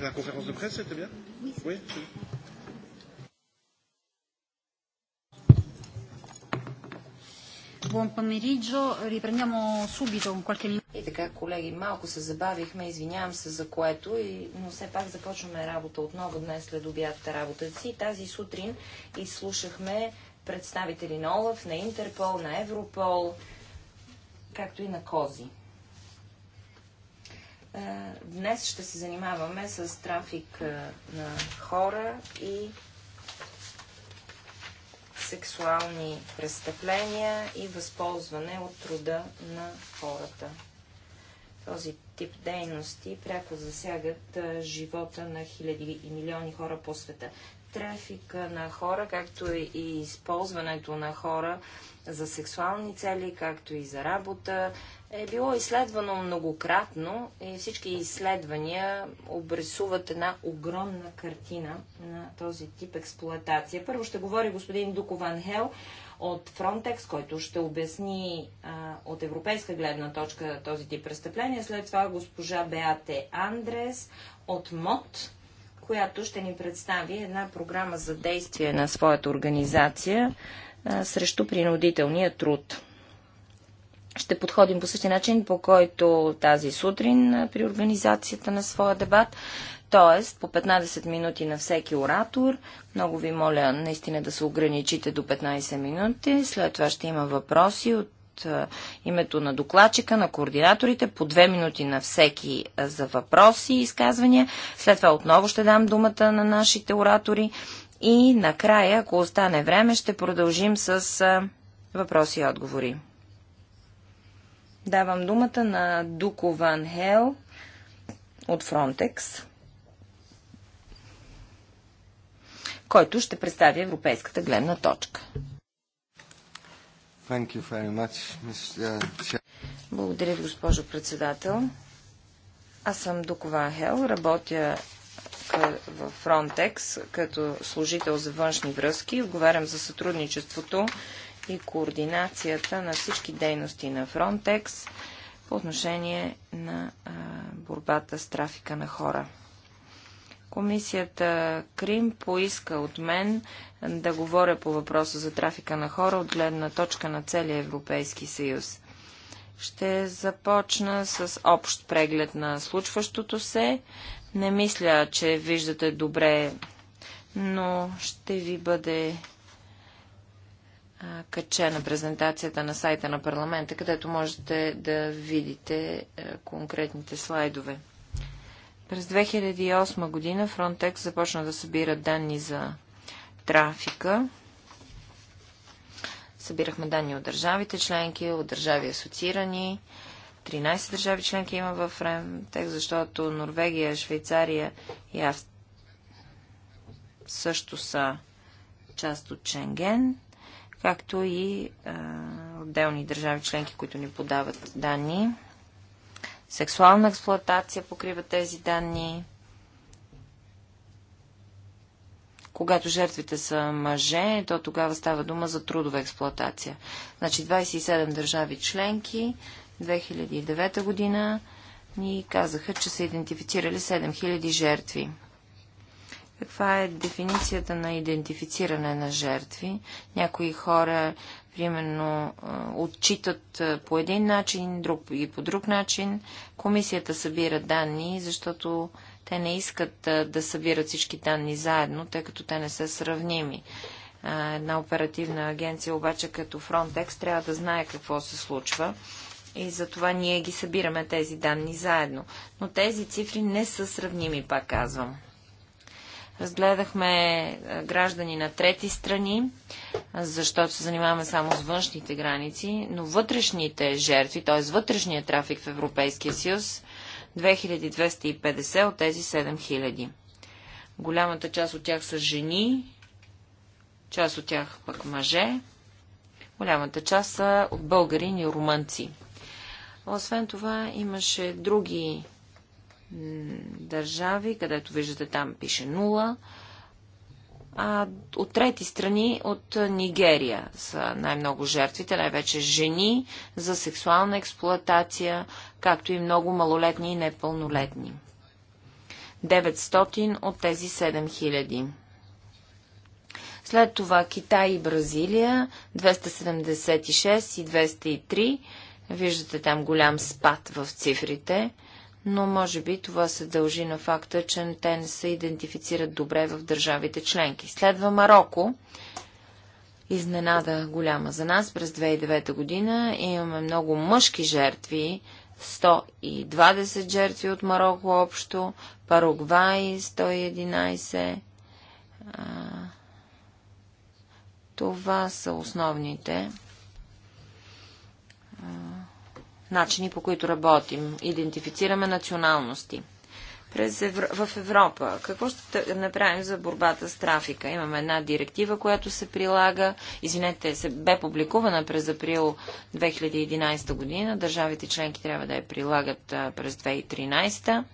La conférence de presse, c'était bien Oui. И така, колеги, малко се забавихме, извинявам се за което, и, но все пак започваме работа отново днес след обядта работа си. Тази сутрин изслушахме представители на ОЛАФ, на Интерпол, на Европол, както и на КОЗИ. Е, днес ще се занимаваме с трафик е, на хора и сексуални престъпления и възползване от труда на хората. Този тип дейности пряко засягат е, живота на хиляди и милиони хора по света. Трафика на хора, както и използването на хора за сексуални цели, както и за работа, е било изследвано многократно и всички изследвания обрисуват една огромна картина на този тип експлоатация. Първо ще говори господин Дукован Хел от Frontex, който ще обясни а, от европейска гледна точка този тип престъпления. След това госпожа Беате Андрес от МОД, която ще ни представи една програма за действие на своята организация а, срещу принудителния труд ще подходим по същия начин, по който тази сутрин при организацията на своя дебат. Т.е. по 15 минути на всеки оратор. Много ви моля наистина да се ограничите до 15 минути. След това ще има въпроси от името на докладчика, на координаторите, по две минути на всеки за въпроси и изказвания. След това отново ще дам думата на нашите оратори и накрая, ако остане време, ще продължим с въпроси и отговори. Давам думата на Дуко Ван Хел от Фронтекс, който ще представи европейската гледна точка. Much, Благодаря ви, госпожо председател. Аз съм Дукова Хел, работя в Frontex като служител за външни връзки. Отговарям за сътрудничеството и координацията на всички дейности на Frontex по отношение на а, борбата с трафика на хора. Комисията Крим поиска от мен да говоря по въпроса за трафика на хора от гледна точка на целия Европейски съюз. Ще започна с общ преглед на случващото се. Не мисля, че виждате добре, но ще ви бъде качена презентацията на сайта на парламента, където можете да видите конкретните слайдове. През 2008 година Frontex започна да събира данни за трафика. Събирахме данни от държавите членки, от държави асоциирани. 13 държави членки има в Frontex, защото Норвегия, Швейцария и Австрия също са част от Ченген както и а, отделни държави членки, които ни подават данни. Сексуална експлоатация покрива тези данни. Когато жертвите са мъже, то тогава става дума за трудова експлоатация. Значи 27 държави членки 2009 година ни казаха, че са идентифицирали 7000 жертви каква е дефиницията на идентифициране на жертви. Някои хора, примерно, отчитат по един начин, друг и по друг начин. Комисията събира данни, защото те не искат да събират всички данни заедно, тъй като те не са сравними. Една оперативна агенция обаче като Frontex трябва да знае какво се случва и затова ние ги събираме тези данни заедно. Но тези цифри не са сравними, пак казвам. Разгледахме граждани на трети страни, защото се занимаваме само с външните граници, но вътрешните жертви, т.е. вътрешния трафик в Европейския съюз, 2250 от тези 7000. Голямата част от тях са жени, част от тях пък мъже, голямата част са от българи и румънци. Освен това имаше други държави, където виждате там пише нула. А от трети страни, от Нигерия са най-много жертвите, най-вече жени за сексуална експлоатация, както и много малолетни и непълнолетни. 900 от тези 7000. След това Китай и Бразилия 276 и 203. Виждате там голям спад в цифрите но може би това се дължи на факта, че те не се идентифицират добре в държавите членки. Следва Марокко. Изненада голяма за нас през 2009 година. Имаме много мъжки жертви 120 жертви от Марокко общо, Парогвай 111. А, това са основните. А, начини, по които работим. Идентифицираме националности. През Евро... В Европа какво ще направим за борбата с трафика? Имаме една директива, която се прилага, извинете, се бе публикувана през април 2011 година. Държавите членки трябва да я прилагат през 2013.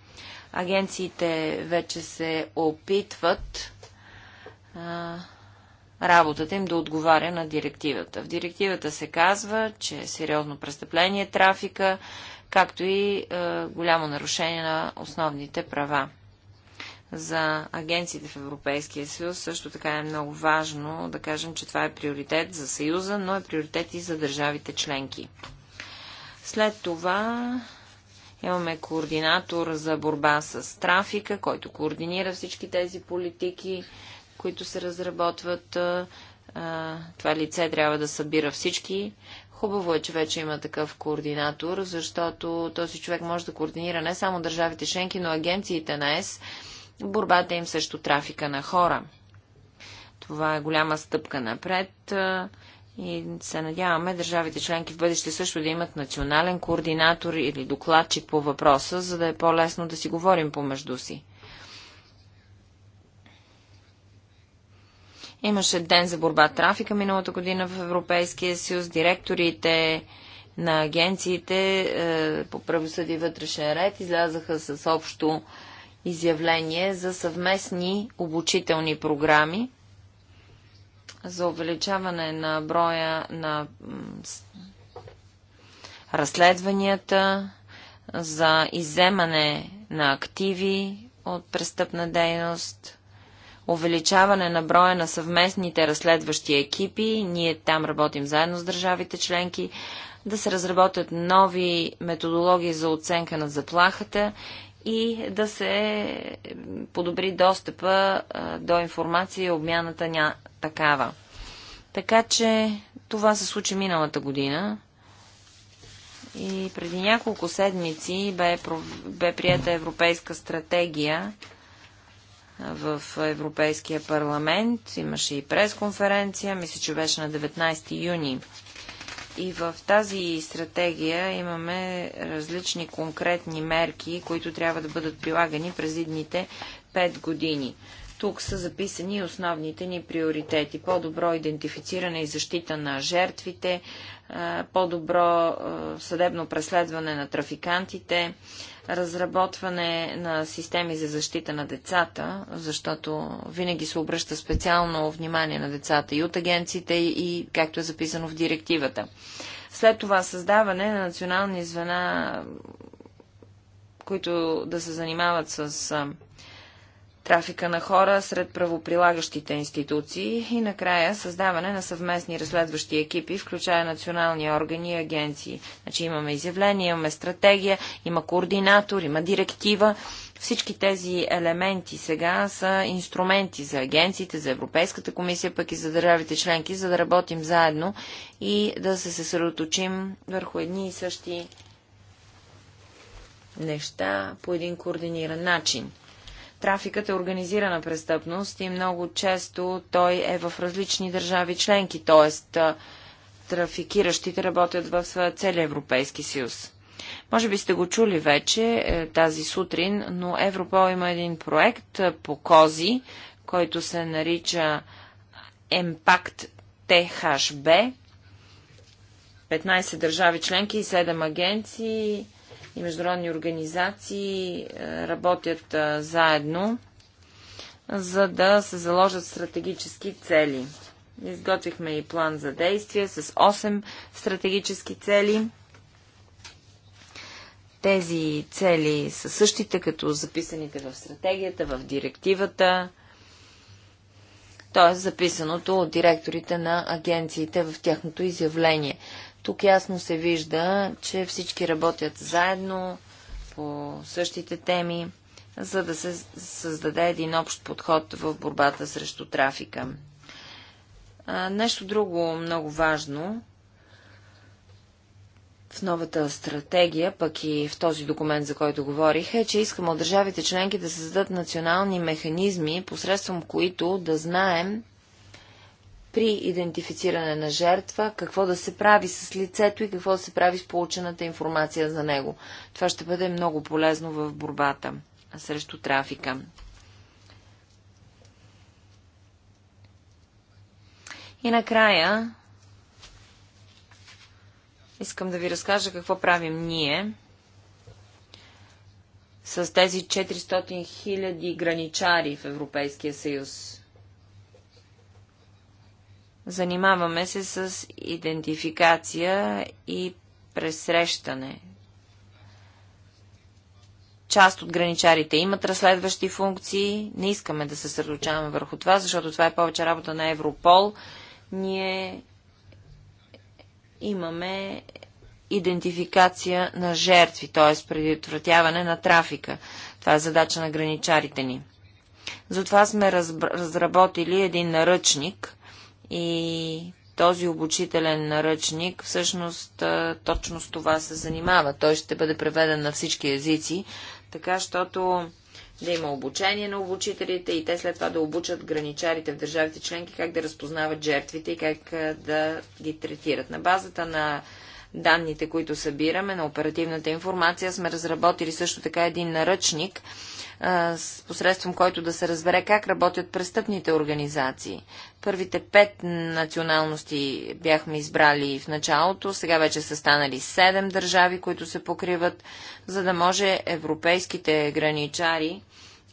Агенциите вече се опитват работата им да отговаря на директивата. В директивата се казва, че е сериозно престъпление трафика, както и е, голямо нарушение на основните права. За агенциите в Европейския съюз също така е много важно да кажем, че това е приоритет за Съюза, но е приоритет и за държавите членки. След това имаме координатор за борба с трафика, който координира всички тези политики които се разработват. Това лице трябва да събира всички. Хубаво е, че вече има такъв координатор, защото този човек може да координира не само държавите членки, но агенциите на ЕС, борбата им срещу трафика на хора. Това е голяма стъпка напред и се надяваме държавите членки в бъдеще също да имат национален координатор или докладчик по въпроса, за да е по-лесно да си говорим помежду си. Имаше ден за борба трафика миналата година в Европейския съюз. Директорите на агенциите е, по правосъди и вътрешен ред излязаха с общо изявление за съвместни обучителни програми за увеличаване на броя на разследванията, за иземане на активи от престъпна дейност – увеличаване на броя на съвместните разследващи екипи, ние там работим заедно с държавите членки, да се разработят нови методологии за оценка на заплахата и да се подобри достъпа до информация и обмяната ня такава. Така че това се случи миналата година. И преди няколко седмици бе, бе прията европейска стратегия в Европейския парламент. Имаше и пресконференция, мисля, че беше на 19 юни. И в тази стратегия имаме различни конкретни мерки, които трябва да бъдат прилагани през едните 5 години. Тук са записани основните ни приоритети. По-добро идентифициране и защита на жертвите, по-добро съдебно преследване на трафикантите, разработване на системи за защита на децата, защото винаги се обръща специално внимание на децата и от агенциите, и както е записано в директивата. След това създаване на национални звена, които да се занимават с трафика на хора сред правоприлагащите институции и накрая създаване на съвместни разследващи екипи, включая национални органи и агенции. Значи имаме изявление, имаме стратегия, има координатор, има директива. Всички тези елементи сега са инструменти за агенциите, за Европейската комисия, пък и за държавите членки, за да работим заедно и да се съсредоточим върху едни и същи неща по един координиран начин. Трафикът е организирана престъпност и много често той е в различни държави членки, т.е. трафикиращите работят в целия Европейски съюз. Може би сте го чули вече е, тази сутрин, но Европол има един проект по кози, който се нарича Impact THB. 15 държави членки и 7 агенции и международни организации е, работят е, заедно, за да се заложат стратегически цели. Изготвихме и план за действие с 8 стратегически цели. Тези цели са същите, като записаните в стратегията, в директивата, т.е. записаното от директорите на агенциите в тяхното изявление. Тук ясно се вижда, че всички работят заедно по същите теми, за да се създаде един общ подход в борбата срещу трафика. А, нещо друго много важно в новата стратегия, пък и в този документ, за който говорих, е, че искаме от държавите членки да създадат национални механизми, посредством които да знаем при идентифициране на жертва, какво да се прави с лицето и какво да се прави с получената информация за него. Това ще бъде много полезно в борбата срещу трафика. И накрая искам да ви разкажа какво правим ние с тези 400 000 граничари в Европейския съюз. Занимаваме се с идентификация и пресрещане. Част от граничарите имат разследващи функции. Не искаме да се съсредоточаваме върху това, защото това е повече работа на Европол. Ние имаме идентификация на жертви, т.е. предотвратяване на трафика. Това е задача на граничарите ни. Затова сме разработили един наръчник – и този обучителен наръчник всъщност точно с това се занимава. Той ще бъде преведен на всички езици, така защото да има обучение на обучителите и те след това да обучат граничарите в държавите членки как да разпознават жертвите и как да ги третират. На базата на данните, които събираме, на оперативната информация, сме разработили също така един наръчник с посредством който да се разбере как работят престъпните организации. Първите пет националности бяхме избрали в началото, сега вече са станали седем държави, които се покриват, за да може европейските граничари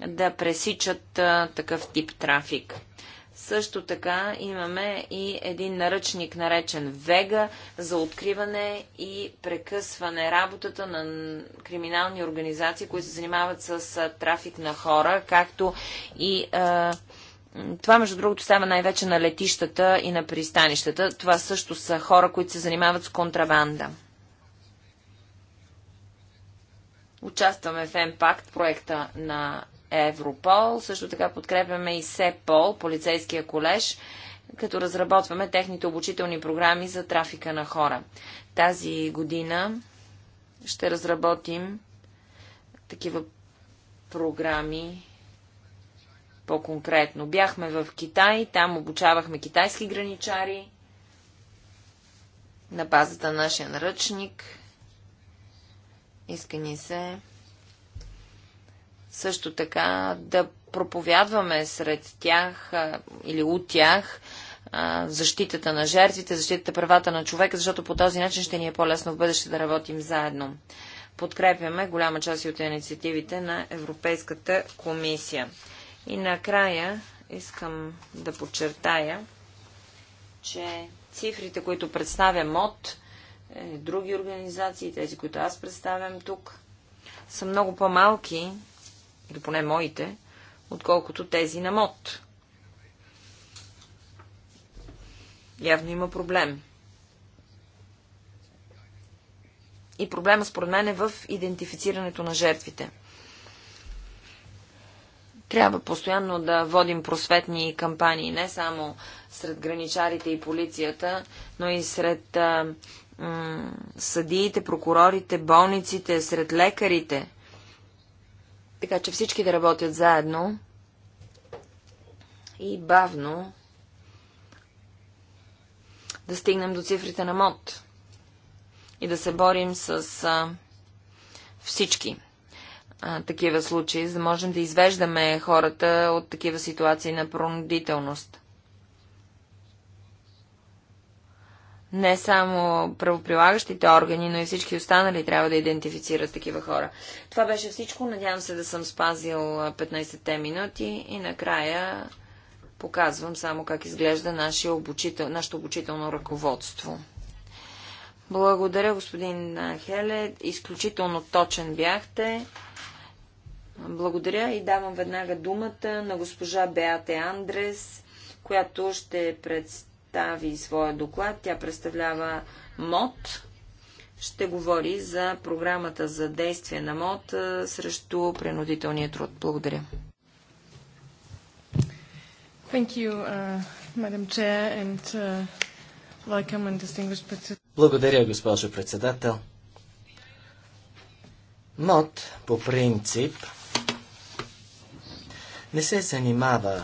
да пресичат а, такъв тип трафик. Също така имаме и един наръчник, наречен Вега, за откриване и прекъсване работата на криминални организации, които се занимават с трафик на хора, както и а, това, между другото, става най-вече на летищата и на пристанищата. Това също са хора, които се занимават с контрабанда. Участваме в МПАКТ, проекта на Европол. Също така подкрепяме и СЕПОЛ, полицейския колеж, като разработваме техните обучителни програми за трафика на хора. Тази година ще разработим такива програми по-конкретно. Бяхме в Китай, там обучавахме китайски граничари на базата на нашия наръчник. Искани се също така да проповядваме сред тях или от тях защитата на жертвите, защитата правата на човека, защото по този начин ще ни е по-лесно в бъдеще да работим заедно. Подкрепяме голяма част от инициативите на Европейската комисия. И накрая искам да подчертая, че цифрите, които представя МОД, е, други организации, тези, които аз представям тук, са много по-малки или поне моите, отколкото тези на МОД. Явно има проблем. И проблема според мен е в идентифицирането на жертвите. Трябва постоянно да водим просветни кампании, не само сред граничарите и полицията, но и сред а, съдиите, прокурорите, болниците, сред лекарите. Така че всички да работят заедно и бавно да стигнем до цифрите на МОД и да се борим с а, всички а, такива случаи, за да можем да извеждаме хората от такива ситуации на пронудителност. Не само правоприлагащите органи, но и всички останали трябва да идентифицират такива хора. Това беше всичко. Надявам се да съм спазил 15-те минути и накрая показвам само как изглежда наше обучител, нашето обучително ръководство. Благодаря, господин Хеле. Изключително точен бяхте. Благодаря и давам веднага думата на госпожа Беате Андрес, която ще представи представи своя доклад. Тя представлява МОД. Ще говори за програмата за действие на МОД срещу принудителния труд. Благодаря. You, uh, Chair, and, uh, and distinguished... Благодаря, госпожо председател. МОД по принцип не се занимава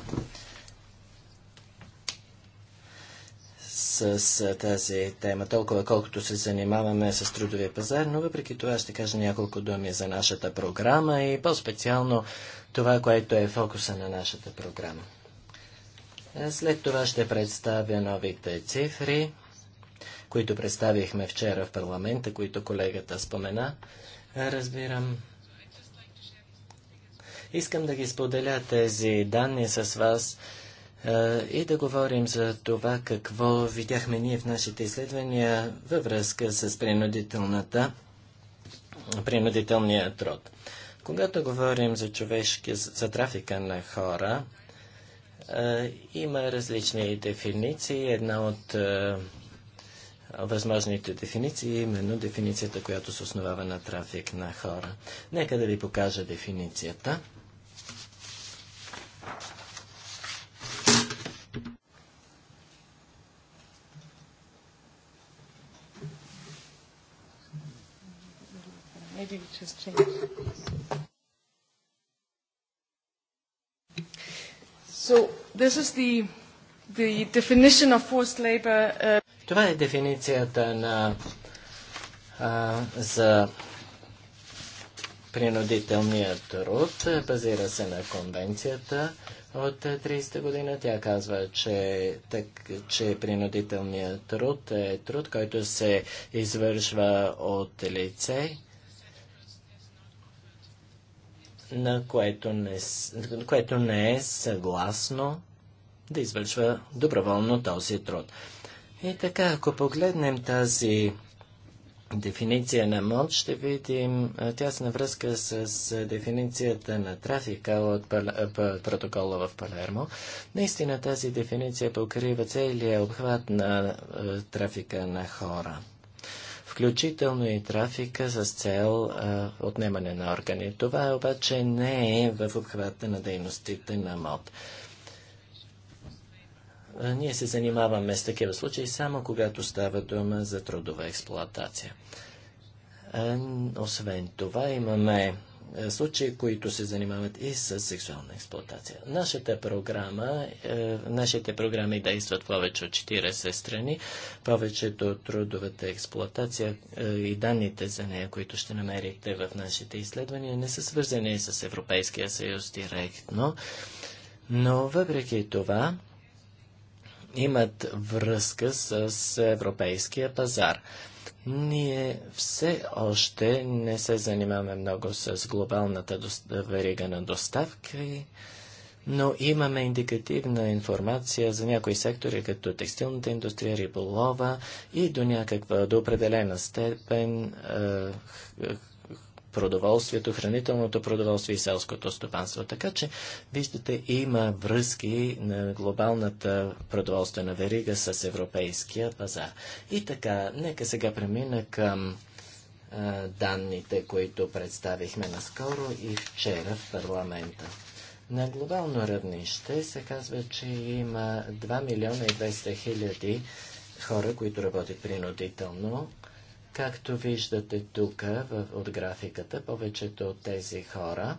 с, с тази тема толкова, колкото се занимаваме с трудовия пазар, но въпреки това ще кажа няколко думи за нашата програма и по-специално това, което е фокуса на нашата програма. След това ще представя новите цифри, които представихме вчера в парламента, които колегата спомена. Разбирам. Искам да ги споделя тези данни с вас и да говорим за това какво видяхме ние в нашите изследвания във връзка с принудителната, принудителния труд. Когато говорим за човешки, за трафика на хора, има различни дефиниции. Една от възможните дефиниции е именно дефиницията, която се основава на трафик на хора. Нека да ви покажа дефиницията. maybe we just change. So this is the, the definition of forced labor. Uh, Това е дефиницията на за принудителния труд. Базира се на конвенцията от 30-та година. Тя казва, че, так, че принудителният труд е труд, който се извършва от лице, на което не, което не е съгласно да извършва доброволно този труд. И така, ако погледнем тази дефиниция на МОД, ще видим тясна връзка с, дефиницията на трафика от протокола в Палермо. Наистина тази дефиниция покрива целият обхват на трафика на хора включително и трафика с цел а, отнемане на органи. Това обаче не е в обхвата на дейностите на МОД. ние се занимаваме с такива случаи само когато става дума за трудова експлоатация. освен това имаме е, случаи, които се занимават и с сексуална експлуатация. Нашата програма, е, нашите програми действат повече от 40 страни. Повечето от трудовата експлуатация е, и данните за нея, които ще намерите в нашите изследвания, не са свързани с Европейския съюз директно, но въпреки това имат връзка с европейския пазар. Ние все още не се занимаваме много с глобалната верига на доставки, но имаме индикативна информация за някои сектори, като текстилната индустрия, риболова и до някаква, до определена степен е, продоволствието, хранителното продоволствие и селското стопанство. Така че, виждате, има връзки на глобалната продоволствена верига с европейския пазар. И така, нека сега премина към а, данните, които представихме наскоро и вчера в парламента. На глобално равнище се казва, че има 2 милиона и 200 хиляди хора, които работят принудително Както виждате тук от графиката, повечето от тези хора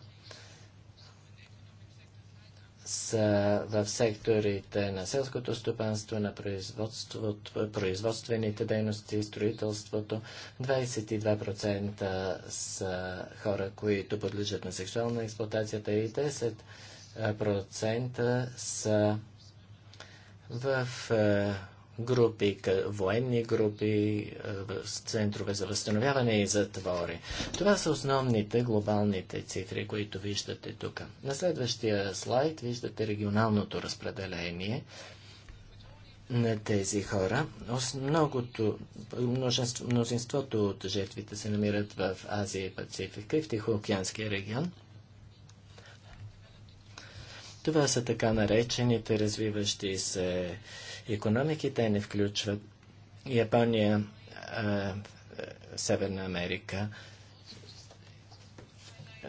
са в секторите на селското стопанство, на производствените дейности, строителството. 22% са хора, които подлежат на сексуална експлуатацията и 10% са в е, групи, военни групи, центрове за възстановяване и затвори. Това са основните глобалните цифри, които виждате тук. На следващия слайд виждате регионалното разпределение на тези хора. Многото, мнозинството от жертвите се намират в Азия и Пацифика и в Тихоокеанския регион. Това са така наречените развиващи се економики. Те не включват Япония, Северна Америка.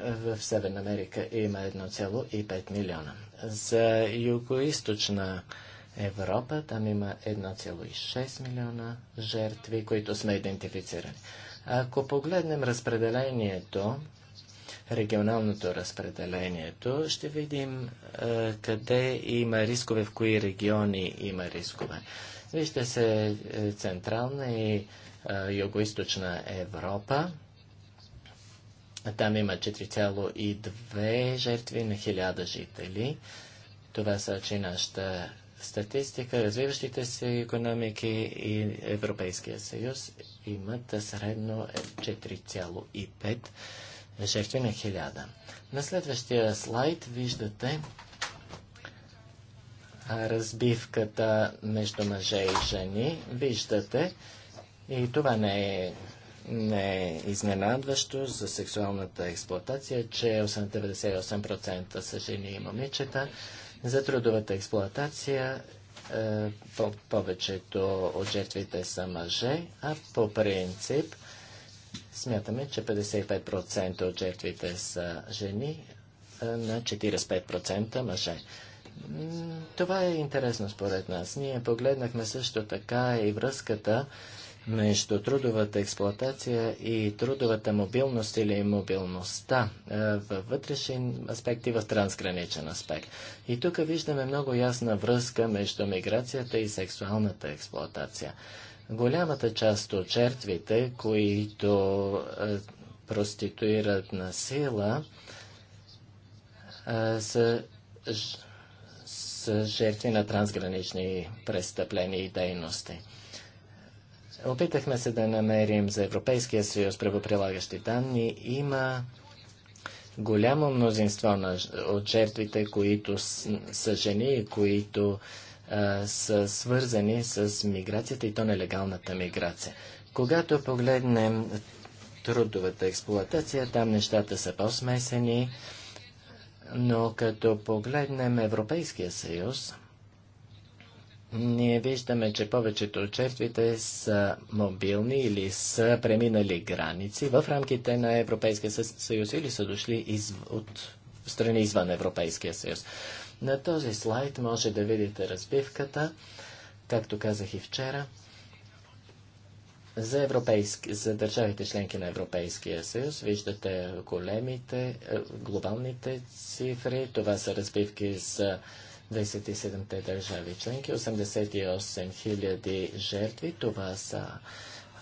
В Северна Америка има 1,5 милиона. За Юго-Источна Европа там има 1,6 милиона жертви, които сме идентифицирани. Ако погледнем разпределението регионалното разпределението, ще видим е, къде има рискове, в кои региони има рискове. Вижте се е, Централна и е, Юго-Источна Европа. Там има 4,2 жертви на 1000 жители. Това са че значи нашата статистика. Развиващите се економики и Европейския съюз имат средно 4,5 жертви на хиляда. На следващия слайд виждате разбивката между мъже и жени. Виждате, и това не е, не е изненадващо за сексуалната експлоатация, че 98% са жени и момичета. За трудовата експлоатация е, повечето от жертвите са мъже, а по принцип Смятаме, че 55% от жертвите са жени, на 45% мъже. Това е интересно според нас. Ние погледнахме също така и връзката между трудовата експлоатация и трудовата мобилност или мобилността във вътрешен аспект и в трансграничен аспект. И тук виждаме много ясна връзка между миграцията и сексуалната експлоатация. Голямата част от жертвите, които е, проституират на сила, е, са, са жертви на трансгранични престъпления и дейности. Опитахме се да намерим за Европейския съюз правоприлагащи данни. Има голямо мнозинство на, от жертвите, които с, са жени, които са свързани с миграцията и то нелегалната миграция. Когато погледнем трудовата експлуатация, там нещата са по-смесени, но като погледнем Европейския съюз, ние виждаме, че повечето от жертвите са мобилни или са преминали граници в рамките на Европейския съюз или са дошли из... от страни извън Европейския съюз. На този слайд може да видите разбивката, както казах и вчера, за, европейски, за държавите членки на Европейския съюз. Виждате големите, е, глобалните цифри. Това са разбивки за 27-те държави членки, 88 000 жертви. Това, са,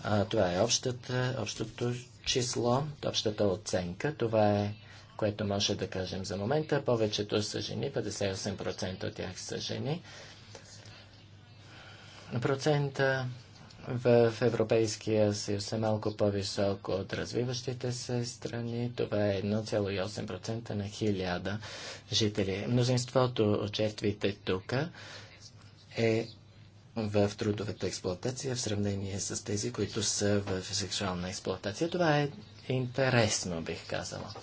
а, това е общата, общото число, общата оценка. Това е което може да кажем за момента. Повечето са жени, 58% от тях са жени. Процента в Европейския съюз е малко по-висок от развиващите се страни. Това е 1,8% на 1000 жители. Мнозинството от жертвите тук е в трудовата експлуатация в сравнение с тези, които са в сексуална експлуатация. Това е интересно, бих казала.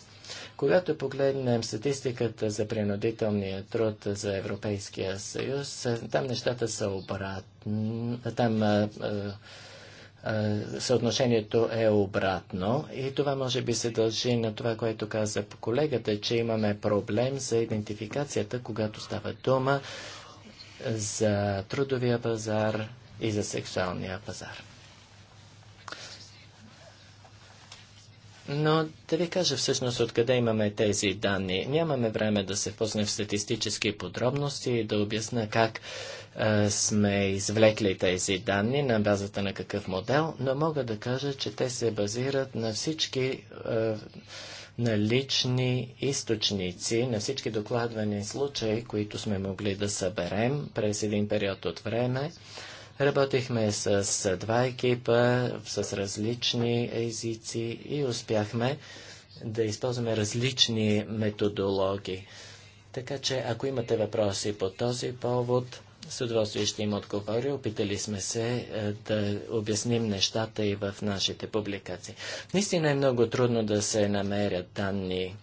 Когато погледнем статистиката за принудителния труд за Европейския съюз, е, там нещата са обратно. Там а, е, а, е, съотношението е обратно и това може би се дължи на това, което каза колегата, че имаме проблем за идентификацията, когато става дума за трудовия пазар и за сексуалния пазар. Но да ви кажа всъщност откъде имаме тези данни. Нямаме време да се впуснем в статистически подробности и да обясна как а, сме извлекли тези данни, на базата на какъв модел, но мога да кажа, че те се базират на всички а, налични източници, на всички докладвани случаи, които сме могли да съберем през един период от време. Работихме с два екипа, с различни езици и успяхме да използваме различни методологии. Така че, ако имате въпроси по този повод, с удоволствие ще им отговоря. Опитали сме се е, да обясним нещата и в нашите публикации. Наистина е много трудно да се намерят данни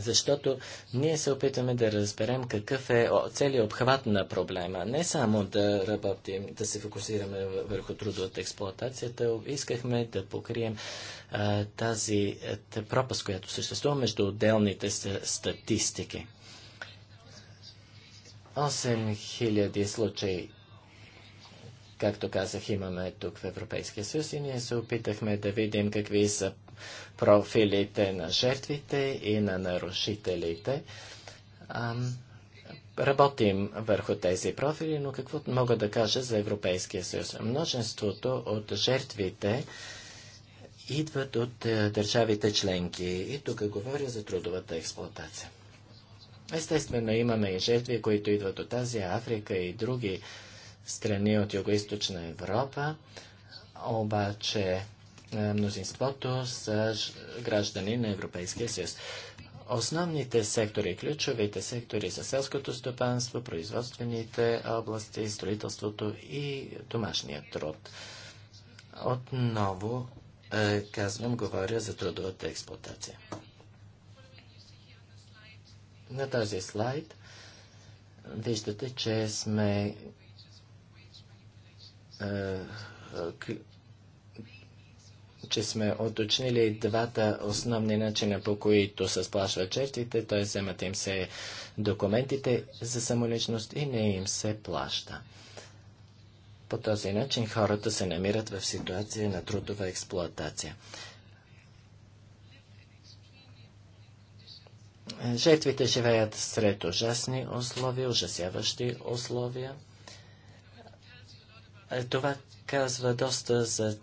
защото ние се опитваме да разберем какъв е целият обхват на проблема. Не само да работим, да се фокусираме върху трудовата експлоатацията, искахме да покрием а, тази пропаст, която съществува между отделните статистики. 8000 случаи както казах, имаме тук в Европейския съюз и ние се опитахме да видим какви са профилите на жертвите и на нарушителите. Ам, работим върху тези профили, но какво мога да кажа за Европейския съюз? Множеството от жертвите идват от е, държавите членки. И тук говоря за трудовата експлуатация. Естествено, имаме и жертви, които идват от Азия, Африка и други страни от Юго-Источна Европа, обаче е, мнозинството са граждани на Европейския съюз. Основните сектори, ключовите сектори са селското стопанство, производствените области, строителството и домашния труд. Отново е, казвам, говоря за трудовата експлуатация. На този слайд виждате, че сме е, че сме уточнили двата основни начина, по които се сплашват жертвите, т.е. вземат им се документите за самоличност и не им се плаща. По този начин хората се намират в ситуация на трудова експлоатация. Жертвите живеят сред ужасни условия, ужасяващи условия. Е, това казва доста за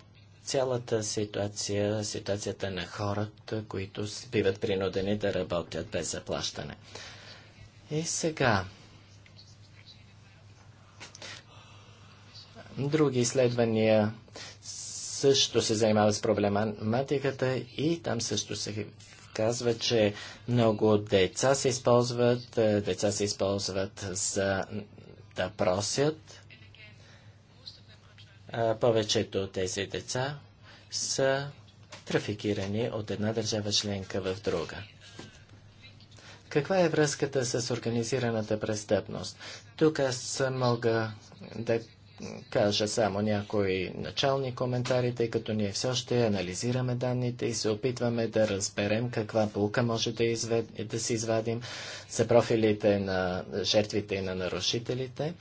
цялата ситуация, ситуацията на хората, които биват принудени да работят без заплащане. И сега. Други изследвания също се занимават с проблематиката и там също се казва, че много деца се използват, деца се използват за да просят повечето от тези деца са трафикирани от една държава членка в друга. Каква е връзката с организираната престъпност? Тук аз мога да кажа само някои начални коментари, тъй като ние все още анализираме данните и се опитваме да разберем каква полука може да, извед... да си извадим за профилите на жертвите и на нарушителите.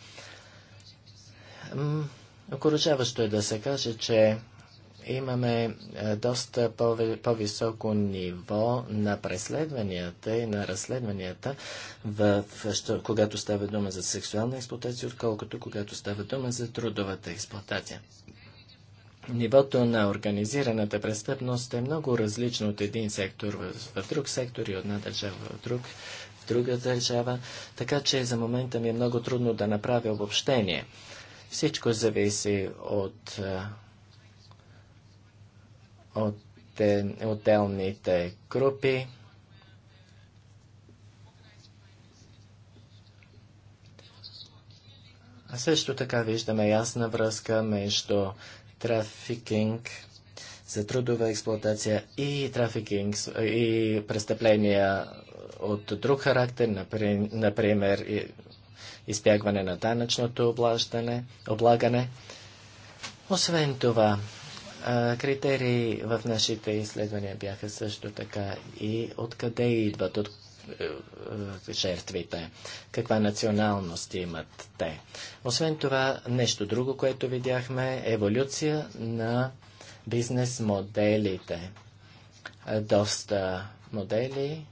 Окоръжаващо е да се каже, че имаме е, доста по-високо ниво на преследванията и на разследванията, в, когато става дума за сексуална експлуатация, отколкото когато става дума за трудовата експлуатация. Нивото на организираната престъпност е много различно от един сектор в, в друг сектор и от една държава в, друг, в друга държава, така че за момента ми е много трудно да направя обобщение. Всичко зависи от, е, от отделните групи. А също така виждаме ясна връзка между трафикинг за трудова експлуатация и трафикинг и престъпления от друг характер, например избягване на данъчното облаждане, облагане. Освен това, критерии в нашите изследвания бяха също така и откъде идват от е, е, жертвите, каква националност имат те. Освен това, нещо друго, което видяхме, е еволюция на бизнес моделите. Е, доста модели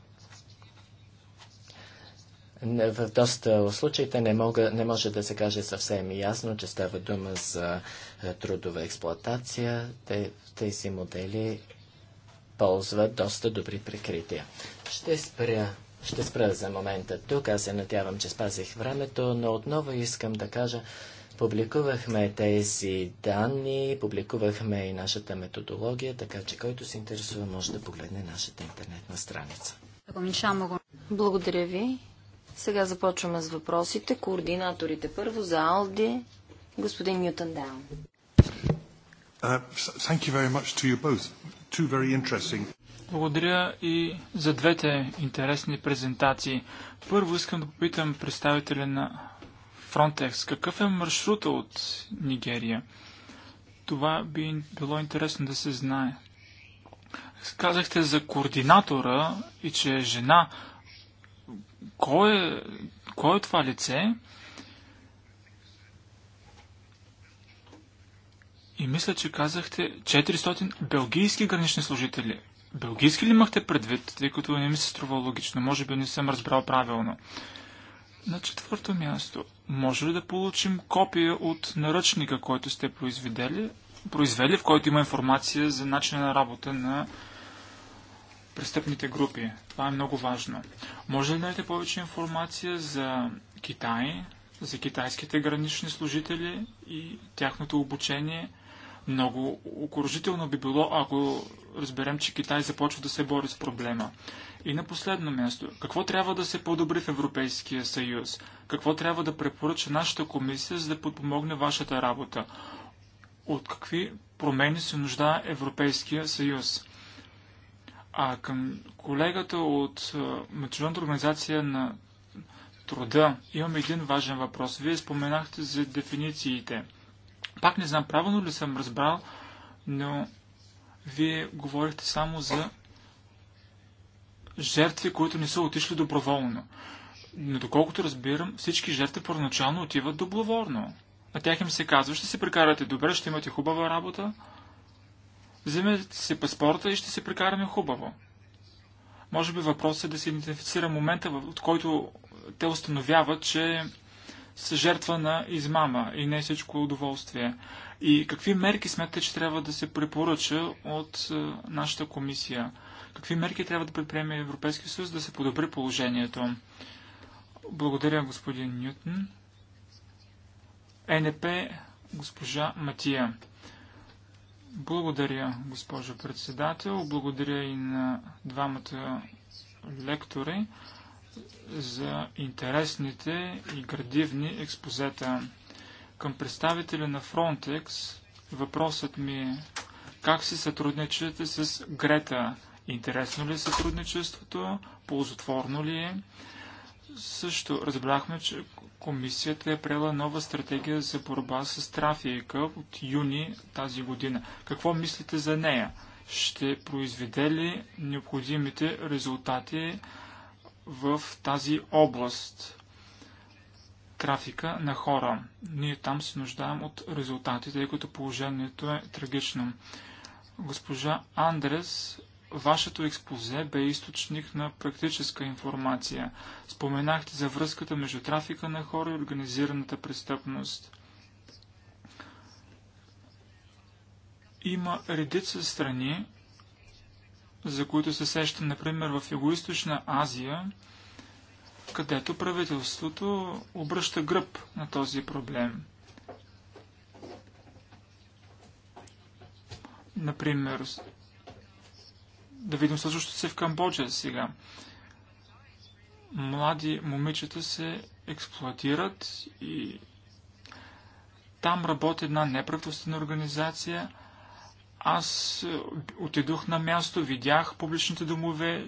в доста случаите не, мога, не може да се каже съвсем ясно, че става дума за е, трудова експлоатация. Те, тези модели ползват доста добри прикрития. Ще спря, ще спря за момента тук. Аз се надявам, че спазих времето, но отново искам да кажа, публикувахме тези данни, публикувахме и нашата методология, така че който се интересува може да погледне нашата интернетна страница. Благодаря ви. Сега започваме с въпросите. Координаторите първо за Алди, господин Ньютон Даун. Uh, Благодаря и за двете интересни презентации. Първо искам да попитам представителя на Frontex. Какъв е маршрута от Нигерия? Това би било интересно да се знае. Казахте за координатора и че е жена. Кой е, кой е това лице? И мисля, че казахте 400 белгийски гранични служители. Белгийски ли имахте предвид, тъй като не ми се струва логично? Може би не съм разбрал правилно. На четвърто място, може ли да получим копия от наръчника, който сте произвели в който има информация за начина на работа на престъпните групи. Това е много важно. Може ли да дадете повече информация за Китай, за китайските гранични служители и тяхното обучение? Много окоръжително би било, ако разберем, че Китай започва да се бори с проблема. И на последно място, какво трябва да се подобри в Европейския съюз? Какво трябва да препоръча нашата комисия, за да подпомогне вашата работа? От какви промени се нуждае Европейския съюз? А към колегата от Международната организация на труда имам един важен въпрос. Вие споменахте за дефинициите. Пак не знам правилно ли съм разбрал, но вие говорихте само за жертви, които не са отишли доброволно. Но доколкото разбирам, всички жертви първоначално отиват доброволно. На тях им се казва, ще се прекарате добре, ще имате хубава работа, Вземете си паспорта и ще се прекараме хубаво. Може би въпросът е да се идентифицира момента, от който те установяват, че са жертва на измама и не всичко удоволствие. И какви мерки смятате, че трябва да се препоръча от е, нашата комисия? Какви мерки трябва да предприеме Европейския съюз да се подобри положението? Благодаря, господин Нютон. Е, НП, госпожа Матия. Благодаря, госпожо председател. Благодаря и на двамата лектори за интересните и градивни експозета. Към представителя на Frontex въпросът ми е как се сътрудничате с Грета? Интересно ли е сътрудничеството? Ползотворно ли е? Също разбрахме, че комисията е приела нова стратегия за борба с трафика от юни тази година. Какво мислите за нея? Ще произведе ли необходимите резултати в тази област? Трафика на хора. Ние там се нуждаем от резултатите, тъй като положението е трагично. Госпожа Андрес Вашето експозе бе източник на практическа информация. Споменахте за връзката между трафика на хора и организираната престъпност. Има редица страни, за които се сещам, например, в юго Азия, където правителството обръща гръб на този проблем. Например, да видим също се в Камбоджа сега. Млади момичета се експлуатират и там работи една неправителствена организация. Аз отидох на място, видях публичните домове,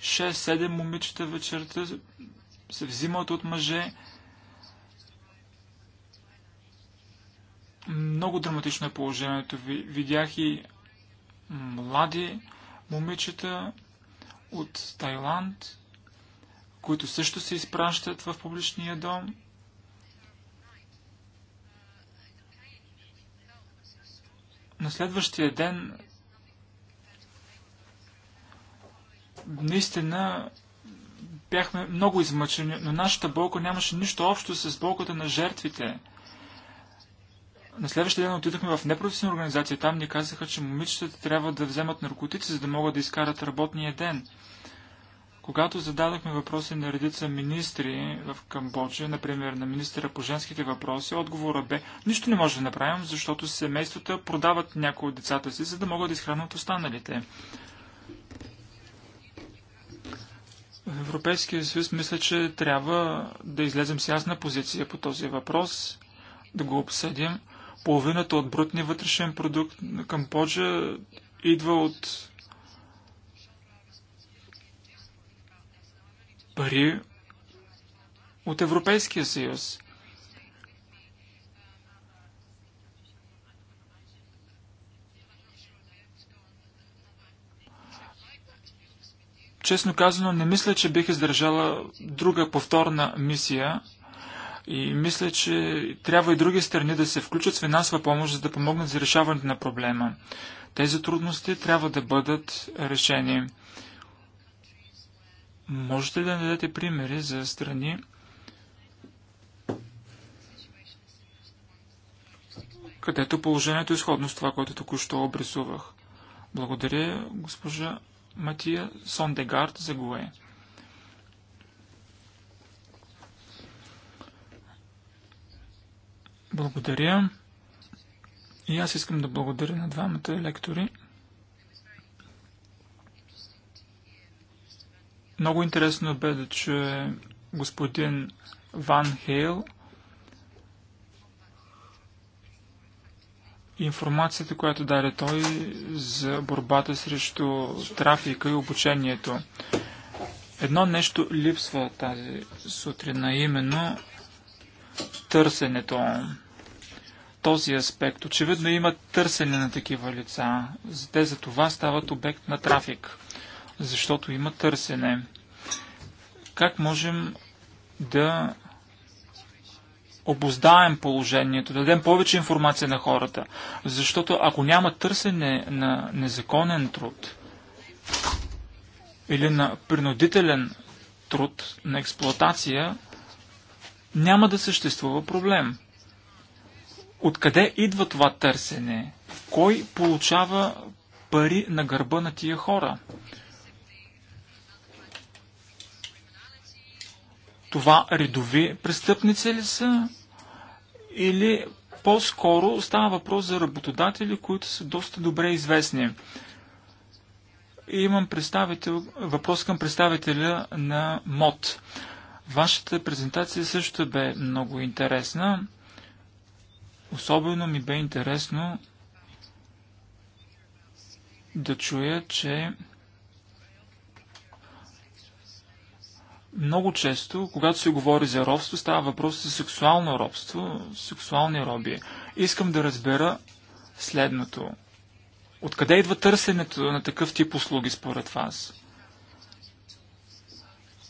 6-7 момичета вечерта се взимат от мъже. Много драматично е положението. Видях и млади момичета от Тайланд, които също се изпращат в публичния дом. На следващия ден наистина бяхме много измъчени, но нашата болка нямаше нищо общо с болката на жертвите – на следващия ден отидохме в непрофесионална организация. Там ни казаха, че момичетата трябва да вземат наркотици, за да могат да изкарат работния ден. Когато зададохме въпроси на редица министри в Камбоджа, например на министъра по женските въпроси, отговора бе нищо не може да направим, защото семействата продават някои от децата си, за да могат да изхранат останалите. В Европейския съюз мисля, че трябва да излезем с ясна позиция по този въпрос, да го обсъдим половината от брутния вътрешен продукт на Камбоджа идва от пари от Европейския съюз. Честно казано, не мисля, че бих издържала друга повторна мисия и мисля, че трябва и други страни да се включат с финансова помощ, за да помогнат за решаването на проблема. Тези трудности трябва да бъдат решени. Можете ли да дадете примери за страни, където положението е сходно с това, което току-що обрисувах. Благодаря, госпожа Матия Сондегард за Гуе. Благодаря. И аз искам да благодаря на двамата лектори. Много интересно бе да чуе господин Ван Хейл информацията, която даде той за борбата срещу трафика и обучението. Едно нещо липсва тази сутрин, а именно търсенето този аспект. Очевидно има търсене на такива лица. Те за това стават обект на трафик, защото има търсене. Как можем да обоздаем положението, да дадем повече информация на хората. Защото ако няма търсене на незаконен труд или на принудителен труд, на експлоатация, няма да съществува проблем. Откъде идва това търсене? Кой получава пари на гърба на тия хора? Това редови престъпници ли са? Или по-скоро става въпрос за работодатели, които са доста добре известни. И имам представител, въпрос към представителя на МОД. Вашата презентация също бе много интересна. Особено ми бе интересно да чуя, че много често, когато се говори за робство, става въпрос за сексуално робство, сексуални роби. Искам да разбера следното. Откъде идва търсенето на такъв тип услуги според вас?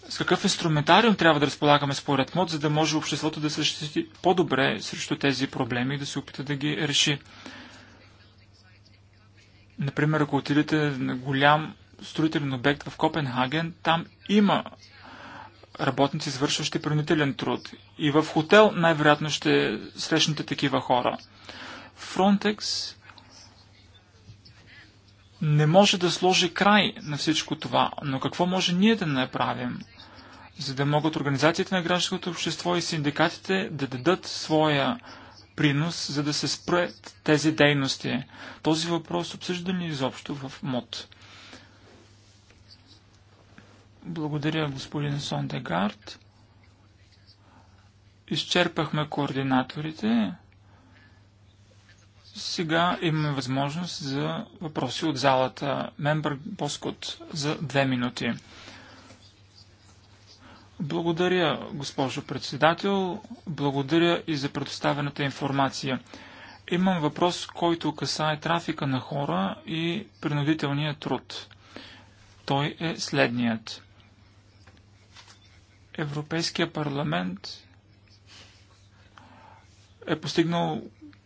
С какъв инструментариум трябва да разполагаме според МОД, за да може обществото да се защити по-добре срещу тези проблеми и да се опита да ги реши? Например, ако отидете на голям строителен обект в Копенхаген, там има работници, извършващи пренителен труд. И в хотел най-вероятно ще срещнете такива хора. Фронтекс не може да сложи край на всичко това, но какво може ние да направим, за да могат организациите на гражданското общество и синдикатите да дадат своя принос, за да се спрят тези дейности? Този въпрос обсъждан ли е изобщо в МОД? Благодаря, господин Сондегард. Изчерпахме координаторите. Сега имаме възможност за въпроси от залата. Мембър Боскот за две минути. Благодаря, госпожо председател. Благодаря и за предоставената информация. Имам въпрос, който касае трафика на хора и принудителния труд. Той е следният. Европейския парламент е постигнал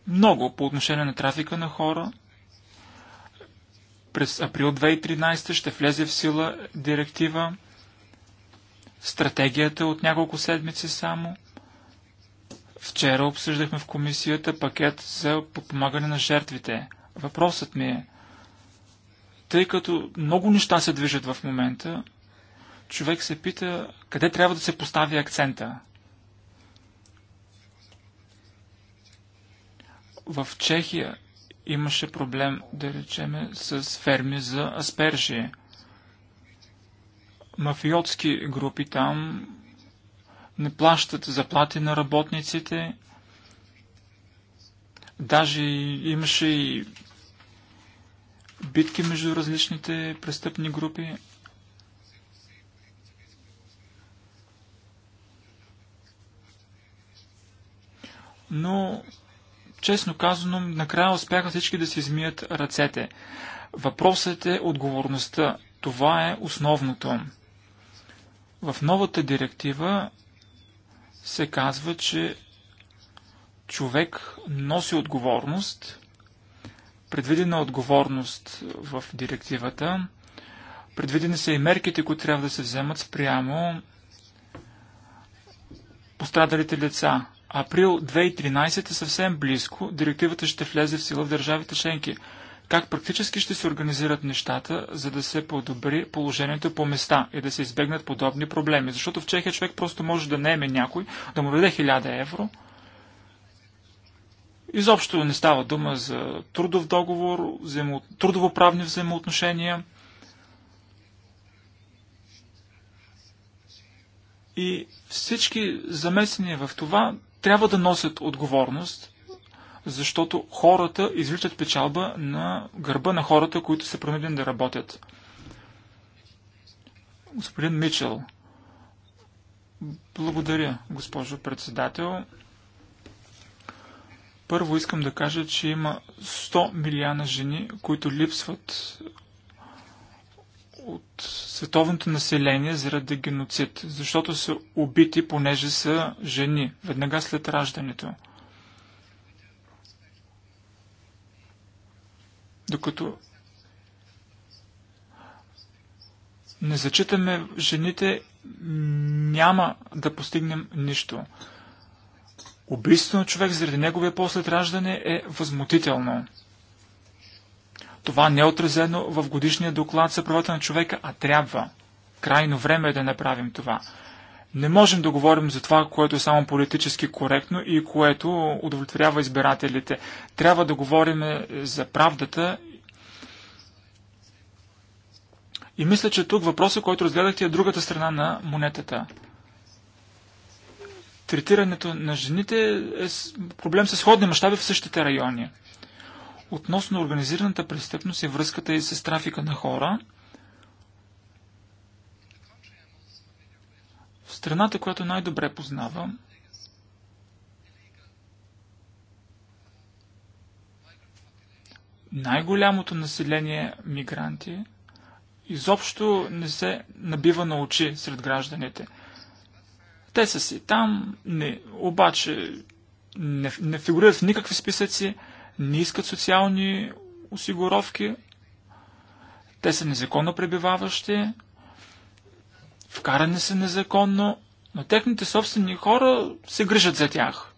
много по отношение на трафика на хора. През април 2013 ще влезе в сила директива. Стратегията е от няколко седмици само. Вчера обсъждахме в комисията пакет за подпомагане на жертвите. Въпросът ми е, тъй като много неща се движат в момента, човек се пита къде трябва да се постави акцента. В Чехия имаше проблем, да речеме, с ферми за аспержие. Мафиотски групи там не плащат заплати на работниците. Даже имаше и битки между различните престъпни групи. Но Честно казано, накрая успяха всички да си измият ръцете. Въпросът е отговорността. Това е основното. В новата директива се казва, че човек носи отговорност, предвидена отговорност в директивата, предвидени са и мерките, които трябва да се вземат спрямо пострадалите лица април 2013 е съвсем близко, директивата ще влезе в сила в държавите членки. Как практически ще се организират нещата, за да се подобри положението по места и да се избегнат подобни проблеми? Защото в Чехия човек просто може да наеме някой, да му даде 1000 евро. Изобщо не става дума за трудов договор, взаимо... трудовоправни взаимоотношения. И всички замесени в това трябва да носят отговорност, защото хората извличат печалба на гърба на хората, които са принудени да работят. Господин Мичел, благодаря, госпожо председател. Първо искам да кажа, че има 100 милиона жени, които липсват от световното население заради геноцид, защото са убити, понеже са жени, веднага след раждането. Докато не зачитаме жените, няма да постигнем нищо. Убийството на човек заради неговия после раждане е възмутително. Това не е отразено в годишния доклад за правата на човека, а трябва. Крайно време е да направим това. Не можем да говорим за това, което е само политически коректно и което удовлетворява избирателите. Трябва да говорим е, за правдата. И мисля, че тук въпросът, който разгледахте, е другата страна на монетата. Третирането на жените е проблем с сходни мащаби в същите райони относно организираната престъпност и връзката и с трафика на хора. В страната, която най-добре познавам, най-голямото население мигранти изобщо не се набива на очи сред гражданите. Те са си там, не, обаче не, не фигурират в никакви списъци, не искат социални осигуровки, те са незаконно пребиваващи, вкарани са незаконно, но техните собствени хора се грижат за тях.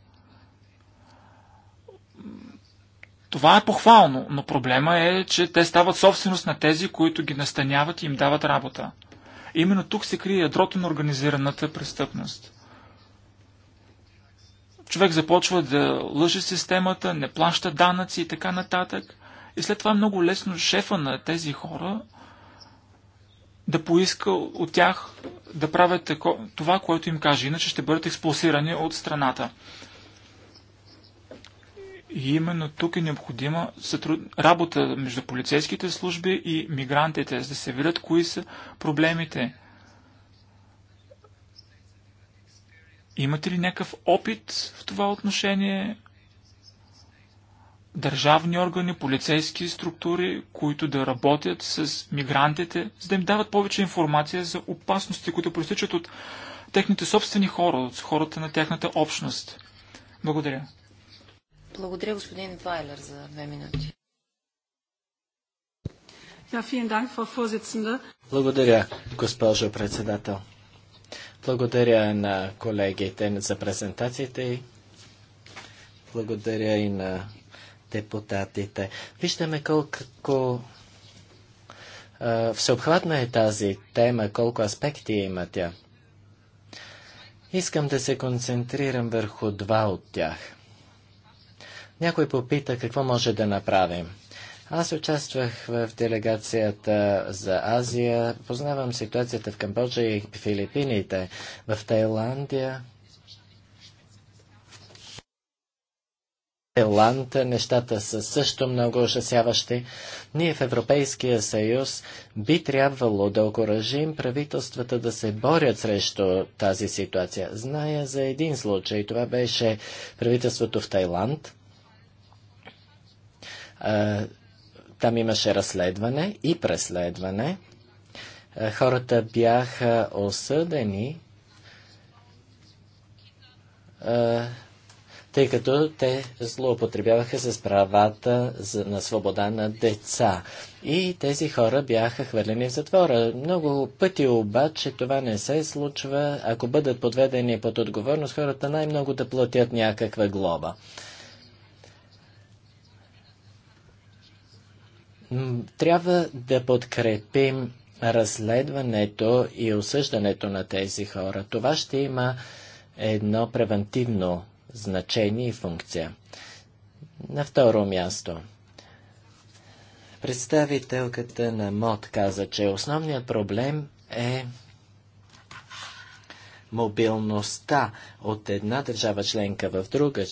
Това е похвално, но проблема е, че те стават собственост на тези, които ги настаняват и им дават работа. Именно тук се крие ядрото на организираната престъпност човек започва да лъже системата, не плаща данъци и така нататък. И след това е много лесно шефа на тези хора да поиска от тях да правят тако, това, което им каже. Иначе ще бъдат експулсирани от страната. И именно тук е необходима сътруд... работа между полицейските служби и мигрантите, за да се видят кои са проблемите. Имате ли някакъв опит в това отношение? Държавни органи, полицейски структури, които да работят с мигрантите, за да им дават повече информация за опасности, които проистичат от техните собствени хора, от хората на тяхната общност. Благодаря. Благодаря, господин Вайлер, за две минути. Благодаря, госпожо председател. Благодаря на колегите за презентациите и благодаря и на депутатите. Виждаме колко всеобхватна е тази тема, колко аспекти има тя. Искам да се концентрирам върху два от тях. Някой попита какво може да направим. Аз участвах в делегацията за Азия. Познавам ситуацията в Камбоджа и Филипините, в Тайландия. Тайланд нещата са също много ужасяващи. Ние в Европейския съюз би трябвало да окоръжим правителствата да се борят срещу тази ситуация. Зная за един случай, това беше правителството в Тайланд – там имаше разследване и преследване. Е, хората бяха осъдени, е, тъй като те злоупотребяваха с правата на свобода на деца. И тези хора бяха хвърлени в затвора. Много пъти обаче това не се случва. Ако бъдат подведени под отговорност, хората най-много да платят някаква глоба. Трябва да подкрепим разследването и осъждането на тези хора. Това ще има едно превентивно значение и функция. На второ място. Представителката на МОД каза, че основният проблем е мобилността от една държава членка в друга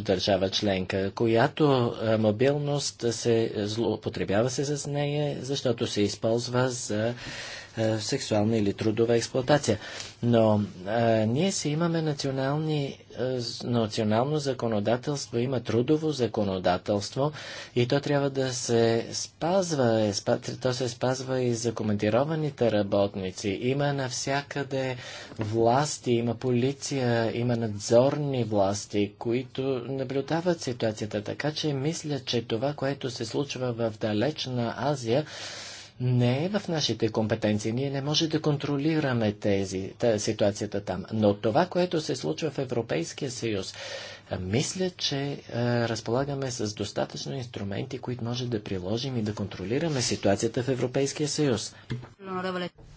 държава членка, която мобилност се злоупотребява се с нея, защото се използва за е, сексуална или трудова експлоатация. Но а, е, ние си имаме национални, а, е, национално законодателство, има трудово законодателство и то трябва да се спазва. Е, спа, то се спазва и за командированите работници. Има навсякъде власти, има полиция, има надзорни власти, които наблюдават ситуацията. Така че мисля, че това, което се случва в далечна Азия, не е в нашите компетенции. Ние не може да контролираме тези, та, ситуацията там. Но това, което се случва в Европейския съюз, мисля, че а, разполагаме с достатъчно инструменти, които може да приложим и да контролираме ситуацията в Европейския съюз.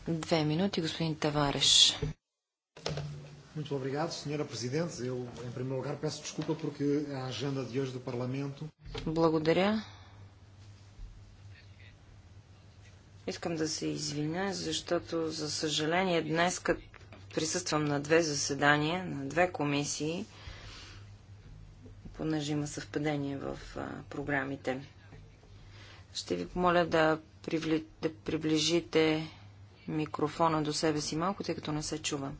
Две минути, господин Тавареш. Muito obrigado, Senhora Presidente. Eu, em primeiro lugar, peço desculpa porque a agenda de hoje do Parlamento. Благодаря. Искам да се извиня, защото, за съжаление, днес, като присъствам на две заседания, на две комисии, понеже има съвпадение в а, програмите. Ще ви помоля да, привли... да приближите микрофона до себе си малко, тъй като не се чува.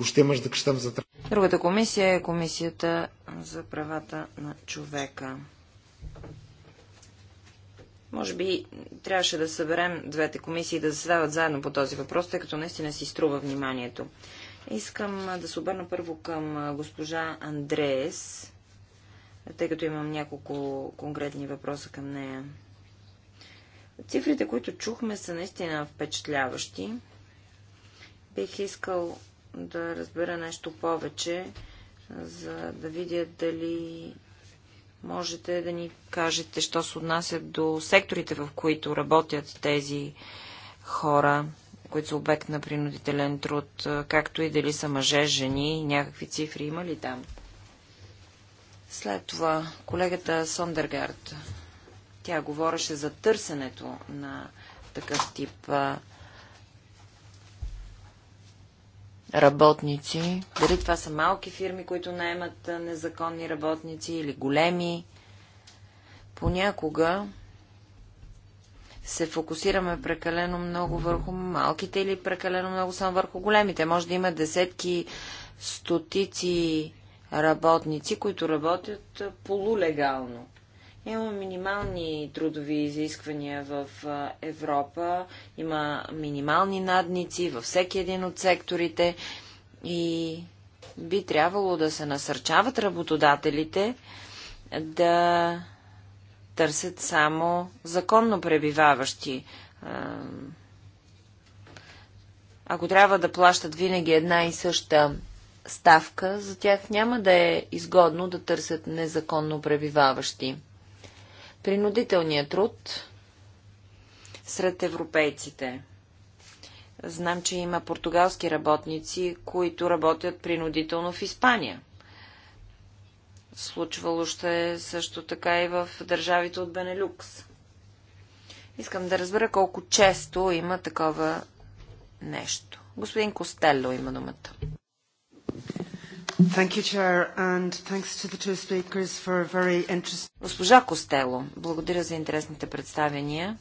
Още имаш да къщам за Другата комисия е комисията за правата на човека. Може би трябваше да съберем двете комисии да заседават заедно по този въпрос, тъй като наистина си струва вниманието. Искам да се обърна първо към госпожа Андреес, тъй като имам няколко конкретни въпроса към нея. Цифрите, които чухме, са наистина впечатляващи. Бих искал да разбера нещо повече, за да видя дали можете да ни кажете, що се отнася до секторите, в които работят тези хора, които са обект на принудителен труд, както и дали са мъже, жени, някакви цифри има ли там? След това колегата Сондергард, тя говореше за търсенето на такъв тип а, работници. Дали това са малки фирми, които наемат незаконни работници или големи. Понякога се фокусираме прекалено много върху малките или прекалено много само върху големите. Може да има десетки, стотици работници, които работят полулегално. Има минимални трудови изисквания в Европа, има минимални надници във всеки един от секторите и би трябвало да се насърчават работодателите да търсят само законно пребиваващи. Ако трябва да плащат винаги една и съща ставка, за тях няма да е изгодно да търсят незаконно пребиваващи. Принудителният труд сред европейците. Знам, че има португалски работници, които работят принудително в Испания. Случвало ще е също така и в държавите от Бенелюкс. Искам да разбера колко често има такова нещо. Господин Костелло има думата. Госпожа Костело, благодаря за интересните представения,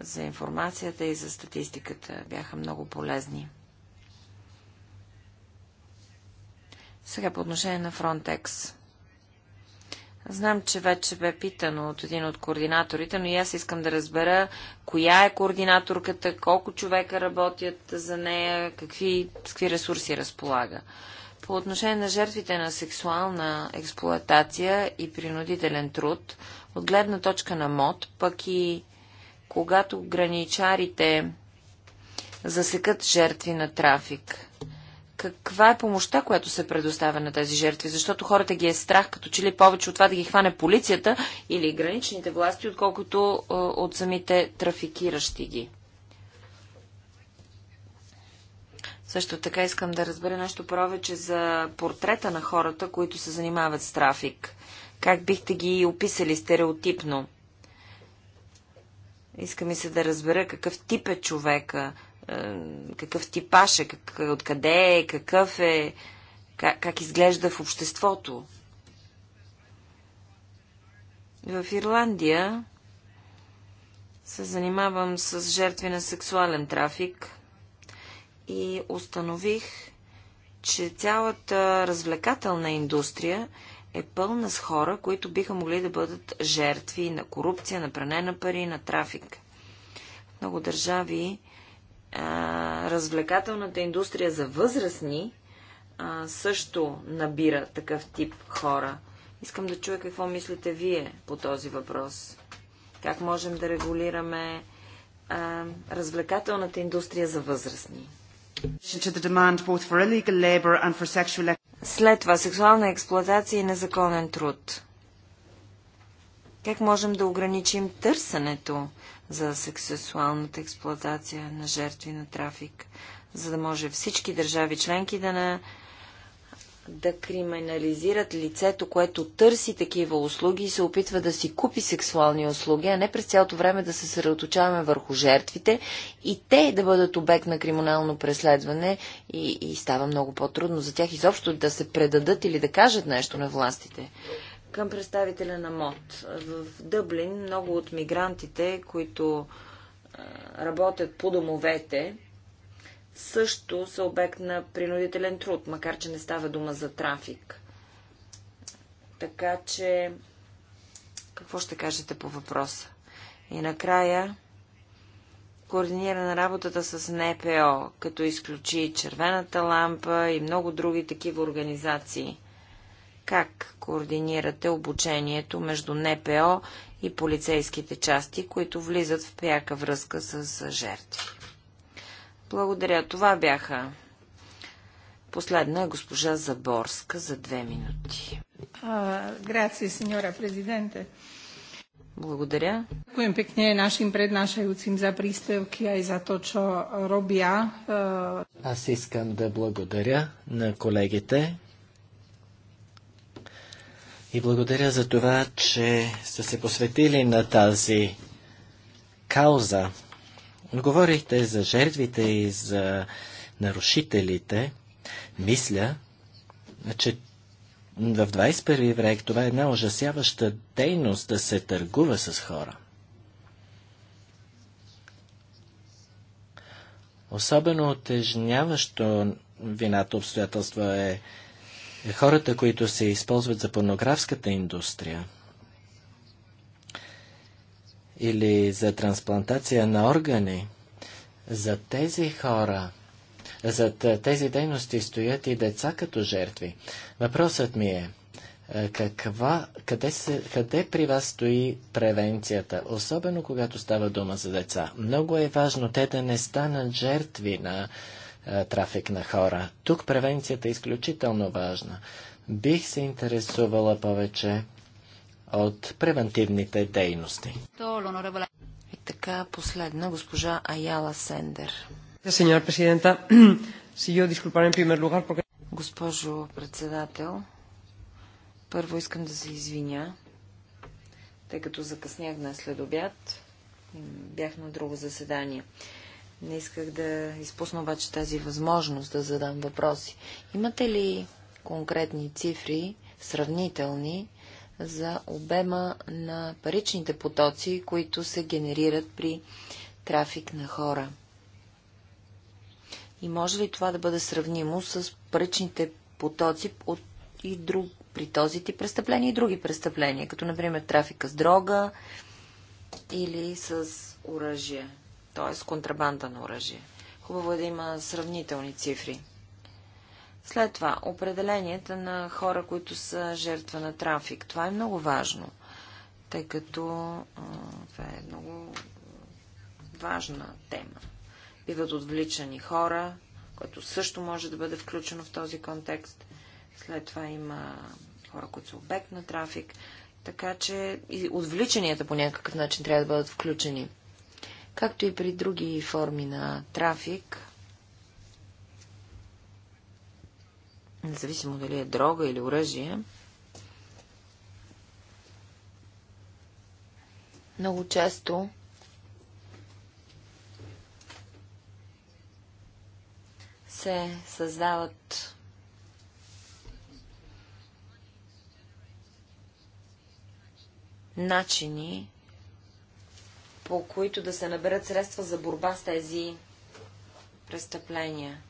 за информацията и за статистиката. Бяха много полезни. Сега по отношение на Фронтекс. Знам, че вече бе питано от един от координаторите, но и аз искам да разбера коя е координаторката, колко човека работят за нея, какви, какви ресурси разполага. По отношение на жертвите на сексуална експлоатация и принудителен труд, от гледна точка на МОД, пък и когато граничарите засекат жертви на трафик, каква е помощта, която се предоставя на тези жертви? Защото хората ги е страх, като че ли повече от това да ги хване полицията или граничните власти, отколкото е, от самите трафикиращи ги. Също така искам да разбера нещо повече за портрета на хората, които се занимават с трафик. Как бихте ги описали стереотипно? Иска ми се да разбера какъв тип е човека, е, какъв типаш е, как, откъде е, какъв е, как, как изглежда в обществото. В Ирландия се занимавам с жертви на сексуален трафик – и установих, че цялата развлекателна индустрия е пълна с хора, които биха могли да бъдат жертви на корупция, на пране на пари, на трафик. В много държави а, развлекателната индустрия за възрастни а, също набира такъв тип хора. Искам да чуя какво мислите вие по този въпрос. Как можем да регулираме а, развлекателната индустрия за възрастни? След това сексуална експлоатация и незаконен труд. Как можем да ограничим търсенето за сексуалната експлоатация на жертви на трафик, за да може всички държави членки да не да криминализират лицето, което търси такива услуги и се опитва да си купи сексуални услуги, а не през цялото време да се съсредоточаваме върху жертвите и те да бъдат обект на криминално преследване и, и става много по-трудно за тях изобщо да се предадат или да кажат нещо на властите. Към представителя на МОД. В Дъблин много от мигрантите, които работят по домовете, също са обект на принудителен труд, макар че не става дума за трафик. Така че, какво ще кажете по въпроса? И накрая, координирана на работата с НПО, като изключи червената лампа и много други такива организации. Как координирате обучението между НПО и полицейските части, които влизат в пряка връзка с жертви? Благодаря. Това бяха. Последна госпожа Заборска за две минути. Грация, сеньора президенте. Благодаря. Ďakujem pekne našim за приставки, а и за то, че робя. Аз искам да благодаря на колегите и благодаря за това, че сте се посветили на тази кауза. Говорихте за жертвите и за нарушителите. Мисля, че в 21 век това е една ужасяваща дейност да се търгува с хора. Особено отежняващо вината обстоятелство е, е хората, които се използват за порнографската индустрия – или за трансплантация на органи, за тези хора, за тези дейности стоят и деца като жертви. Въпросът ми е, е, каква, къде, се, къде при вас стои превенцията, особено когато става дума за деца? Много е важно те да не станат жертви на е, трафик на хора. Тук превенцията е изключително важна. Бих се интересувала повече от превентивните дейности. И така последна госпожа Аяла Сендер. Госпожо председател, първо искам да се извиня, тъй като закъснях днес след обяд. Бях на друго заседание. Не исках да изпусна обаче тази възможност да задам въпроси. Имате ли конкретни цифри, сравнителни, за обема на паричните потоци, които се генерират при трафик на хора. И може ли това да бъде сравнимо с паричните потоци от и друг, при този тип престъпления и други престъпления, като например трафика с дрога или с оръжие, т.е. контрабанда на оръжие? Хубаво е да има сравнителни цифри. След това, определенията на хора, които са жертва на трафик. Това е много важно, тъй като това е много важна тема. Биват отвличани хора, което също може да бъде включено в този контекст. След това има хора, които са обект на трафик. Така че и отвличанията по някакъв начин трябва да бъдат включени. Както и при други форми на трафик, независимо дали е дрога или оръжие, много често се създават начини, по които да се наберат средства за борба с тези престъпления.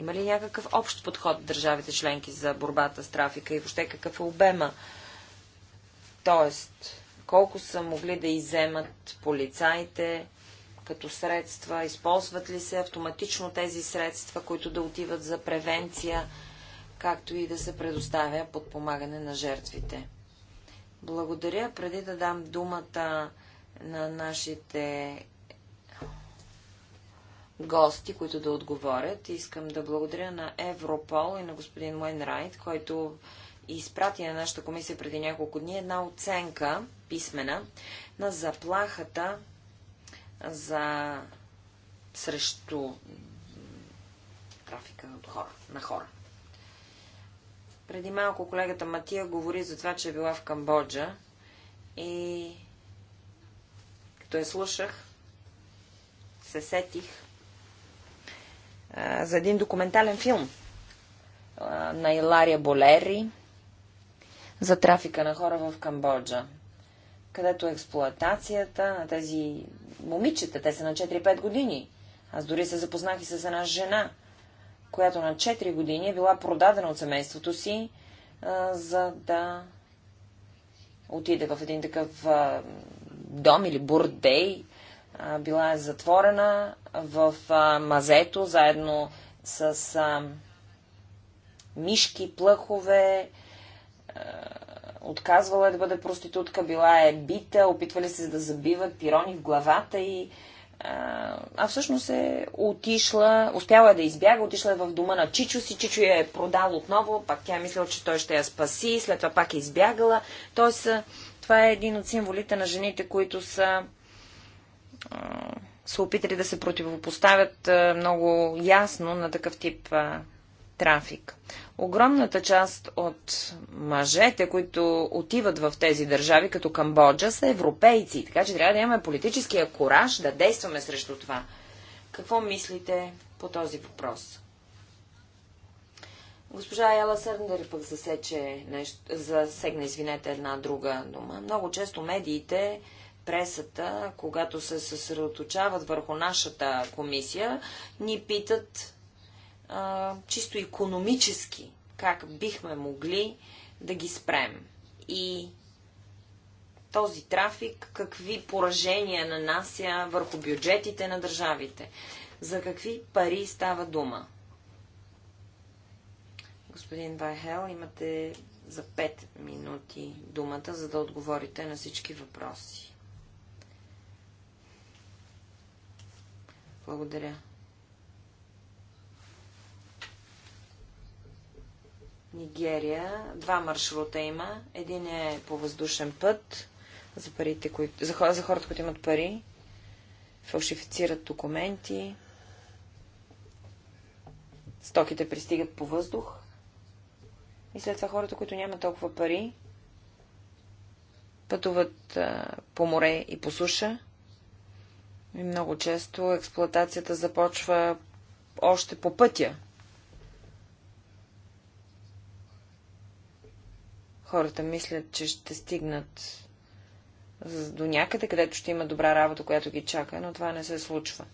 Има ли някакъв общ подход в държавите членки за борбата с трафика и въобще какъв е обема? Тоест, колко са могли да иземат полицаите като средства, използват ли се автоматично тези средства, които да отиват за превенция, както и да се предоставя подпомагане на жертвите. Благодаря. Преди да дам думата на нашите гости, които да отговорят. Искам да благодаря на Европол и на господин Мойн Райт, който изпрати на нашата комисия преди няколко дни една оценка, писмена, на заплахата за срещу трафика от хора, на хора. Преди малко колегата Матия говори за това, че е била в Камбоджа и като я слушах, се сетих за един документален филм а, на Илария Болери за трафика на хора в Камбоджа, където експлоатацията на тези момичета, те са на 4-5 години. Аз дори се запознах и с една жена, която на 4 години е била продадена от семейството си, а, за да отиде в един такъв а, дом или бурдей, била е затворена в мазето, заедно с мишки, плъхове, отказвала е да бъде проститутка, била е бита, опитвали се да забиват пирони в главата и а всъщност е отишла, успяла е да избяга, отишла е в дома на Чичо си, Чичо я е продал отново, пак тя е мислила, че той ще я спаси, след това пак е избягала. Тоест, това е един от символите на жените, които са са опитали да се противопоставят много ясно на такъв тип трафик. Огромната част от мъжете, които отиват в тези държави, като Камбоджа, са европейци, така че трябва да имаме политическия кораж да действаме срещу това. Какво мислите по този въпрос? Госпожа Ела Сърндер пък засече нещо, засегна, извинете, една друга дума. Много често медиите пресата, когато се съсредоточават върху нашата комисия, ни питат а, чисто економически как бихме могли да ги спрем. И този трафик, какви поражения нанася върху бюджетите на държавите. За какви пари става дума? Господин Вайхел, имате за 5 минути думата, за да отговорите на всички въпроси. Благодаря. Нигерия. Два маршрута има. Един е по въздушен път за, парите, кои... за, хора, за хората, които имат пари, фалшифицират документи, стоките пристигат по въздух и след това хората, които нямат толкова пари, пътуват а, по море и по суша и много често експлоатацията започва още по пътя. Хората мислят, че ще стигнат до някъде, където ще има добра работа, която ги чака, но това не се случва.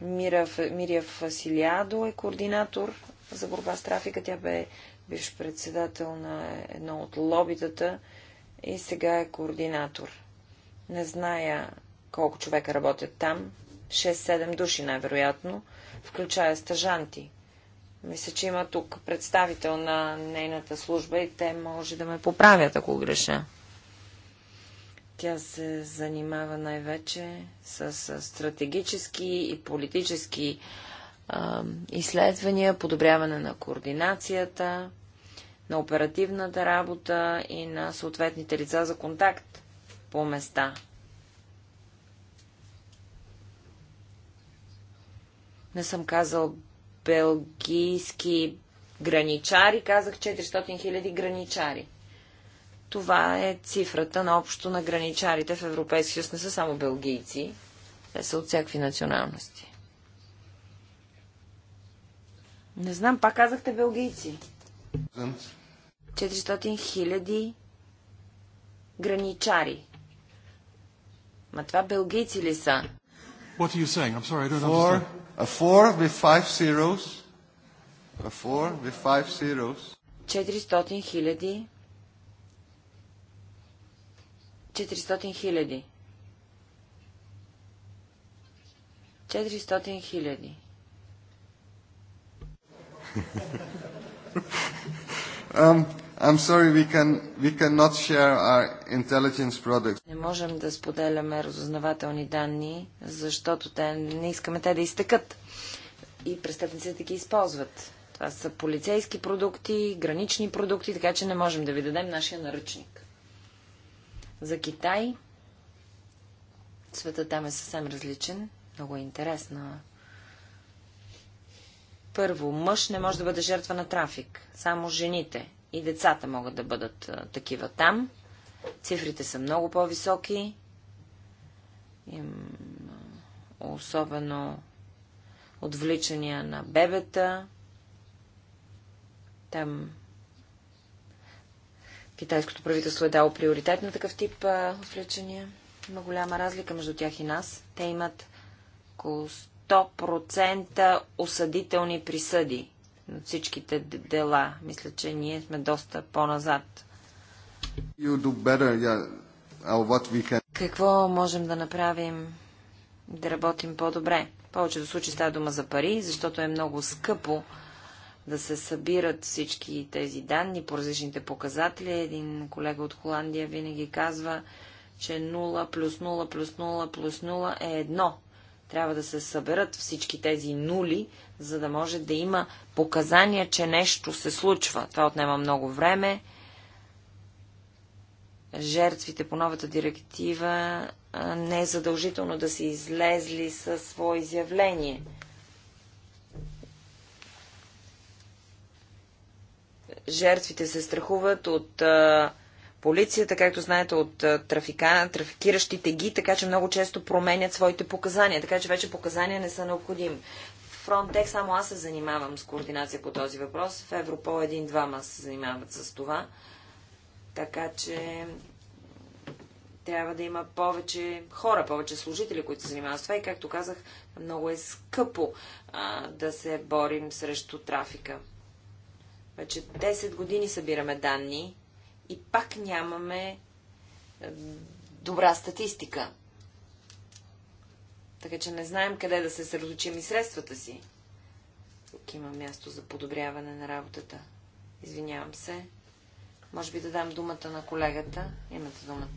Мира, Мирия Фасилиадо е координатор за борба с трафика. Тя бе бивш председател на едно от лобитата и сега е координатор. Не зная колко човека работят там. 6-7 души най-вероятно, включая стъжанти. Мисля, че има тук представител на нейната служба и те може да ме поправят, ако греша. Тя се занимава най-вече с стратегически и политически а, изследвания, подобряване на координацията, на оперативната работа и на съответните лица за контакт по места. Не съм казал белгийски граничари, казах 400 000 граничари. Това е цифрата на общо на граничарите в Европейския съюз. Не са само белгийци, те са от всякакви националности. Не знам, пак казахте белгийци. 400 000 граничари. Ма това белгийци ли са? What are you saying? I'm sorry, I don't four, understand. A four with five zeros. A four with five zeros. 400 хиляди. 400 хиляди. 400 хиляди. um, I'm sorry, we can, we cannot share our intelligence products. Не можем да споделяме разузнавателни данни, защото те не искаме те да изтекат и престъпниците да ги използват. Това са полицейски продукти, гранични продукти, така че не можем да ви дадем нашия наръчник. За Китай света там е съвсем различен. Много е интересно. Първо, мъж не може да бъде жертва на трафик. Само жените и децата могат да бъдат а, такива там. Цифрите са много по-високи. Особено отвличания на бебета. Там китайското правителство е дало приоритет на такъв тип а, отвличания. Има голяма разлика между тях и нас. Те имат около 100% осъдителни присъди от всичките дела. Мисля, че ние сме доста по-назад. Yeah. Can... Какво можем да направим да работим по-добре? В повечето случаи става дума за пари, защото е много скъпо да се събират всички тези данни по различните показатели. Един колега от Холандия винаги казва, че 0 плюс 0 плюс 0 плюс 0 е едно. Трябва да се съберат всички тези нули, за да може да има показания, че нещо се случва. Това отнема много време. Жертвите по новата директива не е задължително да са излезли със свое изявление. Жертвите се страхуват от полицията, както знаете, от трафика, трафикиращите ги, така че много често променят своите показания, така че вече показания не са необходими. Frontex, само аз се занимавам с координация по този въпрос. В Европол един-двама се занимават с това. Така че трябва да има повече хора, повече служители, които се занимават с това. И както казах, много е скъпо а, да се борим срещу трафика. Вече 10 години събираме данни и пак нямаме добра статистика. Така че не знаем къде да се съсредоточим и средствата си. Тук има място за подобряване на работата. Извинявам се. Може би да дам думата на колегата. Имате думата.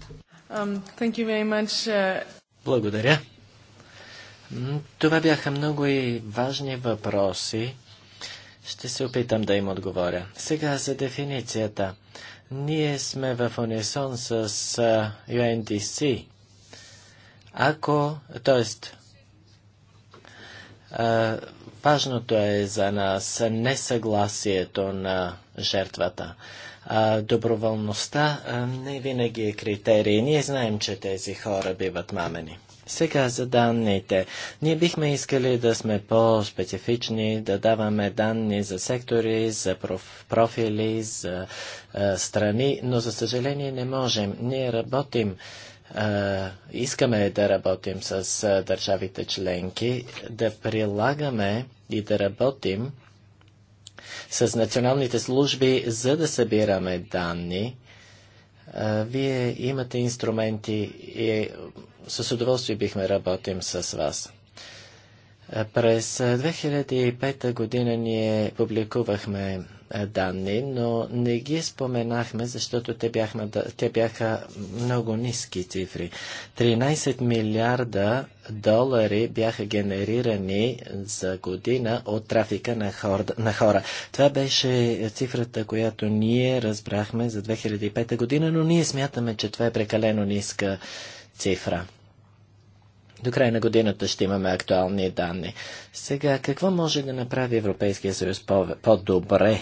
Um, thank you very much. Uh... Благодаря. Това бяха много и важни въпроси. Ще се опитам да им отговоря. Сега за дефиницията. Ние сме в унисон с UNDC. Ако, т.е. важното е за нас несъгласието на жертвата. А, доброволността не винаги е критерий. Ние знаем, че тези хора биват мамени. Сега за данните. Ние бихме искали да сме по-специфични, да даваме данни за сектори, за проф, профили, за страни, но за съжаление не можем. Ние работим искаме да работим с държавите членки, да прилагаме и да работим с националните служби, за да събираме данни. Вие имате инструменти и с удоволствие бихме работим с вас. През 2005 година ние публикувахме данни, но не ги споменахме, защото те, бяхме, те бяха много ниски цифри. 13 милиарда долари бяха генерирани за година от трафика на, хор, на хора. Това беше цифрата, която ние разбрахме за 2005 година, но ние смятаме, че това е прекалено ниска цифра. До края на годината ще имаме актуални данни. Сега, какво може да направи Европейския съюз по-добре?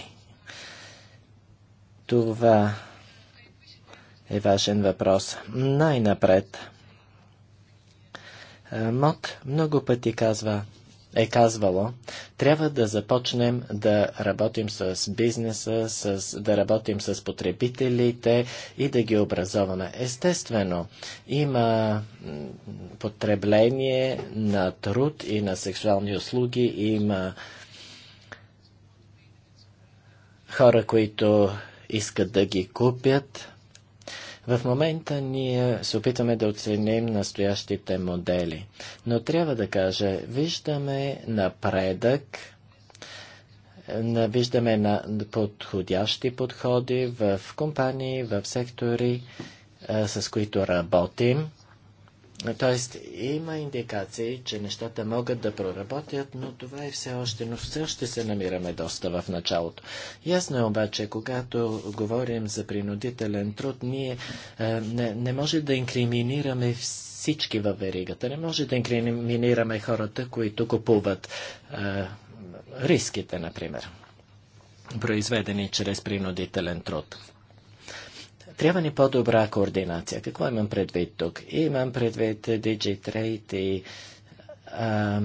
Това е важен въпрос. Най-напред. Е, Мот много пъти казва, е казвало, трябва да започнем да работим с бизнеса, с, да работим с потребителите и да ги образоваме. Естествено, има потребление на труд и на сексуални услуги, има хора, които искат да ги купят. В момента ние се опитаме да оценим настоящите модели, но трябва да кажа, виждаме напредък, виждаме на подходящи подходи в компании, в сектори, с които работим. Тоест, има индикации, че нещата могат да проработят, но това е все още, но все още се намираме доста в началото. Ясно е обаче, когато говорим за принудителен труд, ние е, не, не може да инкриминираме всички във веригата, не може да инкриминираме хората, които купуват е, риските, например, произведени чрез принудителен труд. Трябва ни по-добра координация. Какво имам предвид тук? Имам предвид DigiTrade и а,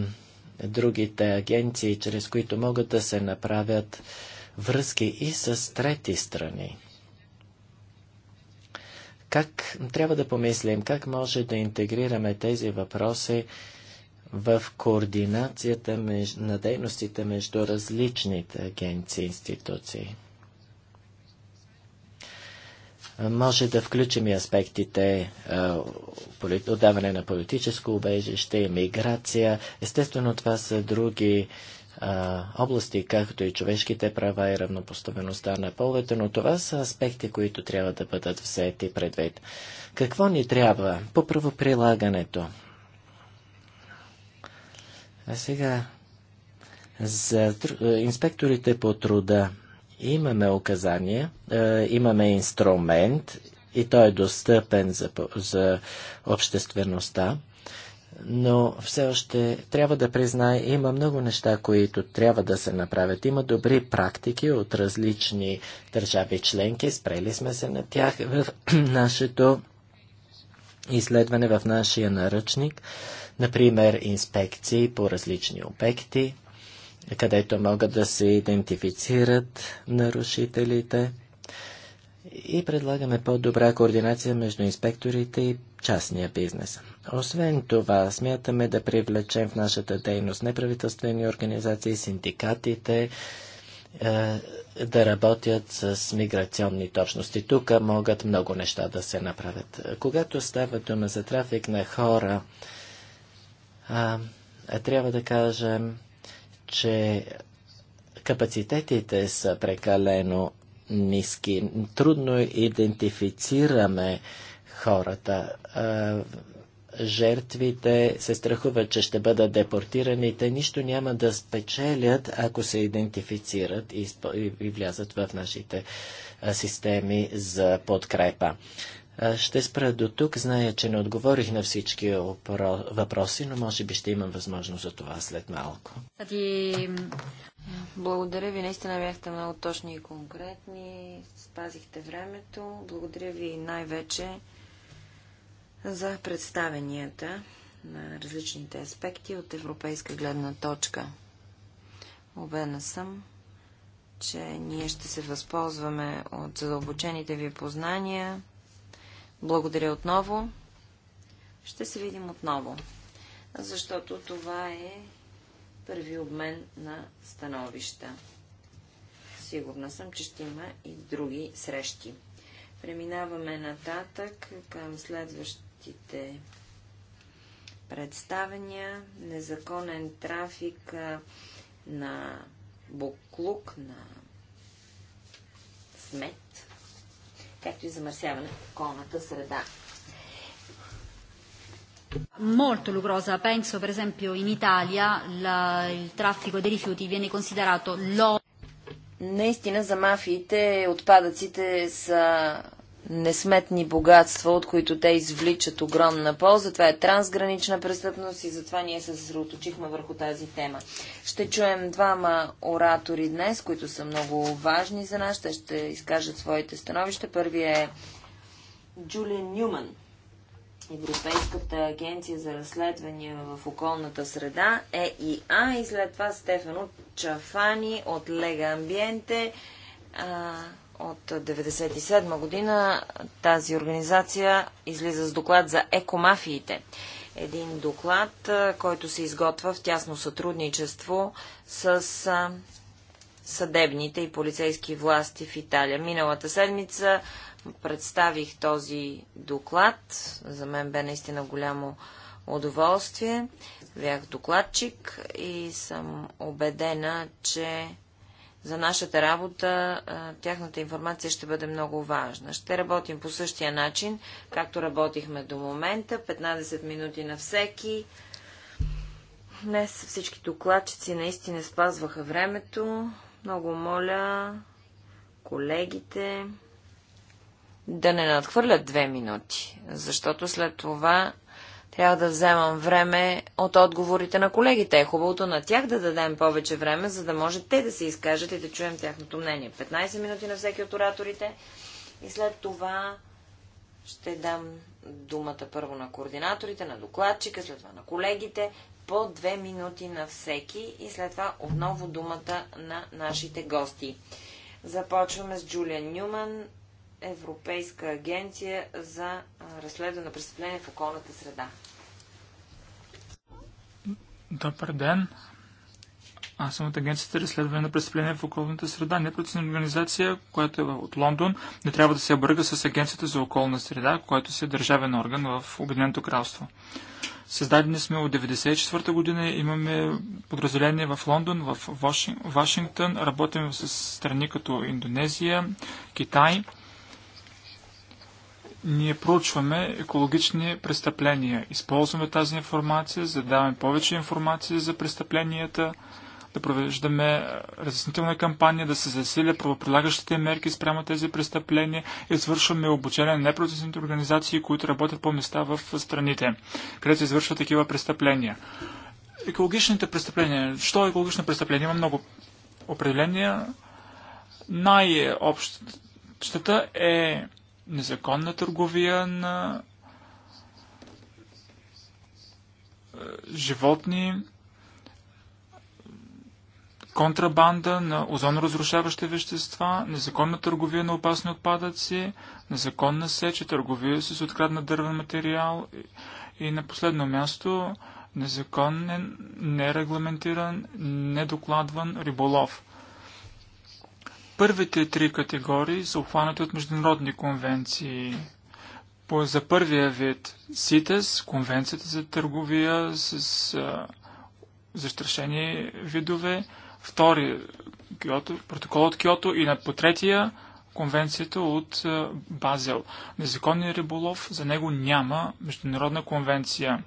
другите агенции, чрез които могат да се направят връзки и с трети страни. Как трябва да помислим, как може да интегрираме тези въпроси в координацията меж, на дейностите между различните агенции и институции? може да включим и аспектите отдаване на политическо убежище, миграция. Естествено, това са други области, както и човешките права и равнопоставеността на половете, но това са аспекти, които трябва да бъдат взети предвид. Какво ни трябва по правоприлагането? А сега за инспекторите по труда. Имаме указания, е, имаме инструмент и той е достъпен за, за обществеността, но все още трябва да призная, има много неща, които трябва да се направят. Има добри практики от различни държави членки, спрели сме се на тях в нашето изследване в нашия наръчник, например инспекции по различни обекти, където могат да се идентифицират нарушителите и предлагаме по-добра координация между инспекторите и частния бизнес. Освен това, смятаме да привлечем в нашата дейност неправителствени организации, синдикатите, е, да работят с миграционни точности. Тук могат много неща да се направят. Когато става дума за трафик на хора, трябва да кажем, че капацитетите са прекалено ниски. Трудно идентифицираме хората. Жертвите се страхуват, че ще бъдат депортирани. Те нищо няма да спечелят, ако се идентифицират и, и влязат в нашите системи за подкрепа. Ще спра до тук. Зная, че не отговорих на всички въпроси, но може би ще имам възможност за това след малко. И... Благодаря ви. Наистина бяхте много точни и конкретни. Спазихте времето. Благодаря ви най-вече за представенията на различните аспекти от европейска гледна точка. Обена съм, че ние ще се възползваме от задълбочените ви познания благодаря отново. Ще се видим отново, защото това е първи обмен на становища. Сигурна съм, че ще има и други срещи. Преминаваме нататък към следващите представения. Незаконен трафик на буклук, на смет както и замърсяване в околната среда. Molto lucrosa, penso per esempio in Italia la, il traffico dei rifiuti viene considerato lo... Наистина за мафиите отпадъците са несметни богатства, от които те извличат огромна полза. Това е трансгранична престъпност и затова ние се съсредоточихме върху тази тема. Ще чуем двама оратори днес, които са много важни за нас. Те ще изкажат своите становища. Първият е Джулиан Нюман. Европейската агенция за разследвания в околната среда, ЕИА, и след това Стефано Чафани от Лега Амбиенте, от 1997 година тази организация излиза с доклад за екомафиите. Един доклад, който се изготвя в тясно сътрудничество с съдебните и полицейски власти в Италия. Миналата седмица представих този доклад. За мен бе наистина голямо удоволствие. Бях докладчик и съм убедена, че за нашата работа тяхната информация ще бъде много важна. Ще работим по същия начин, както работихме до момента. 15 минути на всеки. Днес всички докладчици наистина спазваха времето. Много моля колегите да не надхвърлят две минути, защото след това трябва да вземам време от отговорите на колегите. Е хубавото на тях да дадем повече време, за да може те да се изкажат и да чуем тяхното мнение. 15 минути на всеки от ораторите и след това ще дам думата първо на координаторите, на докладчика, след това на колегите, по 2 минути на всеки и след това отново думата на нашите гости. Започваме с Джулиан Нюман Европейска агенция за разследване на престъпления в околната среда. Добър ден! Аз съм от Агенцията за разследване на престъпления в околната среда, непроцентна организация, която е от Лондон. Не трябва да се обърга с Агенцията за околна среда, която си е държавен орган в Обединеното кралство. Създадени сме от 1994 година, имаме подразделение в Лондон, в Вашингтон, работим с страни като Индонезия, Китай – ние проучваме екологични престъпления. Използваме тази информация, за да даваме повече информация за престъпленията, да провеждаме разяснителна кампания, да се засиля правоприлагащите мерки спрямо тези престъпления и извършваме обучение на непроцесните организации, които работят по места в страните, където се извършват такива престъпления. Екологичните престъпления. Що е екологично престъпление? Има много определения. Най-общата е незаконна търговия на е, животни, контрабанда на озоноразрушаващи вещества, незаконна търговия на опасни отпадъци, незаконна сеча, търговия с открадна дървен материал и на последно място незаконен, нерегламентиран, недокладван риболов. Първите три категории са обхванати от международни конвенции. По, за първия вид СИТЕС, Конвенцията за търговия с а, застрашени видове, втори Киото, протокол от Киото и на по третия конвенцията от а, Базел. Незаконния риболов за него няма международна конвенция.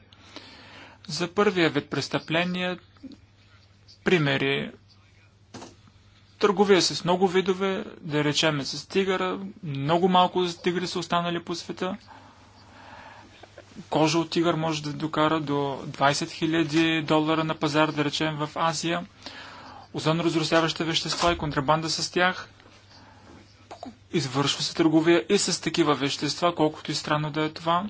За първия вид престъпления примери Търговия с много видове, да речеме с тигъра, много малко тигри са останали по света. Кожа от тигър може да докара до 20 000 долара на пазар, да речем в Азия. Озон разрусяващи вещества и контрабанда с тях. Извършва се търговия и с такива вещества, колкото и странно да е това.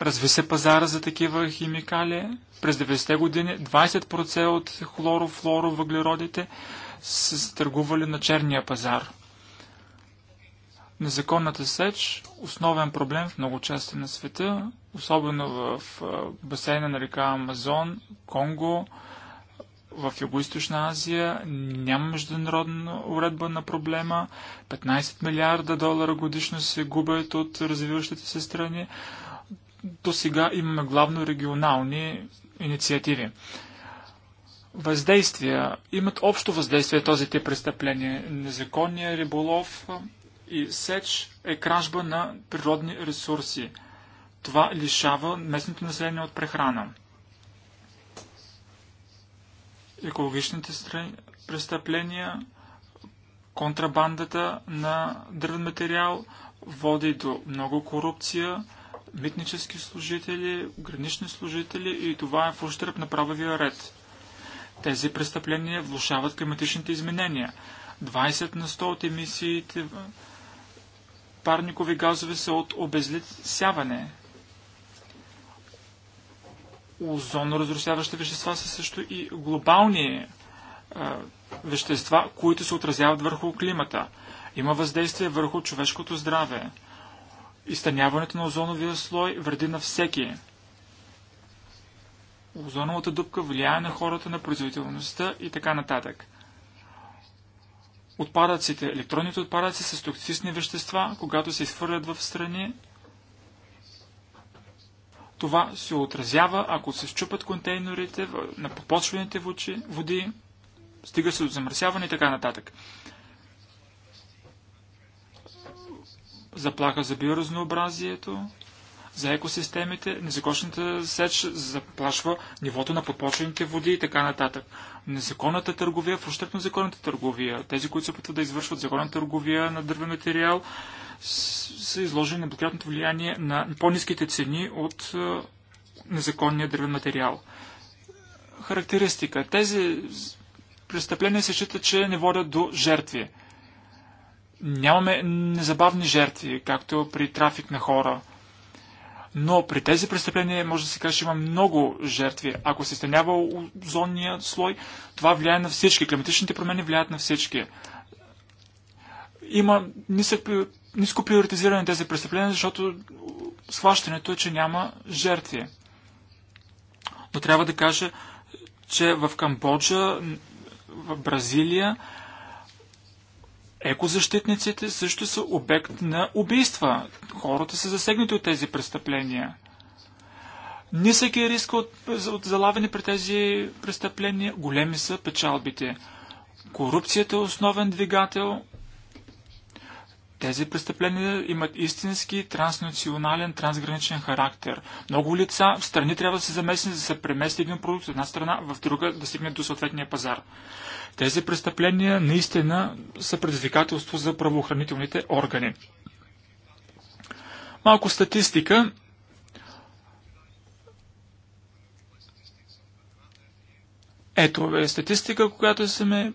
Разви се пазара за такива химикали. През 90-те години 20% от хлорофлоровъглеродите въглеродите са се търгували на черния пазар. Незаконната сеч – основен проблем в много части на света, особено в басейна на река Амазон, Конго, в Юго-Источна Азия, няма международна уредба на проблема, 15 милиарда долара годишно се губят от развиващите се страни. До сега имаме главно регионални инициативи въздействия, имат общо въздействие този тип престъпления. Незаконния риболов и сеч е кражба на природни ресурси. Това лишава местното население от прехрана. Екологичните престъпления, контрабандата на дървен материал води до много корупция, митнически служители, гранични служители и това е в ущърп на правовия ред. Тези престъпления влушават климатичните изменения. 20 на 100 от емисиите парникови газове са от обезлисяване. Озонно разрушаващи вещества са също и глобални а, е, вещества, които се отразяват върху климата. Има въздействие върху човешкото здраве. Изтъняването на озоновия слой вреди на всеки озоновата дупка влияе на хората, на производителността и така нататък. Отпадъците, електронните отпадъци с токсични вещества, когато се изхвърлят в страни, това се отразява, ако се щупат контейнерите на подпочвените води, стига се до замърсяване и така нататък. Заплаха за биоразнообразието, за екосистемите, незаконната сеч заплашва нивото на подпочвените води и така нататък. Незаконната търговия в ущърп на законната търговия, тези, които се опитват да извършват законната търговия на дървен материал, са изложени на благоприятното влияние на по-низките цени от незаконния дървен материал. Характеристика. Тези престъпления се считат, че не водят до жертви. Нямаме незабавни жертви, както при трафик на хора. Но при тези престъпления може да се каже, че има много жертви. Ако се стенява озонния слой, това влияе на всички. Климатичните промени влияят на всички. Има нисък, ниско приоритизиране на тези престъпления, защото схващането е, че няма жертви. Но трябва да кажа, че в Камбоджа, в Бразилия Екозащитниците също са обект на убийства. Хората са засегнати от тези престъпления. Нисък е риск от, от залавяне при тези престъпления, големи са печалбите. Корупцията е основен двигател тези престъпления имат истински транснационален, трансграничен характер. Много лица в страни трябва да се за да се премести един продукт от една страна в друга, да стигне до съответния пазар. Тези престъпления наистина са предизвикателство за правоохранителните органи. Малко статистика. Ето е статистика, която съм е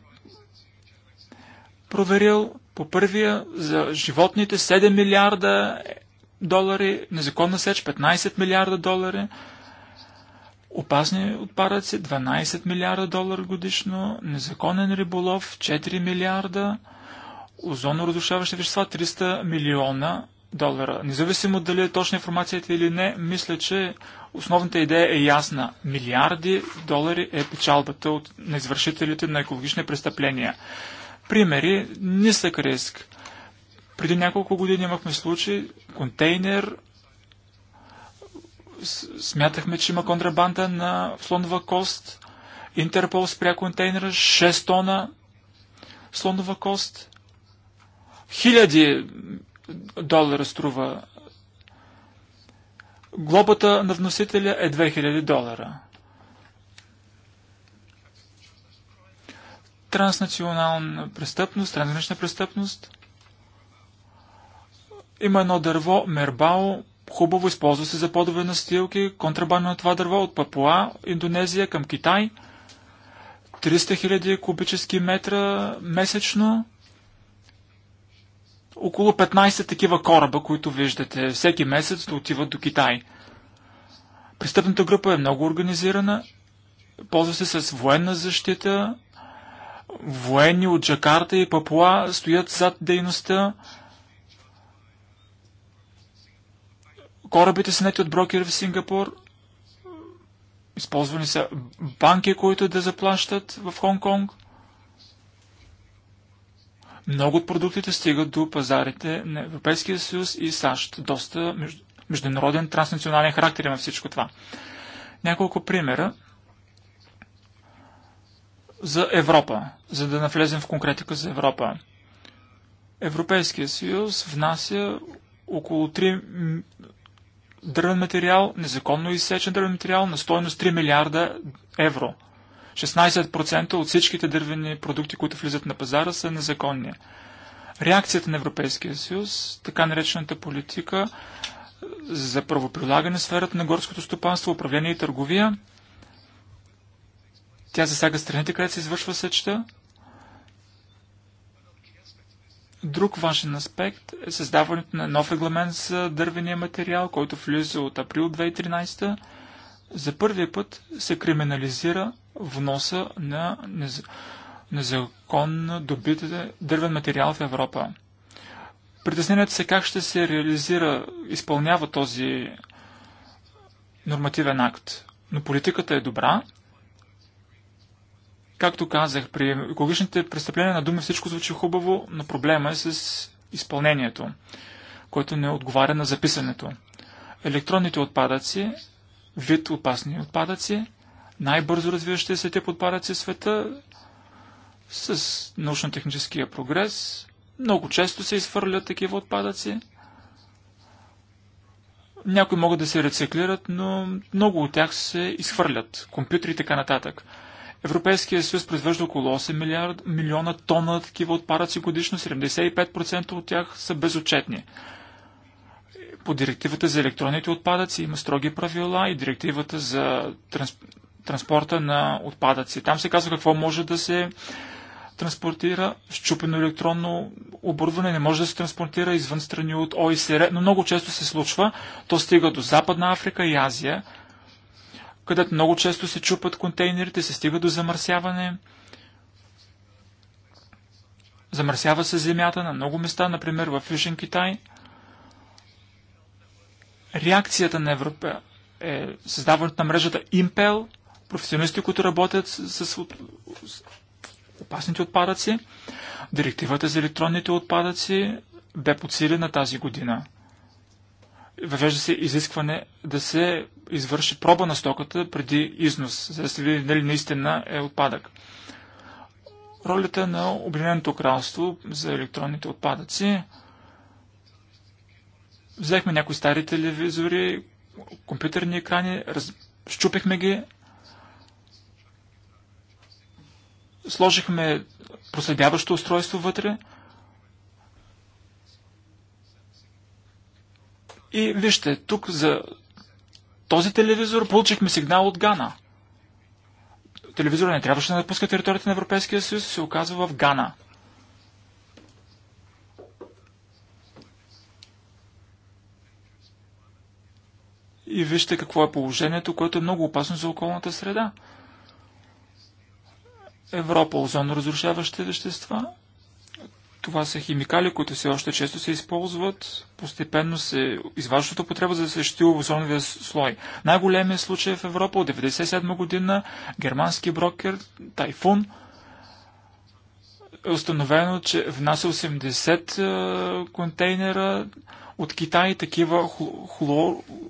проверил по първия за животните 7 милиарда долари, незаконна сеч 15 милиарда долари, опасни отпадъци 12 милиарда долара годишно, незаконен риболов 4 милиарда, озонно разрушаващи вещества 300 милиона долара. Независимо дали е точна информацията или не, мисля, че основната идея е ясна. Милиарди долари е печалбата от неизвършителите извършителите на екологични престъпления. Примери – нисък риск. Преди няколко години имахме случай, контейнер, смятахме, че има контрабанда на слонова кост, Интерпол спря контейнера, 6 тона слонова кост, хиляди долара струва. Глобата на вносителя е 2000 долара. транснационална престъпност, трансгранична престъпност. Има едно дърво, мербао, хубаво използва се за подове на стилки, контрабанда на това дърво от Папуа, Индонезия към Китай. 300 000 кубически метра месечно. Около 15 такива кораба, които виждате, всеки месец да отиват до Китай. Престъпната група е много организирана, ползва се с военна защита, военни от Джакарта и Папуа стоят зад дейността. Корабите са нети от брокер в Сингапур. Използвани са банки, които да заплащат в Хонг-Конг. Много от продуктите стигат до пазарите на Европейския съюз и САЩ. Доста международен, транснационален характер има всичко това. Няколко примера за Европа за да навлезем в конкретика за Европа. Европейския съюз внася около 3 дървен материал, незаконно изсечен дървен материал на стойност 3 милиарда евро. 16% от всичките дървени продукти, които влизат на пазара, са незаконни. Реакцията на Европейския съюз, така наречената политика за правоприлагане сферата на горското стопанство, управление и търговия, тя засяга страните, където се извършва сечта. Друг важен аспект е създаването на нов регламент за дървения материал, който влиза от април 2013. За първи път се криминализира вноса на незаконно добит дървен материал в Европа. Притеснението се как ще се реализира, изпълнява този нормативен акт. Но политиката е добра, Както казах, при екологичните престъпления на думи всичко звучи хубаво, но проблема е с изпълнението, което не отговаря на записането. Електронните отпадъци, вид опасни отпадъци, най-бързо развиващи се тип отпадъци в света, с научно-техническия прогрес, много често се изхвърлят такива отпадъци. Някои могат да се рециклират, но много от тях се изхвърлят. Компютри и така нататък. Европейския съюз произвежда около 8 милиард, милиона тона такива отпадъци годишно, 75% от тях са безотчетни. По директивата за електронните отпадъци има строги правила и директивата за транспорта на отпадъци. Там се казва какво може да се транспортира щупено електронно оборудване, не може да се транспортира извън страни от ОИСР, е, но много често се случва. То стига до Западна Африка и Азия, където много често се чупат контейнерите, се стига до замърсяване. Замърсява се земята на много места, например в Южен Китай. Реакцията на Европа е създаването на мрежата Impel, професионалисти, които работят с, с, с опасните отпадъци. Директивата за електронните отпадъци бе подсилена тази година. Въвежда се изискване да се извърши проба на стоката преди износ, за да се види дали наистина е отпадък. Ролята на Обединеното кралство за електронните отпадъци. Взехме някои стари телевизори, компютърни екрани, раз... щупихме ги, сложихме проследяващо устройство вътре – И вижте, тук за този телевизор получихме сигнал от Гана. Телевизора не трябваше да напуска територията на Европейския съюз, се оказва в Гана. И вижте какво е положението, което е много опасно за околната среда. Европа, озонно разрушаващи вещества, това са химикали, които все още често се използват. Постепенно се изваждат употреба, за да се защити озоновия слой. Най-големият случай е в Европа от 1997 година германски брокер Тайфун е установено, че внася 80 контейнера от Китай такива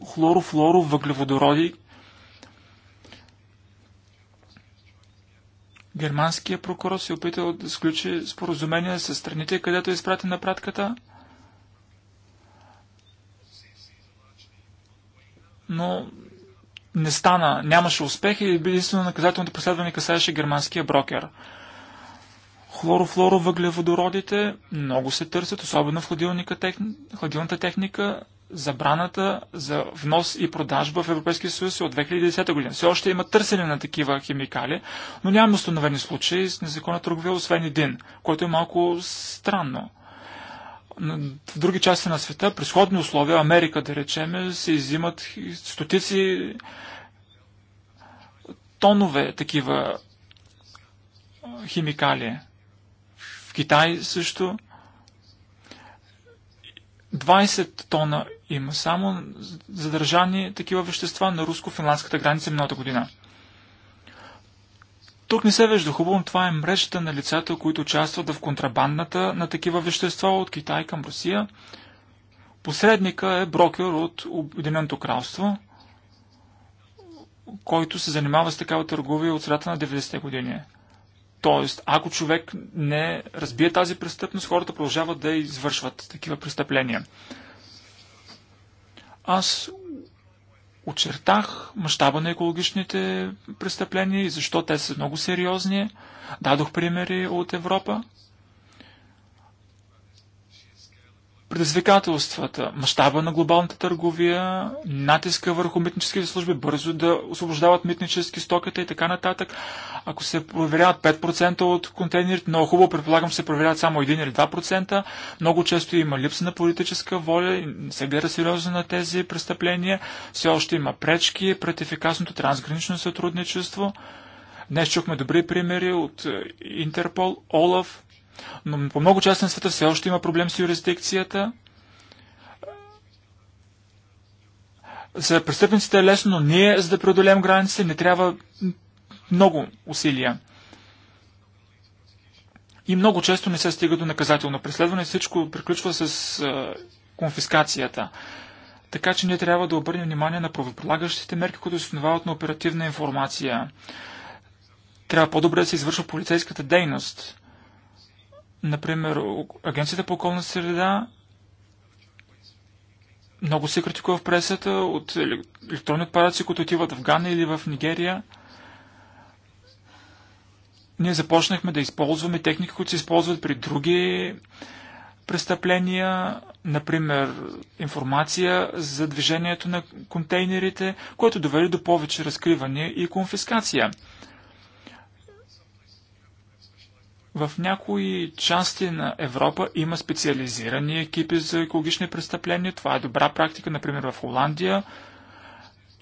хлор, въглеводороди. Германският прокурор се е опитал да сключи споразумение с страните, където е изпратена пратката, но не стана, нямаше успех и единствено наказателното преследване касаеше германския брокер. Хлорофлоровъглеводородите много се търсят, особено в хладилната техника забраната за внос и продажба в Европейския съюз е от 2010 година. Все още има търсене на такива химикали, но няма установени случаи с незаконна търговия, освен един, което е малко странно. В други части на света, при сходни условия, Америка, да речем, се изимат стотици тонове такива химикали. В Китай също 20 тона има само задържани такива вещества на руско-финландската граница миналата година. Тук не се вижда хубаво, това е мрежата на лицата, които участват в контрабандната на такива вещества от Китай към Русия. Посредника е брокер от Обединеното кралство, който се занимава с такава търговия от средата на 90-те години. Тоест, ако човек не разбие тази престъпност, хората продължават да извършват такива престъпления. Аз очертах мащаба на екологичните престъпления и защо те са много сериозни. Дадох примери от Европа. предизвикателствата, мащаба на глобалната търговия, натиска върху митническите служби бързо да освобождават митнически стоката и така нататък. Ако се проверяват 5% от контейнерите, много хубаво, предполагам, се проверяват само 1 или 2%. Много често има липса на политическа воля, не се гледа сериозно на тези престъпления, все още има пречки пред ефикасното трансгранично сътрудничество. Днес чухме добри примери от Интерпол, Олаф, но по много части на света все още има проблем с юрисдикцията. За престъпниците е лесно, но ние, за да преодолеем границите, не трябва много усилия. И много често не се стига до наказателно преследване. Всичко приключва с конфискацията. Така че ние трябва да обърнем внимание на правоприлагащите мерки, които се основават на оперативна информация. Трябва по-добре да се извършва полицейската дейност. Например, Агенцията по околна среда много се критикува в пресата от електронни отпадъци, които отиват в Гана или в Нигерия. Ние започнахме да използваме техники, които се използват при други престъпления, например информация за движението на контейнерите, което доведе до повече разкриване и конфискация. В някои части на Европа има специализирани екипи за екологични престъпления. Това е добра практика, например в Холандия.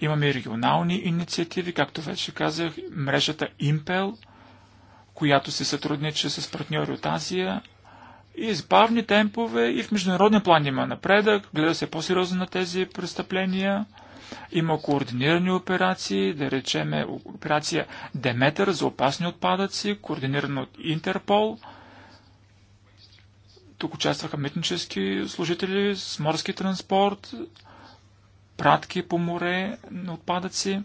Имаме регионални инициативи, както вече казах, мрежата Impel, която се сътрудничи с партньори от Азия и с бавни темпове и в международен план има напредък, гледа се по-сериозно на тези престъпления. Има координирани операции, да речеме операция Деметър за опасни отпадъци, координирана от Интерпол. Тук участваха митнически служители с морски транспорт, пратки по море на отпадъци.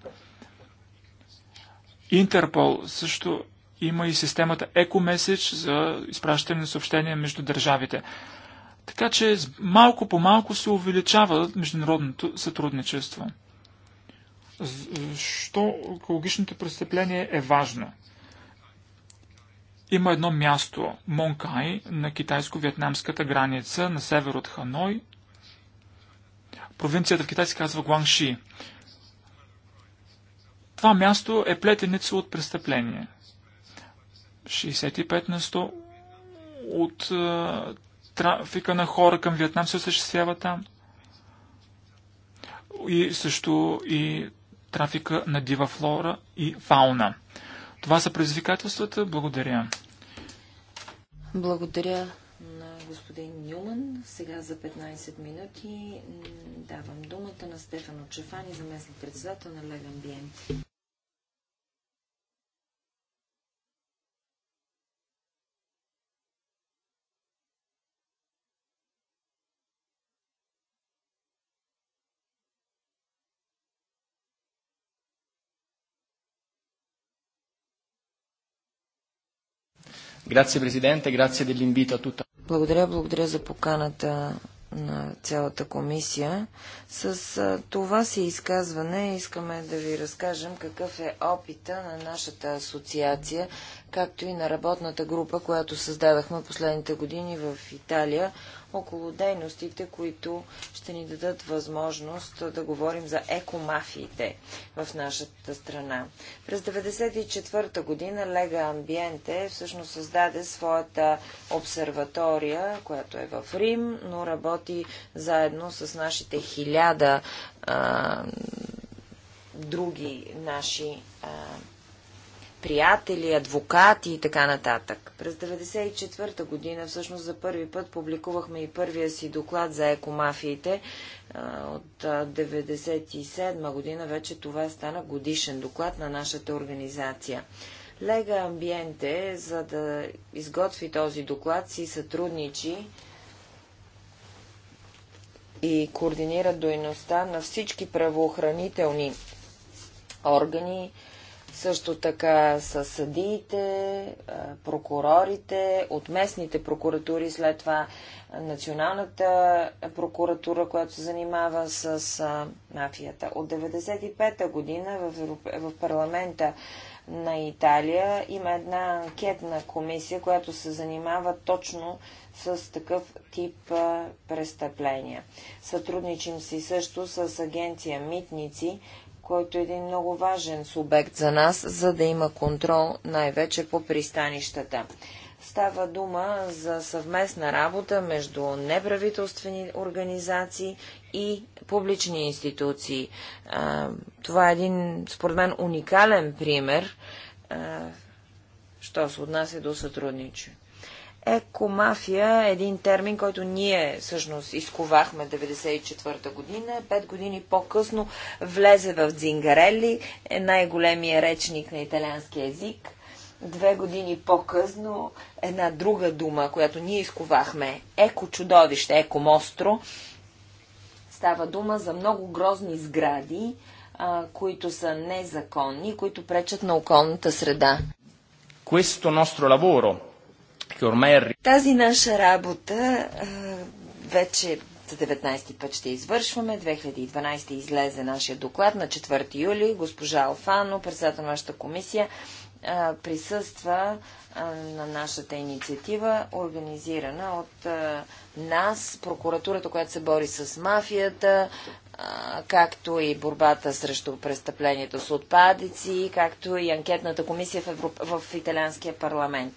Интерпол също има и системата EcoMessage за изпращане на съобщения между държавите. Така че малко по малко се увеличава международното сътрудничество. Защо екологичното престъпление е важно? Има едно място, Монкай, на китайско-вьетнамската граница, на север от Ханой. Провинцията в Китай се казва Гуанши. Това място е плетеница от престъпление. 65 на 100 от трафика на хора към Виетнам се осъществява там. И също и трафика на дива флора и фауна. Това са предизвикателствата. Благодаря. Благодаря на господин Нюман. Сега за 15 минути давам думата на Стефано Чефани, заместник председател на Леган Биенти. Grazie, Presidente, grazie dell'invito a tutta. Благодаря, благодаря за поканата на цялата комисия. С това си изказване искаме да ви разкажем какъв е опита на нашата асоциация, както и на работната група, която създадахме последните години в Италия около дейностите, които ще ни дадат възможност да говорим за екомафиите в нашата страна. През 1994 година Лега Амбиенте всъщност създаде своята обсерватория, която е в Рим, но работи заедно с нашите хиляда други наши а, приятели, адвокати и така нататък. През 1994 година всъщност за първи път публикувахме и първия си доклад за екомафиите. От 1997 година вече това стана годишен доклад на нашата организация. Лега Амбиенте, за да изготви този доклад, си сътрудничи и координира дойността на всички правоохранителни органи, също така с съдиите, прокурорите, от местните прокуратури, след това Националната прокуратура, която се занимава с мафията. От 1995-та година в, парламента на Италия има една анкетна комисия, която се занимава точно с такъв тип престъпления. Сътрудничим си също с агенция Митници, който е един много важен субект за нас, за да има контрол най-вече по пристанищата. Става дума за съвместна работа между неправителствени организации и публични институции. Това е един, според мен, уникален пример, що се отнася до сътрудничество. Екомафия е един термин, който ние всъщност изковахме 1994 година. Пет години по-късно влезе в Дзингарели, е най-големия речник на италиански език. Две години по-късно една друга дума, която ние изковахме, еко-чудовище, еко-мостро, става дума за много грозни сгради, които са незаконни, които пречат на околната среда. Questo nostro lavoro тази наша работа вече за 19 път ще извършваме. 2012 излезе нашия доклад на 4 юли. Госпожа Алфано, председател на нашата комисия, присъства на нашата инициатива, организирана от нас, прокуратурата, която се бори с мафията, както и борбата срещу престъплението с отпадици, както и анкетната комисия в, Европ... в Италианския парламент.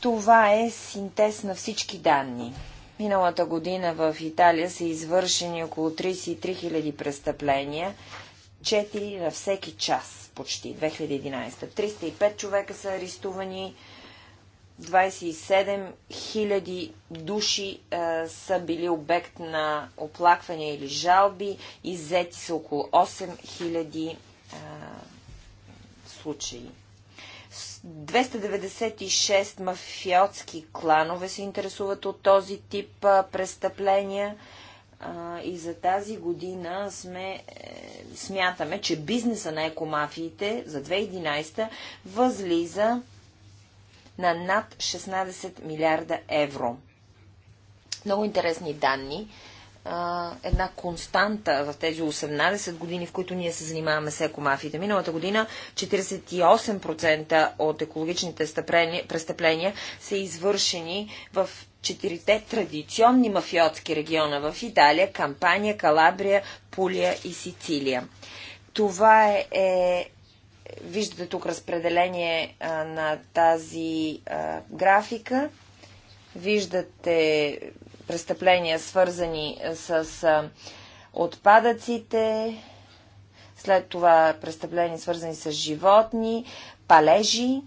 Това е синтез на всички данни. Миналата година в Италия са извършени около 33 000 престъпления, 4 на всеки час, почти 2011. 305 човека са арестувани, 27 000 души е, са били обект на оплаквания или жалби, иззети са около 8 000 е, случаи. 296 мафиотски кланове се интересуват от този тип престъпления и за тази година сме, е, смятаме, че бизнеса на екомафиите за 2011 възлиза на над 16 милиарда евро. Много интересни данни а, една константа в тези 18 години, в които ние се занимаваме с екомафиите. Миналата година 48% от екологичните престъпления са извършени в четирите традиционни мафиотски региона в Италия, Кампания, Калабрия, Пулия и Сицилия. Това е, е виждате тук разпределение а, на тази а, графика. Виждате престъпления, свързани е, с е, отпадъците, след това престъпления, свързани с животни, палежи,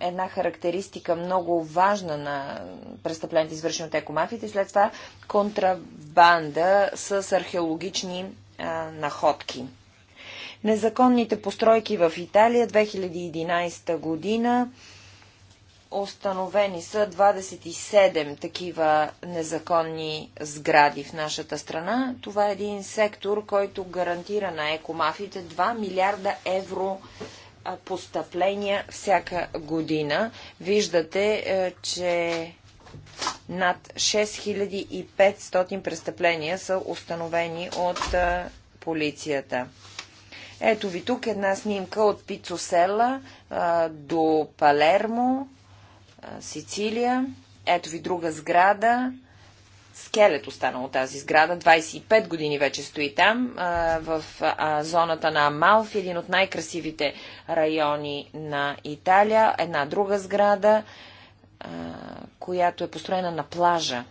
една характеристика много важна на престъпленията, извършени от екомафите, след това контрабанда с археологични а, е, находки. Незаконните постройки в Италия 2011 година Установени са 27 такива незаконни сгради в нашата страна. Това е един сектор, който гарантира на екомафите 2 милиарда евро постъпления всяка година. Виждате, е, че над 6500 престъпления са установени от е, полицията. Ето ви тук една снимка от Пицосела е, до Палермо Сицилия. Ето ви друга сграда. Скелет останало тази сграда. 25 години вече стои там, в зоната на Амалфи, един от най-красивите райони на Италия. Една друга сграда, която е построена на плажа.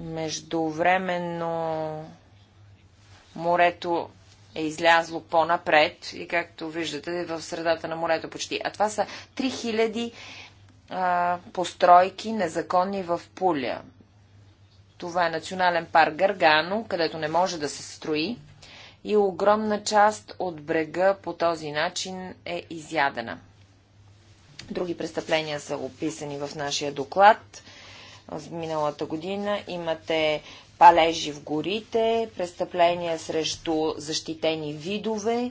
Междувременно морето е излязло по-напред и както виждате е в средата на морето почти. А това са 3000 а, постройки незаконни в Пуля. Това е национален парк Гаргано, където не може да се строи и огромна част от брега по този начин е изядена. Други престъпления са описани в нашия доклад. в миналата година имате палежи в горите, престъпления срещу защитени видове.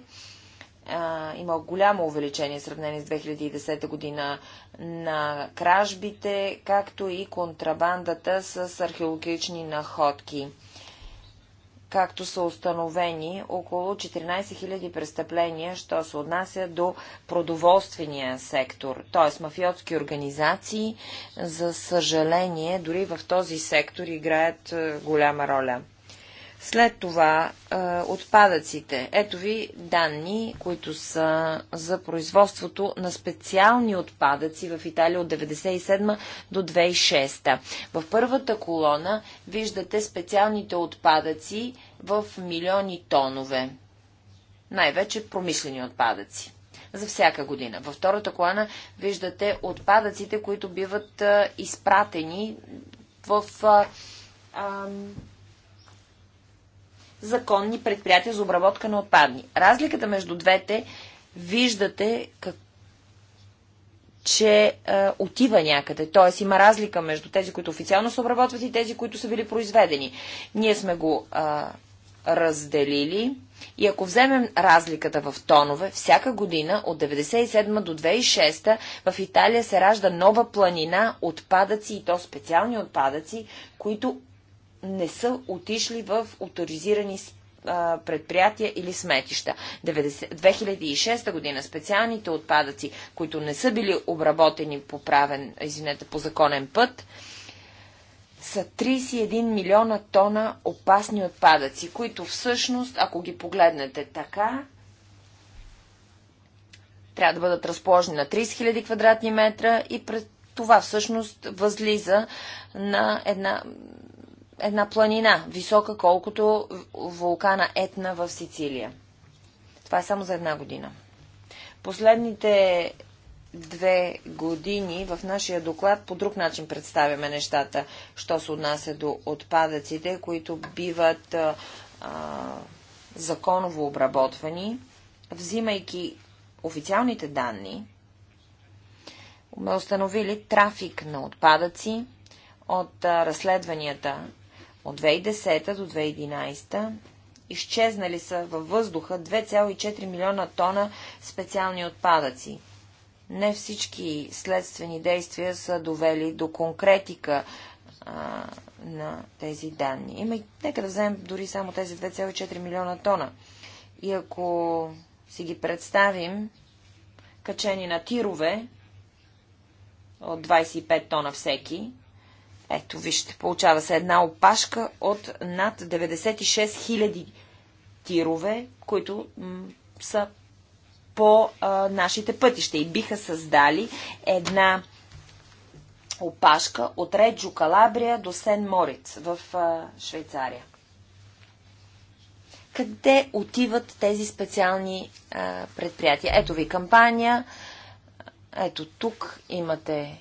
има голямо увеличение в сравнение с 2010 година на кражбите, както и контрабандата с археологични находки както са установени около 14 000 престъпления, що се отнася до продоволствения сектор, т.е. мафиотски организации, за съжаление, дори в този сектор играят е, голяма роля. След това е, отпадъците. Ето ви данни, които са за производството на специални отпадъци в Италия от 1997 до 2006. В първата колона виждате специалните отпадъци в милиони тонове. Най-вече промишлени отпадъци за всяка година. Във втората колана виждате отпадъците, които биват изпратени в законни предприятия за обработка на отпадни. Разликата между двете виждате как, че а, е, отива някъде. Т.е. има разлика между тези, които официално се обработват и тези, които са били произведени. Ние сме го а, разделили и ако вземем разликата в тонове, всяка година от 1997 до 2006 в Италия се ражда нова планина отпадъци и то специални отпадъци, които не са отишли в авторизирани предприятия или сметища. 2006 година специалните отпадъци, които не са били обработени по правен, извинете, по законен път, са 31 милиона тона опасни отпадъци, които всъщност, ако ги погледнете така, трябва да бъдат разположени на 30 000 квадратни метра и пред това всъщност възлиза на една една планина, висока колкото вулкана Етна в Сицилия. Това е само за една година. Последните две години в нашия доклад по друг начин представяме нещата, що се отнася до отпадъците, които биват а, законово обработвани, взимайки официалните данни, ме установили трафик на отпадъци от а, разследванията от 2010 до 2011 изчезнали са във въздуха 2,4 милиона тона специални отпадъци. Не всички следствени действия са довели до конкретика а, на тези данни. Има, нека да вземем дори само тези 2,4 милиона тона. И ако си ги представим, качени на тирове от 25 тона всеки, ето, вижте, получава се една опашка от над 96 000 тирове, които са по а, нашите пътища и биха създали една опашка от Реджо Калабрия до Сен Мориц в а, Швейцария. Къде отиват тези специални а, предприятия? Ето ви кампания. Ето тук имате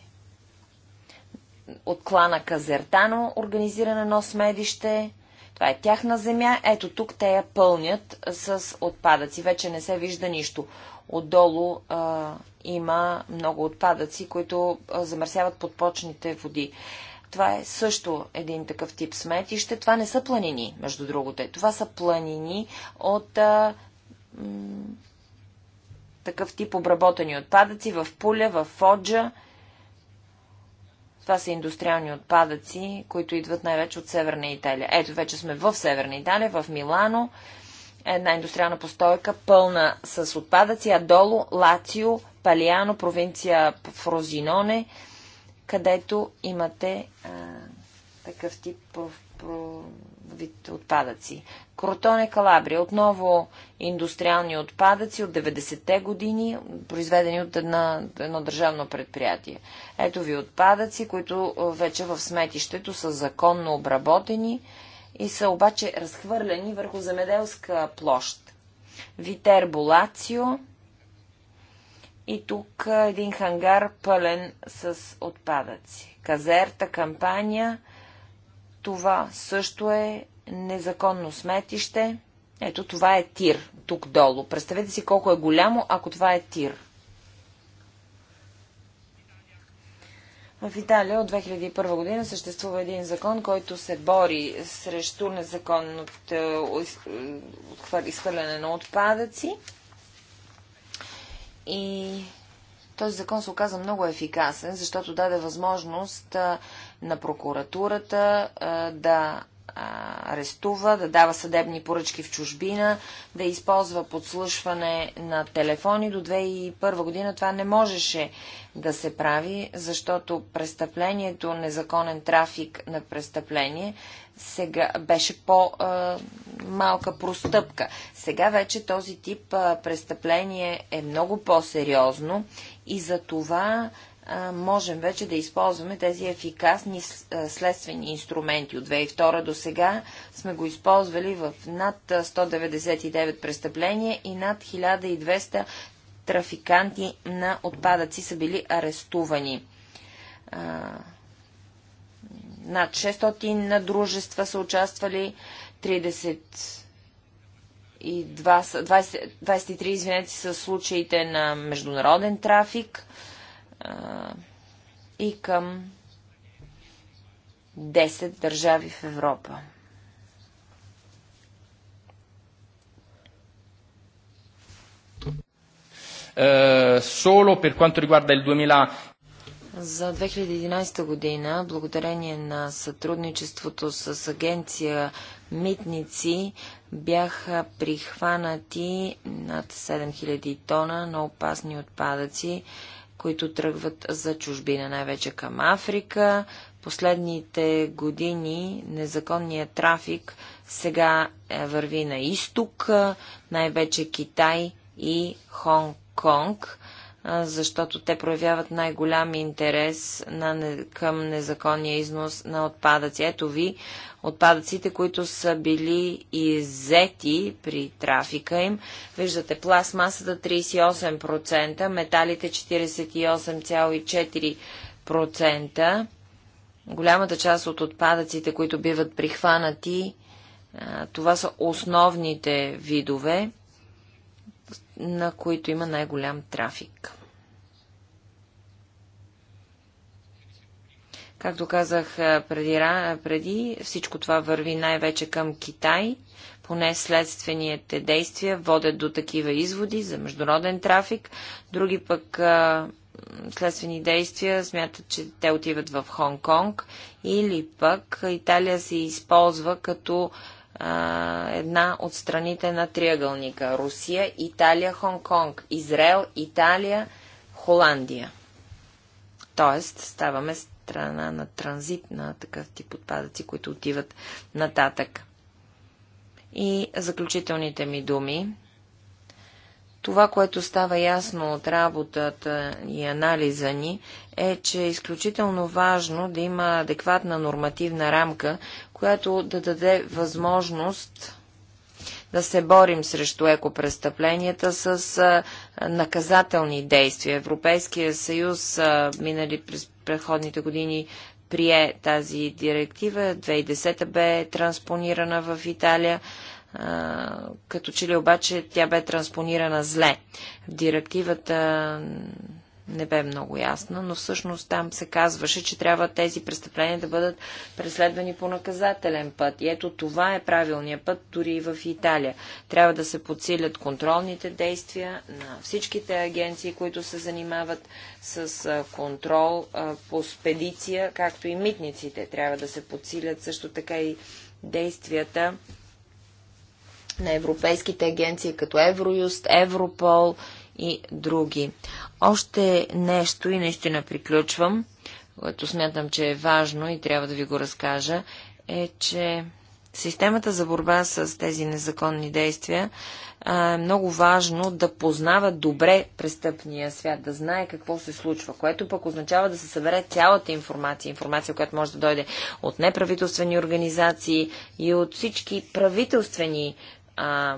от клана Казертано организиране на смедище. Това е тяхна земя. Ето тук те я пълнят с отпадъци. Вече не се вижда нищо. Отдолу а, има много отпадъци, които а, замърсяват подпочните води. Това е също един такъв тип сметище. Това не са планини, между другото. Това са планини от а, такъв тип обработени отпадъци в Пуля, в Фоджа. Това са индустриални отпадъци, които идват най-вече от Северна Италия. Ето, вече сме в Северна Италия, в Милано. Една индустриална постойка, пълна с отпадъци, а долу Лацио, Палиано, провинция Фрозиноне, където имате а, такъв тип про, вид отпадъци. Кротоне Калабрия. Отново индустриални отпадъци от 90-те години, произведени от една, едно държавно предприятие. Ето ви отпадъци, които вече в сметището са законно обработени и са обаче разхвърляни върху земеделска площ. Витерболацио. И тук един хангар пълен с отпадъци. Казерта, кампания – това също е незаконно сметище. Ето, това е тир, тук долу. Представете си колко е голямо, ако това е тир. В Италия от 2001 година съществува един закон, който се бори срещу незаконното е, е, изхвърляне на отпадъци. И този закон се оказа много ефикасен, защото даде възможност на прокуратурата да арестува, да дава съдебни поръчки в чужбина, да използва подслушване на телефони. До 2001 година това не можеше да се прави, защото престъплението, незаконен трафик на престъпление, сега беше по-малка простъпка. Сега вече този тип престъпление е много по-сериозно и за това можем вече да използваме тези ефикасни следствени инструменти. От 2002 до сега сме го използвали в над 199 престъпления и над 1200 трафиканти на отпадъци са били арестувани. Над 600 на дружества са участвали, 30 и 20, 23 извинете, са случаите на международен трафик – и към 10 държави в Европа. Uh, per quanto riguarda il 2000... За 2011 година, благодарение на сътрудничеството с агенция Митници, бяха прихванати над 7000 тона на опасни отпадъци които тръгват за чужбина, най-вече към Африка. Последните години незаконният трафик сега е, върви на изток, най-вече Китай и Хонг-Конг защото те проявяват най-голям интерес на, към незаконния износ на отпадъци. Ето ви отпадъците, които са били иззети при трафика им. Виждате пластмасата 38%, металите 48,4%. Голямата част от отпадъците, които биват прихванати, това са основните видове, на които има най-голям трафик. Както казах преди, преди всичко това върви най-вече към Китай, поне следствените действия водят до такива изводи за международен трафик, други пък следствени действия смятат, че те отиват в Хонг-Конг или пък Италия се използва като а, една от страните на триъгълника. Русия, Италия, Хонг-Конг, Израел, Италия, Холандия. Тоест, ставаме страна на транзит на такъв тип отпадъци, които отиват нататък. И заключителните ми думи. Това, което става ясно от работата и анализа ни, е, че е изключително важно да има адекватна нормативна рамка, която да даде възможност да се борим срещу екопрестъпленията с наказателни действия. Европейския съюз минали през предходните години прие тази директива. 2010 бе транспонирана в Италия като че ли обаче тя бе транспонирана зле. Директивата не бе много ясна, но всъщност там се казваше, че трябва тези престъпления да бъдат преследвани по наказателен път. И ето това е правилният път, дори и в Италия. Трябва да се подсилят контролните действия на всичките агенции, които се занимават с контрол по спедиция, както и митниците. Трябва да се подсилят също така и действията на европейските агенции, като Евроюст, Европол и други. Още нещо и наистина приключвам, което смятам, че е важно и трябва да ви го разкажа, е, че системата за борба с тези незаконни действия е много важно да познава добре престъпния свят, да знае какво се случва, което пък означава да се събере цялата информация, информация, която може да дойде от неправителствени организации и от всички правителствени а,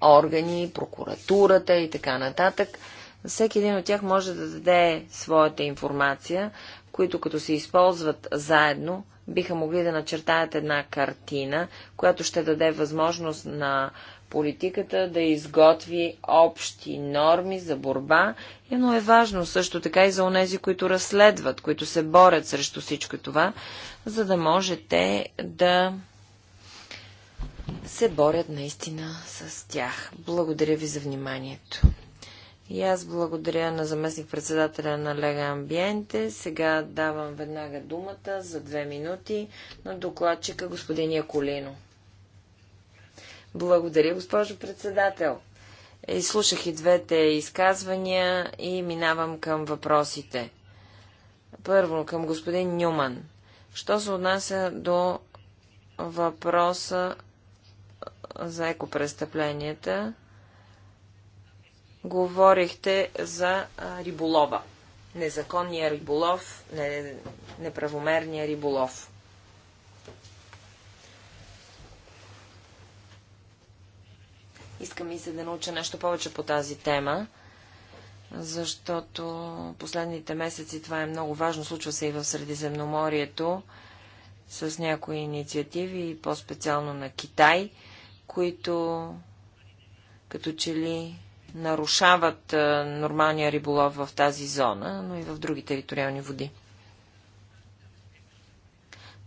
органи, прокуратурата и така нататък. Всеки един от тях може да даде своята информация, които като се използват заедно, биха могли да начертаят една картина, която ще даде възможност на политиката да изготви общи норми за борба, но е важно също така и за онези, които разследват, които се борят срещу всичко това, за да можете да се борят наистина с тях. Благодаря ви за вниманието. И аз благодаря на заместник-председателя на Лега Амбиенте. Сега давам веднага думата за две минути на докладчика господин Яколино. Благодаря, госпожо председател. Изслушах е, и двете изказвания и минавам към въпросите. Първо към господин Нюман. Що се отнася до въпроса за екопрестъпленията? говорихте за риболова. Незаконния риболов, не, неправомерния риболов. Искам и се да науча нещо повече по тази тема, защото последните месеци това е много важно. Случва се и в Средиземноморието с някои инициативи, по-специално на Китай, които като че ли нарушават нормалния риболов в тази зона, но и в други териториални води.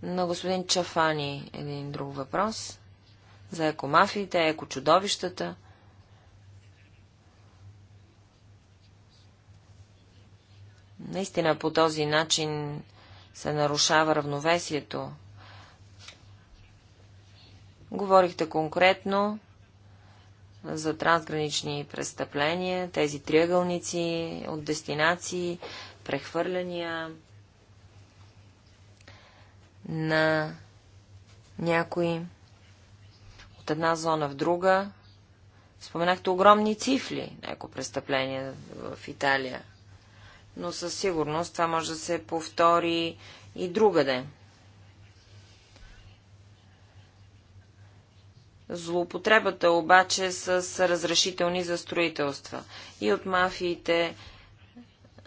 На господин Чафани един друг въпрос. За екомафиите, екочудовищата. Наистина по този начин се нарушава равновесието. Говорихте конкретно за трансгранични престъпления, тези триъгълници от дестинации, прехвърляния на някои от една зона в друга. Споменахте огромни цифри, някои престъпления в Италия. Но със сигурност това може да се повтори и другаде. Злоупотребата обаче с разрешителни за строителства и от мафиите,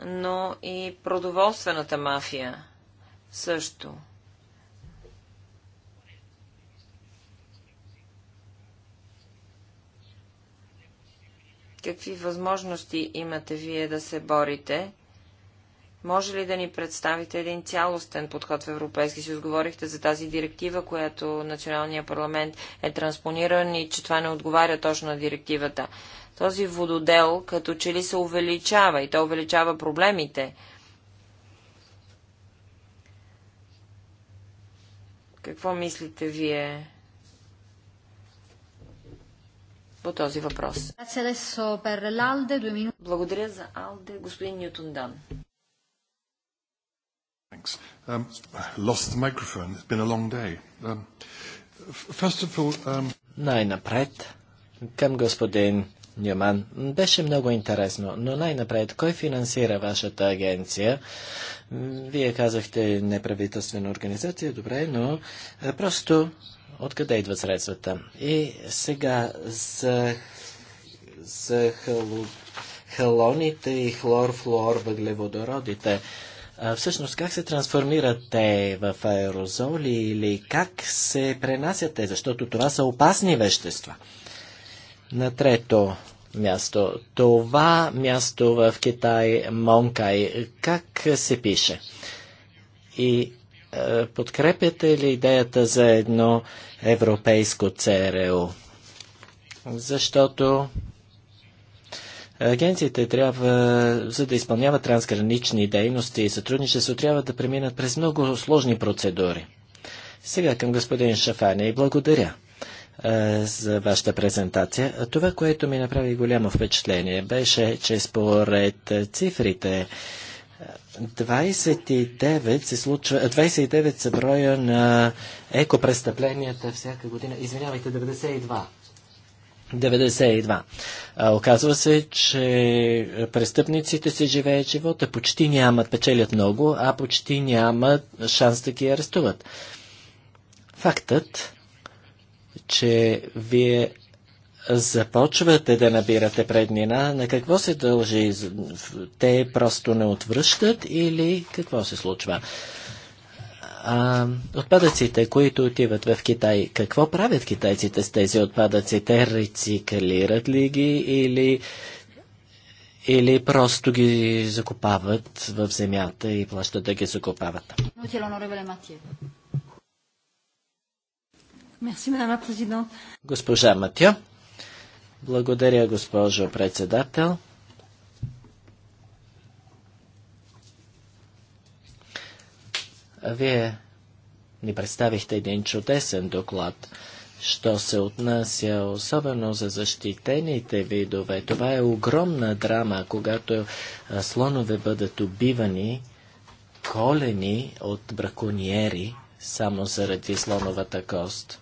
но и продоволствената мафия също. Какви възможности имате вие да се борите? Може ли да ни представите един цялостен подход в Европейски съюз? Говорихте за тази директива, която Националния парламент е транспониран и че това не отговаря точно на директивата. Този вододел като че ли се увеличава и то увеличава проблемите. Какво мислите вие по този въпрос? Благодаря за Алде, господин Ньютон Дан. Thanks. Um, lost the microphone. It's been a long day. Um, first of all, um... Най-напред към господин Нюман. Беше много интересно, но най-напред, кой финансира вашата агенция? Вие казахте неправителствена организация, добре, но е, просто откъде идват средствата? И сега за, за халу, халоните и хлорфлор въглеводородите Всъщност, как се трансформират те в аерозоли или как се пренасят те, защото това са опасни вещества. На трето място. Това място в Китай, Монкай, как се пише? И е, подкрепяте ли идеята за едно европейско ЦРУ? Защото Агенциите трябва, за да изпълняват трансгранични дейности и сътрудничество, трябва да преминат през много сложни процедури. Сега към господин Шафани и благодаря за вашата презентация. Това, което ми направи голямо впечатление, беше, че според цифрите 29, се случва, 29 са броя на екопрестъпленията всяка година. Извинявайте, 92. 92. Оказва се, че е, престъпниците си живеят живота, почти нямат, печелят много, а почти нямат шанс да ги арестуват. Фактът, че вие започвате да набирате преднина, на какво се дължи? Те просто не отвръщат или какво се случва? А, отпадъците, които отиват в Китай, какво правят китайците с тези отпадъци? Те рециклират ли ги или, или просто ги закопават в земята и плащат да ги закопават? Госпожа Матя. Благодаря, госпожо председател. Вие ни представихте един чудесен доклад, що се отнася особено за защитените видове. Това е огромна драма, когато слонове бъдат убивани, колени от браконьери, само заради слоновата кост.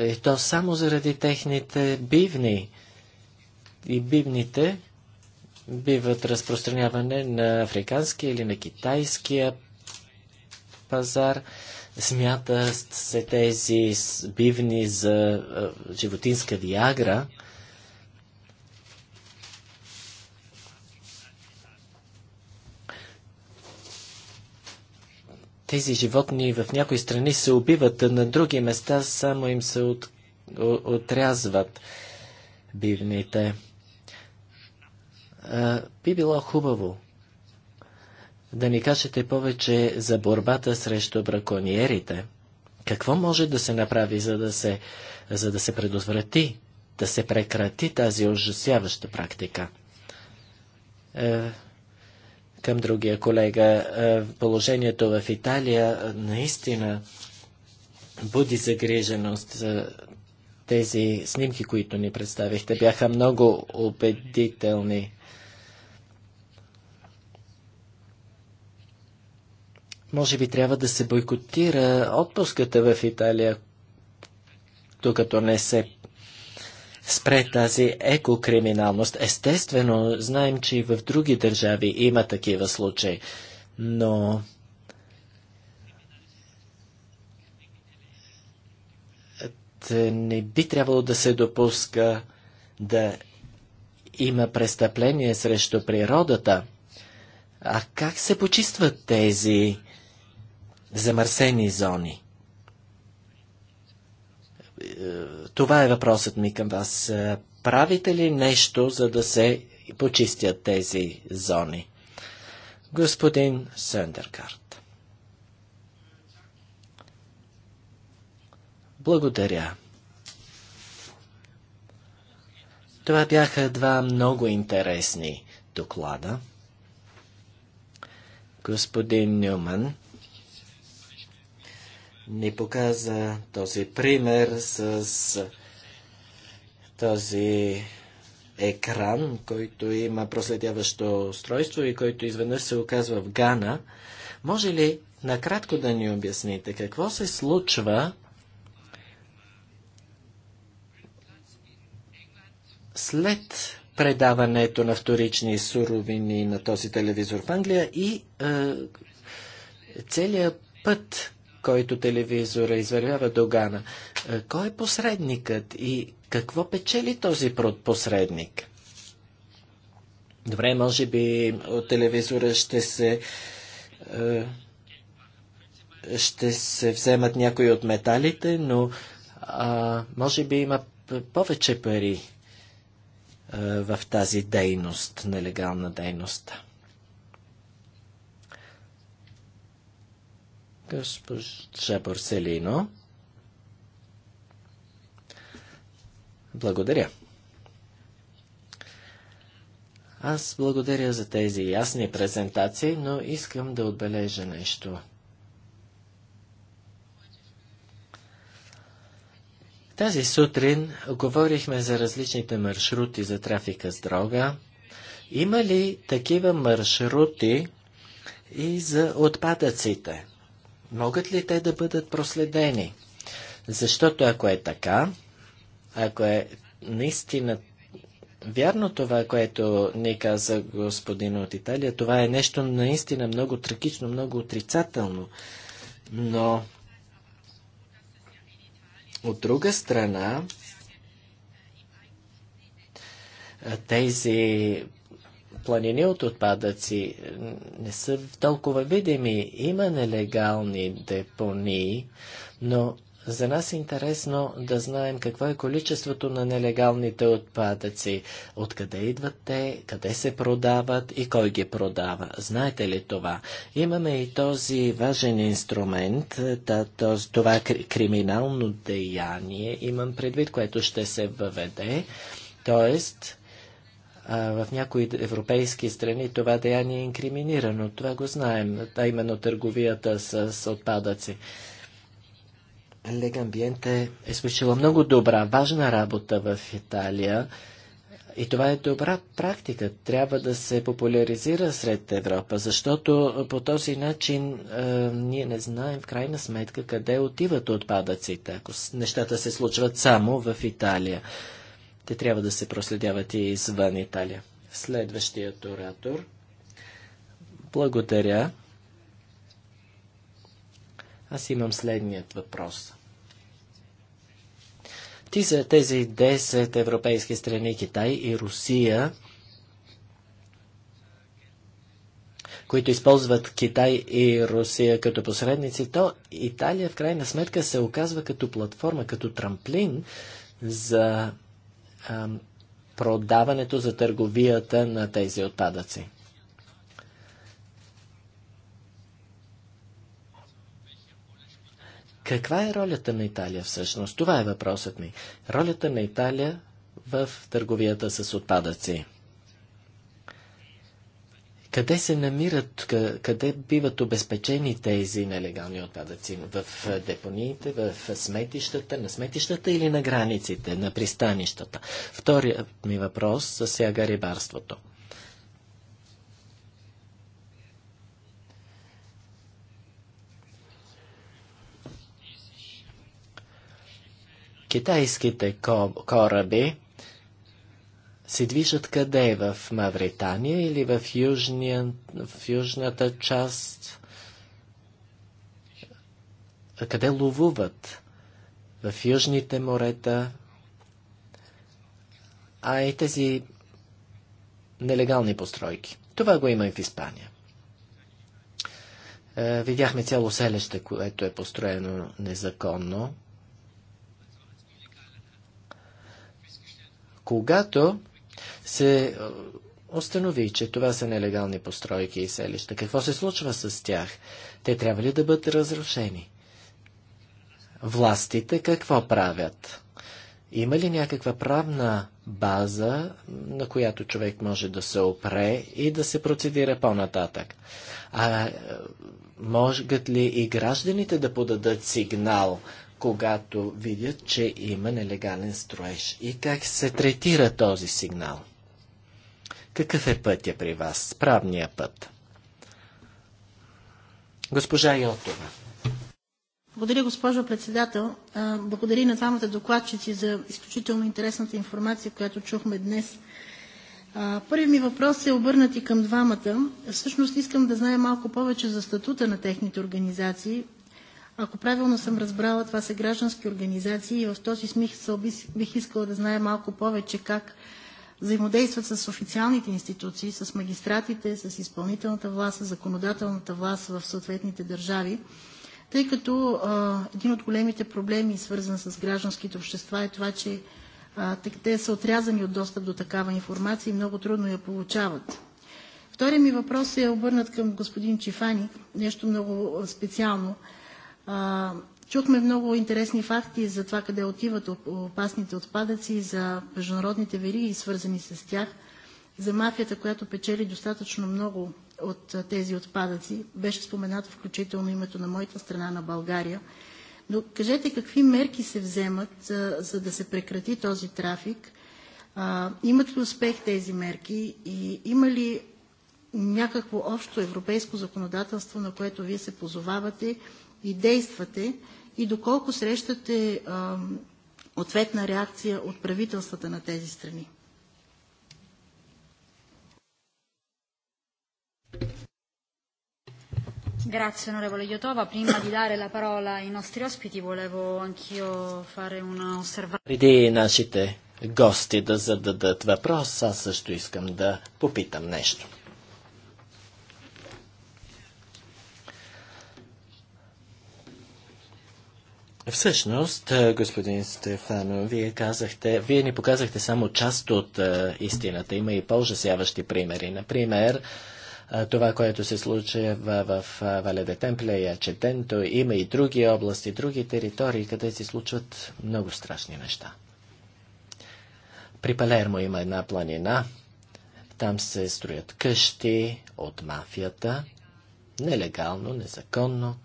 И то само заради техните бивни и бивните биват разпространяване на африканския или на китайския пазар. Смята се тези бивни за животинска диагра. Тези животни в някои страни се убиват, а на други места само им се от, отрязват бивните би било хубаво да ни кажете повече за борбата срещу браконьерите. Какво може да се направи, за да се, за да се предотврати, да се прекрати тази ужасяваща практика? Е, към другия колега, е, положението в Италия е, наистина буди загриженост. Тези снимки, които ни представихте, бяха много убедителни. Може би трябва да се бойкотира отпуската в Италия, докато не се спре тази екокриминалност. Естествено, знаем, че и в други държави има такива случаи, но не би трябвало да се допуска да има престъпление срещу природата. А как се почистват тези замърсени зони. Това е въпросът ми към вас. Правите ли нещо, за да се почистят тези зони? Господин Сендеркарт. Благодаря. Това бяха два много интересни доклада. Господин Нюман ни показа този пример с този екран, който има проследяващо устройство и който изведнъж се оказва в Гана. Може ли накратко да ни обясните какво се случва след предаването на вторични суровини на този телевизор в Англия и е, целият път който телевизора извървява Догана. Е, кой е посредникът и какво печели този посредник? Добре, може би от телевизора ще се е, ще се вземат някои от металите, но а, може би има повече пари а, е, в тази дейност, нелегална дейност. Госпожа Борселино. Благодаря. Аз благодаря за тези ясни презентации, но искам да отбележа нещо. Тази сутрин говорихме за различните маршрути за трафика с дрога. Има ли такива маршрути и за отпадъците? Могат ли те да бъдат проследени? Защото ако е така, ако е наистина вярно това, което ни каза господин от Италия, това е нещо наистина много трагично, много отрицателно. Но от друга страна, тези планини от отпадъци не са толкова видими. Има нелегални депонии, но за нас е интересно да знаем какво е количеството на нелегалните отпадъци, откъде идват те, къде се продават и кой ги продава. Знаете ли това? Имаме и този важен инструмент, е, това криминално деяние, имам предвид, което ще се въведе, т.е в някои европейски страни това деяние е инкриминирано. Това го знаем, а именно търговията с, с отпадъци. Легамбиенте е свършила много добра, важна работа в Италия. И това е добра практика. Трябва да се популяризира сред Европа, защото по този начин е, ние не знаем в крайна сметка къде отиват отпадъците, ако нещата се случват само в Италия. Те трябва да се проследяват и извън Италия. Следващият оратор. Благодаря. Аз имам следният въпрос. Ти за тези 10 европейски страни, Китай и Русия, които използват Китай и Русия като посредници, то Италия в крайна сметка се оказва като платформа, като трамплин за продаването за търговията на тези отпадъци. Каква е ролята на Италия всъщност? Това е въпросът ми. Ролята на Италия в търговията с отпадъци. Къде се намират, къде биват обезпечени тези нелегални отпадъци? В депониите, в сметищата, на сметищата или на границите, на пристанищата? Вторият ми въпрос за сега рибарството. Китайските кораби се движат къде? В Мавритания или в, южния, в южната част? Къде ловуват? В южните морета? А и тези нелегални постройки. Това го има и в Испания. Е, видяхме цяло селище, което е построено незаконно. Когато се установи, че това са нелегални постройки и селища. Какво се случва с тях? Те трябва ли да бъдат разрушени? Властите какво правят? Има ли някаква правна база, на която човек може да се опре и да се процедира по-нататък? А могат ли и гражданите да подадат сигнал когато видят, че има нелегален строеж? И как се третира този сигнал? Какъв е пътя при вас? Справния път. Госпожа Йотова. Благодаря, госпожо председател. Благодаря на двамата докладчици за изключително интересната информация, която чухме днес. Първият ми въпрос е обърнат и към двамата. Всъщност искам да знае малко повече за статута на техните организации, ако правилно съм разбрала, това са граждански организации и в този смисъл бих искала да знае малко повече как взаимодействат с официалните институции, с магистратите, с изпълнителната власт, с законодателната власт в съответните държави, тъй като а, един от големите проблеми, свързан с гражданските общества, е това, че а, те са отрязани от достъп до такава информация и много трудно я получават. Втория ми въпрос е обърнат към господин Чифани, нещо много специално – чухме много интересни факти за това къде отиват опасните отпадъци, за международните вериги и свързани с тях, за мафията, която печели достатъчно много от тези отпадъци. Беше споменато включително името на моята страна, на България. Но кажете какви мерки се вземат, за, да се прекрати този трафик? имат ли успех тези мерки и има ли някакво общо европейско законодателство, на което вие се позовавате и действате и доколко срещате а, ответна реакция от правителствата на тези страни? Grazie onorevole Iotova. Prima di dare la parola ai nostri ospiti volevo anch'io fare una osservazione. Преди нашите гости да зададат въпрос, аз също искам да попитам нещо. Всъщност, е, господин Стефано, вие казахте, вие ни показахте само част от е, истината. Има и по-ужасяващи примери. Например, е, това, което се случи в, в, в Валеде Темпле и Ачетенто, има и други области, други територии, къде се случват много страшни неща. При Палермо има една планина. Там се строят къщи от мафията. Нелегално, незаконно.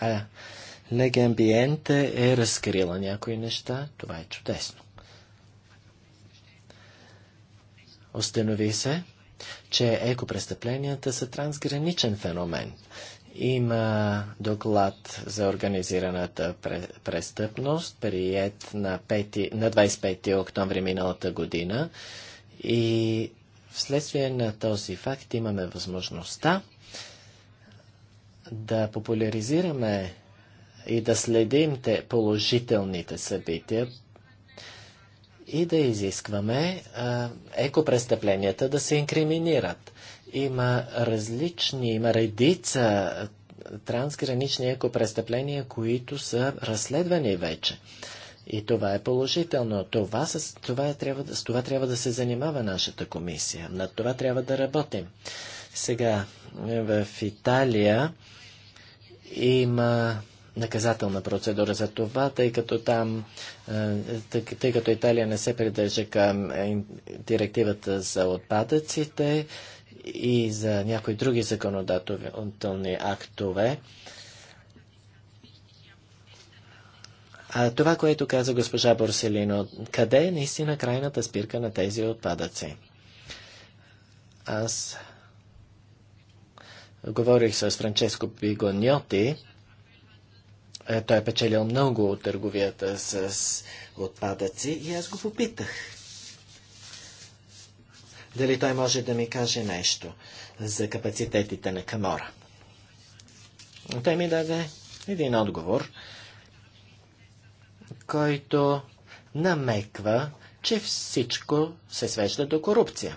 а Легамбиенте е разкрила някои неща. Това е чудесно. Установи се, че екопрестъпленията са трансграничен феномен. Има доклад за организираната престъпност, прият на, 5, на 25 октомври миналата година. И вследствие на този факт имаме възможността да популяризираме и да следим те положителните събития и да изискваме екопрестъпленията да се инкриминират. Има различни, има редица трансгранични екопрестъпления, които са разследвани вече. И това е положително. Това, с, това, е, трябва, с това трябва да се занимава нашата комисия. Над това трябва да работим. Сега, в Италия има наказателна процедура за това, тъй като там, е, тъй като Италия не се придържа към е, директивата за отпадъците и за някои други законодателни актове. А това, което каза госпожа Борселино, къде е наистина крайната спирка на тези отпадъци? Аз Говорих с Франческо Пигоньоти, е, Той е печелил много от търговията с отпадъци и аз го попитах. Дали той може да ми каже нещо за капацитетите на Камора? Той ми даде един отговор, който намеква, че всичко се свежда до корупция.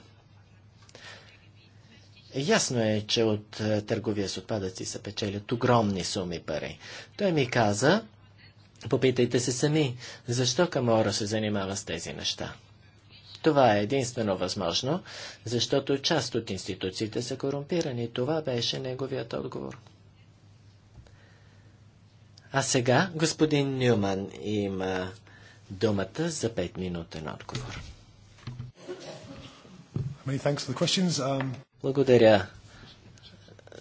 Ясно е, че от е, търговия с отпадъци се печелят огромни суми пари. Той ми каза, попитайте се сами, защо Камора се занимава с тези неща. Това е единствено възможно, защото част от институциите са корумпирани. Това беше неговият отговор. А сега господин Нюман има думата за 5-минутен отговор. Many thanks for the questions. Um... Благодаря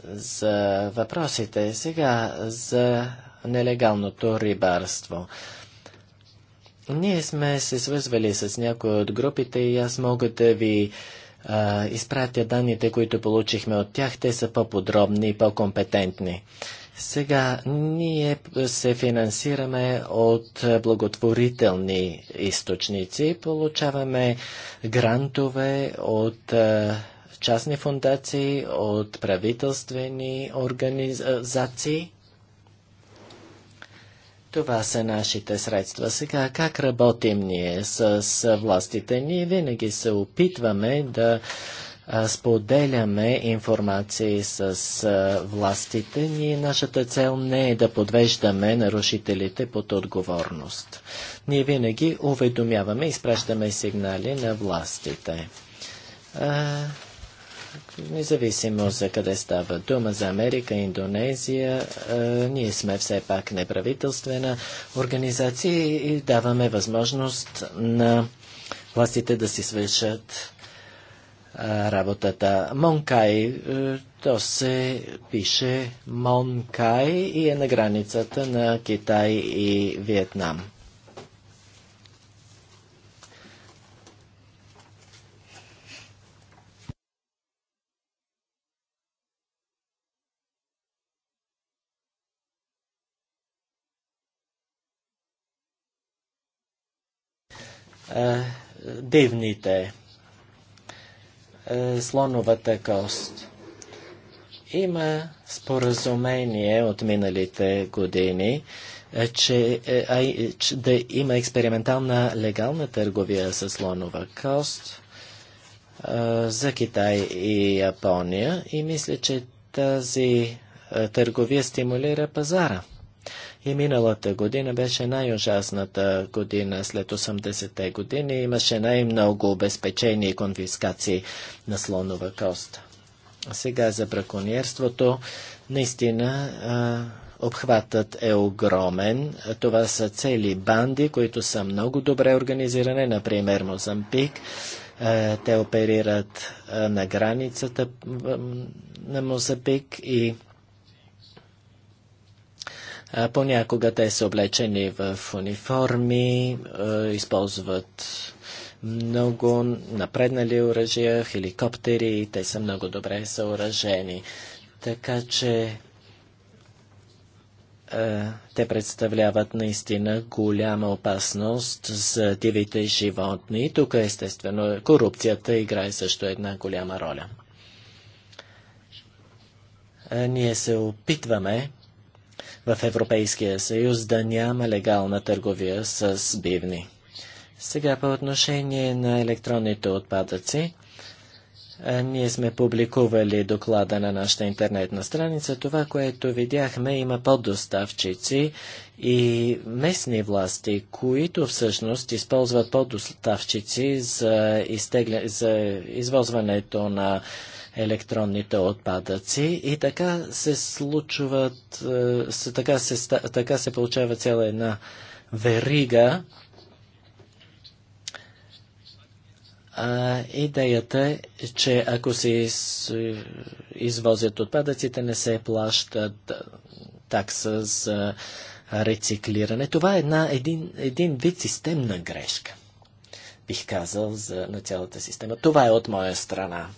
за въпросите. Сега за нелегалното рибарство. Ние сме се свързвали с някои от групите и аз мога да ви а, изпратя данните, които получихме от тях. Те са по-подробни и по-компетентни. Сега ние се финансираме от благотворителни източници, получаваме грантове от а, частни фундации, от правителствени организации. Това са нашите средства. Сега как работим ние с властите? Ние винаги се опитваме да споделяме информации с властите. Ние, нашата цел не е да подвеждаме нарушителите под отговорност. Ние винаги уведомяваме, изпращаме сигнали на властите независимо за къде става дума, за Америка, Индонезия, е, ние сме все пак неправителствена организация и даваме възможност на властите да си свършат е, работата. Монкай, е, то се пише Монкай и е на границата на Китай и Виетнам. дивните, е, слоновата кост. Има споразумение от миналите години, е, че, е, а, е, че да има експериментална легална търговия с слонова кост за Китай и Япония и мисля, че тази търговия стимулира пазара. И миналата година беше най-ужасната година след 80-те години. Имаше най-много обезпечени и конфискации на слонова кост. Сега за браконьерството. Наистина а, обхватът е огромен. Това са цели банди, които са много добре организирани, например Мозамбик. те оперират на границата на Мозамбик и Понякога те са облечени в униформи, използват много напреднали оръжия, хеликоптери и те са много добре съоръжени. Така че те представляват наистина голяма опасност за дивите животни. Тук естествено корупцията играе също една голяма роля. Ние се опитваме в Европейския съюз да няма легална търговия с бивни. Сега по отношение на електронните отпадъци. Ние сме публикували доклада на нашата интернетна страница. Това, което видяхме, има поддоставчици и местни власти, които всъщност използват поддоставчици за, изтегля... за извозването на електронните отпадъци и така се случват, е, така се, така се получава цяла една верига. А, идеята е, че ако се из, извозят отпадъците, не се плащат е, такса за рециклиране. Това е една, един, един вид системна грешка, бих казал, за, на цялата система. Това е от моя страна.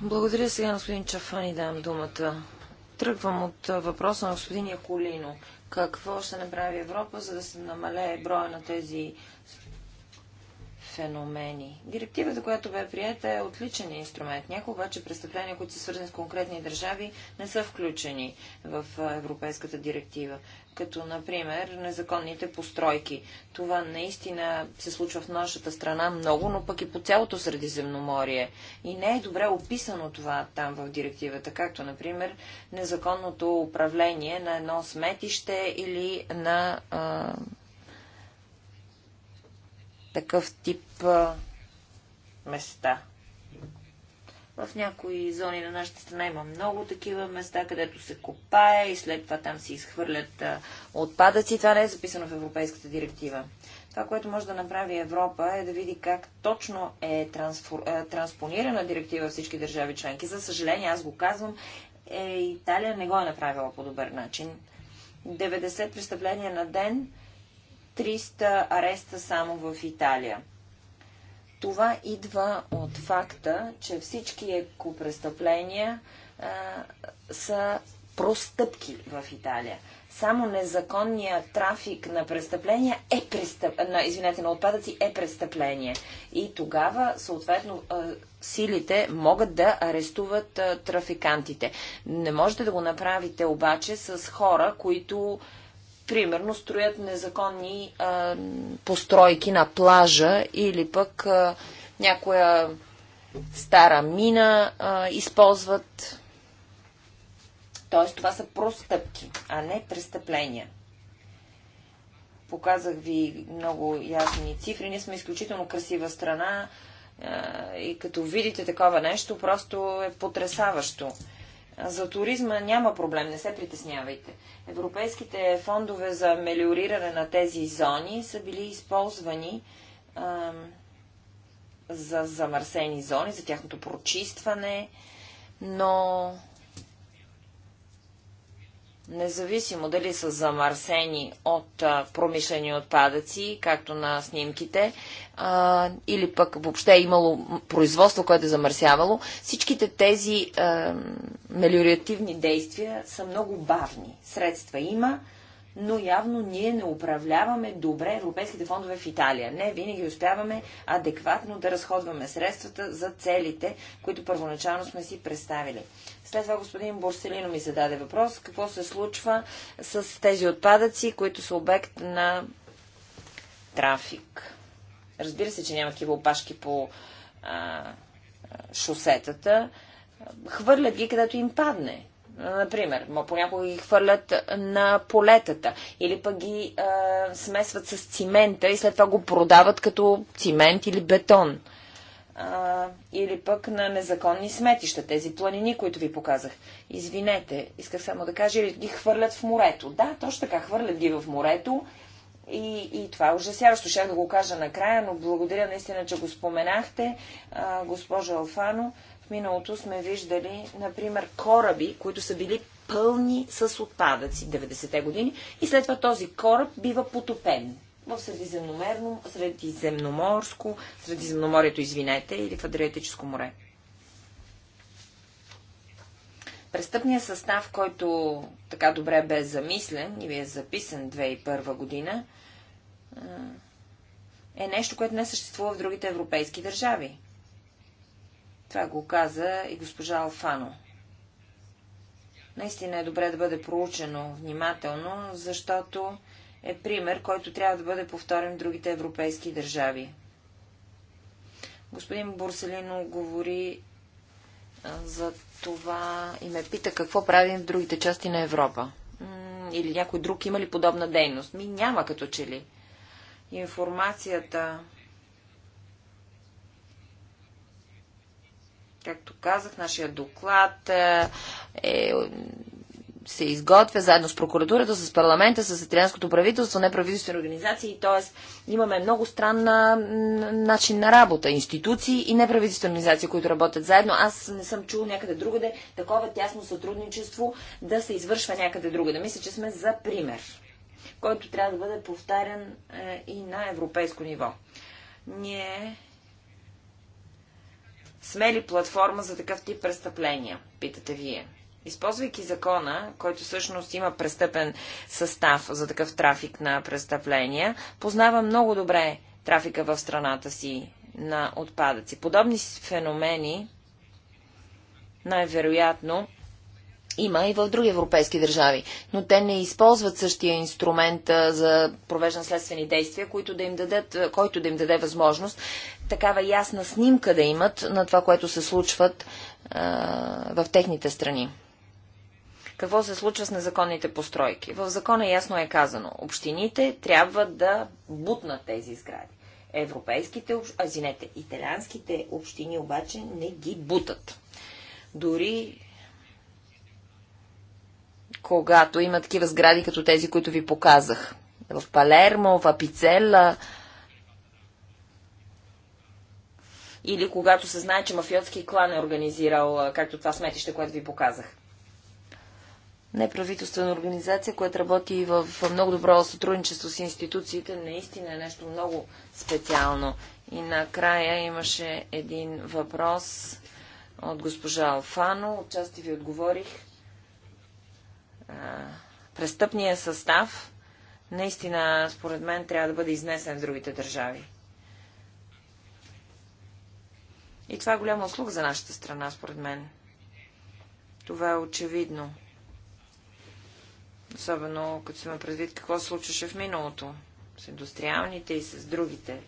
Благодаря сега, господин Чафани, давам думата. Тръгвам от въпроса на господин Яколино. Какво ще направи Европа, за да се намалее броя на тези феномени. Директивата, която бе прията, е отличен инструмент. Някои обаче престъпления, които са свързани с конкретни държави, не са включени в Европейската директива като например незаконните постройки. Това наистина се случва в нашата страна много, но пък и по цялото Средиземноморие. И не е добре описано това там в директивата, както например незаконното управление на едно сметище или на а, такъв тип а, места. В някои зони на нашата страна има много такива места, където се копае и след това там се изхвърлят отпадъци. Това не е записано в Европейската директива. Това, което може да направи Европа е да види как точно е трансфор... транспонирана директива в всички държави членки. За съжаление, аз го казвам, е, Италия не го е направила по добър начин. 90 престъпления на ден, 300 ареста само в Италия. Това идва от факта, че всички екопрестъпления а, са простъпки в Италия. Само незаконният трафик на престъпления е престъп... на, извинете, на отпадъци е престъпление. И тогава, съответно, силите могат да арестуват трафикантите. Не можете да го направите обаче с хора, които примерно строят незаконни а, постройки на плажа или пък а, някоя стара мина а, използват. Тоест, това са простъпки, а не престъпления. Показах ви много ясни цифри. Ние сме изключително красива страна и като видите такова нещо, просто е потрясаващо. За туризма няма проблем, не се притеснявайте. Европейските фондове за мелиориране на тези зони са били използвани а, за замърсени зони, за тяхното прочистване, но независимо дали са замърсени от промишлени отпадъци, както на снимките, или пък въобще е имало производство, което е замърсявало, всичките тези мелиоративни действия са много бавни. Средства има, но явно ние не управляваме добре европейските фондове в Италия. Не винаги успяваме адекватно да разходваме средствата за целите, които първоначално сме си представили. След това господин Борселино ми зададе въпрос какво се случва с тези отпадъци, които са обект на трафик. Разбира се, че няма такива опашки по а, шосетата. Хвърлят ги където им падне. Например, понякога ги хвърлят на полетата или пък ги а, смесват с цимента и след това го продават като цимент или бетон. А, или пък на незаконни сметища, тези планини, които ви показах. Извинете, исках само да кажа, или ги хвърлят в морето. Да, точно така, хвърлят ги в морето и, и това е ужасяващо. Ще да го кажа накрая, но благодаря наистина, че го споменахте, а, госпожо Алфано. В миналото сме виждали, например, кораби, които са били пълни с отпадъци 90-те години и след това този кораб бива потопен в Средиземноморно, Средиземноморско, Средиземноморието, извинете, или в Адриатическо море. Престъпният състав, който така добре бе замислен и ви е записан 2001 година, е нещо, което не съществува в другите европейски държави. Това го каза и госпожа Алфано. Наистина е добре да бъде проучено внимателно, защото е пример, който трябва да бъде повторен в другите европейски държави. Господин Борселино говори за това и ме пита какво правим в другите части на Европа. Или някой друг има ли подобна дейност? Ми няма като че ли. Информацията Както казах, нашия доклад е, е се изготвя заедно с прокуратурата, с парламента, с италианското правителство, неправителствени организации, т.е. имаме много странна начин на работа. Институции и неправителствени организации, които работят заедно. Аз не съм чул някъде другаде такова тясно сътрудничество да се извършва някъде другаде. Мисля, че сме за пример, който трябва да бъде повтарян е, и на европейско ниво. Ние сме ли платформа за такъв тип престъпления, питате вие. Използвайки закона, който всъщност има престъпен състав за такъв трафик на престъпления, познава много добре трафика в страната си на отпадъци. Подобни феномени най-вероятно има и в други европейски държави, но те не използват същия инструмент за провеждане следствени действия, които да им дадат, който да им даде възможност такава ясна снимка да имат на това, което се случват а, в техните страни. Какво се случва с незаконните постройки? В закона ясно е казано, общините трябва да бутнат тези сгради. Европейските, а, извинете, италианските общини обаче не ги бутат. Дори когато има такива сгради, като тези, които ви показах. В Палермо, в Апицела, или когато се знае, че мафиотски клан е организирал, както това сметище, което ви показах. Неправителствена организация, която работи в много добро сътрудничество с институциите, наистина е нещо много специално. И накрая имаше един въпрос от госпожа Алфано. Отчасти ви отговорих престъпния състав, наистина, според мен, трябва да бъде изнесен в другите държави. И това е голяма услуга за нашата страна, според мен. Това е очевидно. Особено като сме предвид какво се случваше в миналото. С индустриалните и с другите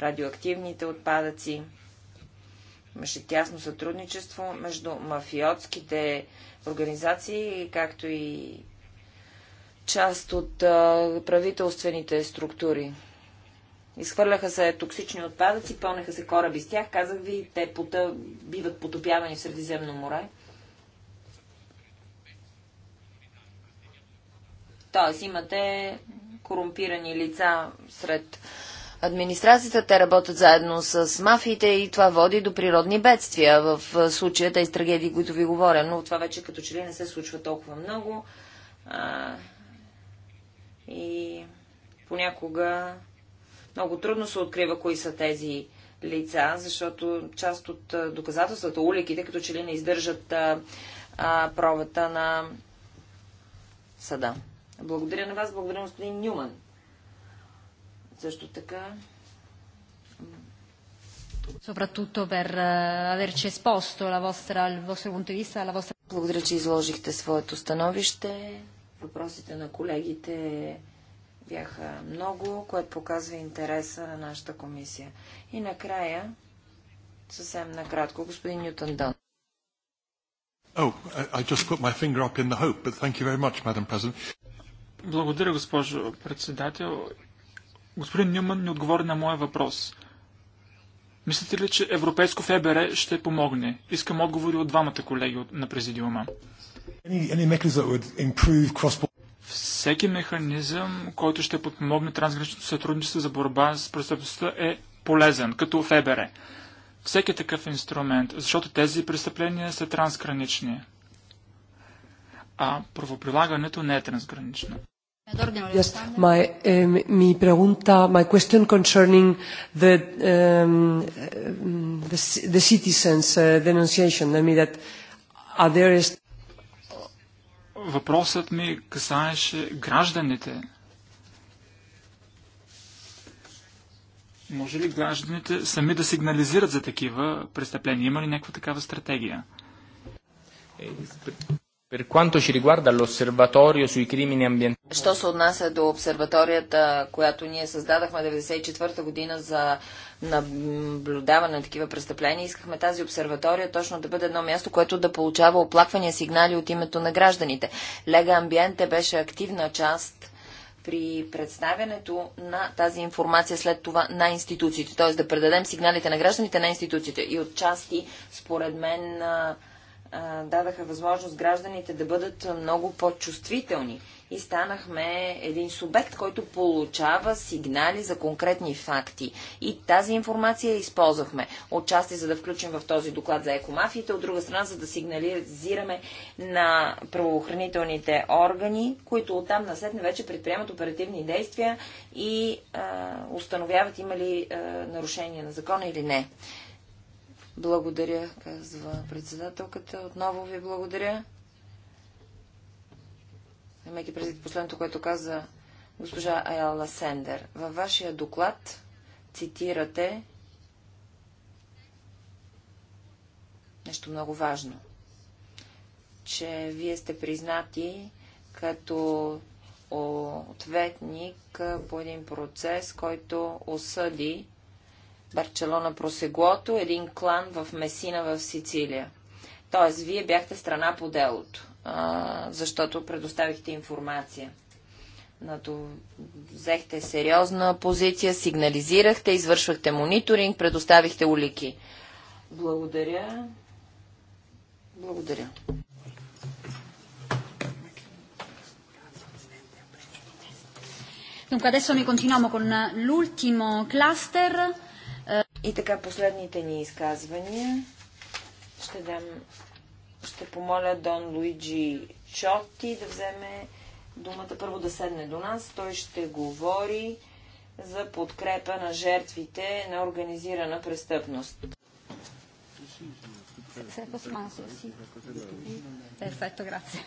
радиоактивните отпадъци. Имаше тясно сътрудничество между мафиотските организации, както и част от а, правителствените структури. Изхвърляха се токсични отпадъци, пълнеха се кораби с тях. Казах ви, те пота, биват потопявани в Средиземно море. Тоест имате корумпирани лица сред администрацията, те работят заедно с мафиите и това води до природни бедствия. В случая тези трагедии, които ви говоря, но това вече като че ли не се случва толкова много. А, и понякога много трудно се открива кои са тези лица, защото част от доказателствата, уликите, като че ли не издържат а, а, пробата на съда. Благодаря на вас, благодаря господин Нюман. Също така soprattutto per eh, averci esposto la vostra, il vostro punto di vista, la vostra... Благодаря, че изложихте своето становище. Въпросите на колегите бяха много, което показва интереса на нашата комисия. И накрая, съвсем накратко, господин Ньютон Дон. Oh, I just put my finger up in the hope, but thank you very much, Madam President. Благодаря, госпожо председател. Господин Нюман не отговори на моя въпрос. Мислите ли, че Европейско ФБР ще помогне? Искам отговори от двамата колеги на президиума. Всеки механизъм, който ще подпомогне трансграничното сътрудничество за борба с престъпността е полезен, като ФБР. Всеки такъв инструмент, защото тези престъпления са трансгранични, а правоприлагането не е трансгранично. Yes, my, um, mi pregunta, my question concerning the, um, um the, the citizens' uh, denunciation, I mean that are there... Въпросът ми касаеше гражданите. Може ли гражданите сами да сигнализират за такива престъпления? Има ли някаква такава стратегия? Per quanto ci sui crimini Що се отнася до обсерваторията, която ние създадахме 1994 година за наблюдаване на такива престъпления, искахме тази обсерватория точно да бъде едно място, което да получава оплаквания сигнали от името на гражданите. Лега Амбиенте беше активна част при представянето на тази информация след това на институциите, т.е. да предадем сигналите на гражданите на институциите. И отчасти, според мен, дадаха възможност гражданите да бъдат много по-чувствителни и станахме един субект, който получава сигнали за конкретни факти. И тази информация използвахме. Отчасти за да включим в този доклад за екомафиите, от друга страна за да сигнализираме на правоохранителните органи, които оттам наследне вече предприемат оперативни действия и а, установяват има ли а, нарушение на закона или не. Благодаря, казва председателката. Отново ви благодаря. Имайки предвид последното, което каза госпожа Аяла Сендер. Във вашия доклад цитирате нещо много важно, че вие сте признати като ответник по един процес, който осъди Барчелона Просеглото, един клан в Месина в Сицилия. Тоест, вие бяхте страна по делото, а, защото предоставихте информация. Нато взехте сериозна позиция, сигнализирахте, извършвахте мониторинг, предоставихте улики. Благодаря. Благодаря. Dunque adesso noi continuiamo con l'ultimo cluster и така, последните ни изказвания. Ще дам... Ще помоля Дон Луиджи Чотти да вземе думата първо да седне до нас. Той ще говори за подкрепа на жертвите на организирана престъпност. Perfetto, грация.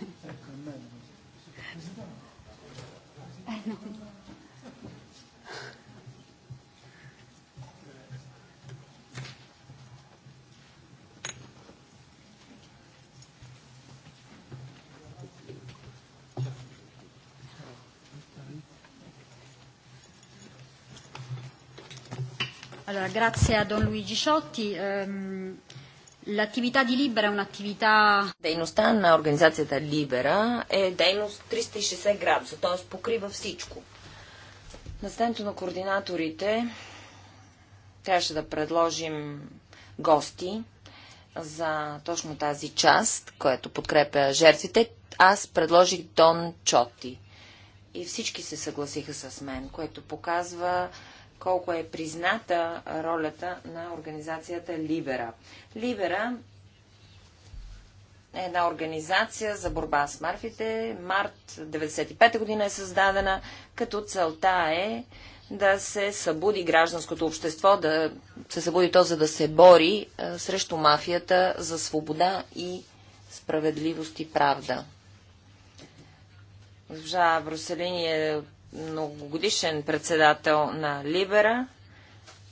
Allora, grazie a Don Luigi Ciotti. Ehm, L'attività di Libera е un'attività... Дейността на организацията Либера е дейност 360 градуса, т.е. покрива всичко. Настанието на координаторите трябваше да предложим гости за точно тази част, която подкрепя жертвите. Аз предложих Дон Чоти. И всички се съгласиха с мен, което показва, колко е призната ролята на организацията Либера. Либера е една организация за борба с марфите. Март 1995 година е създадена, като целта е да се събуди гражданското общество, да се събуди то, за да се бори е, срещу мафията за свобода и справедливост и правда. Госпожа Бруселини е многогодишен председател на Либера.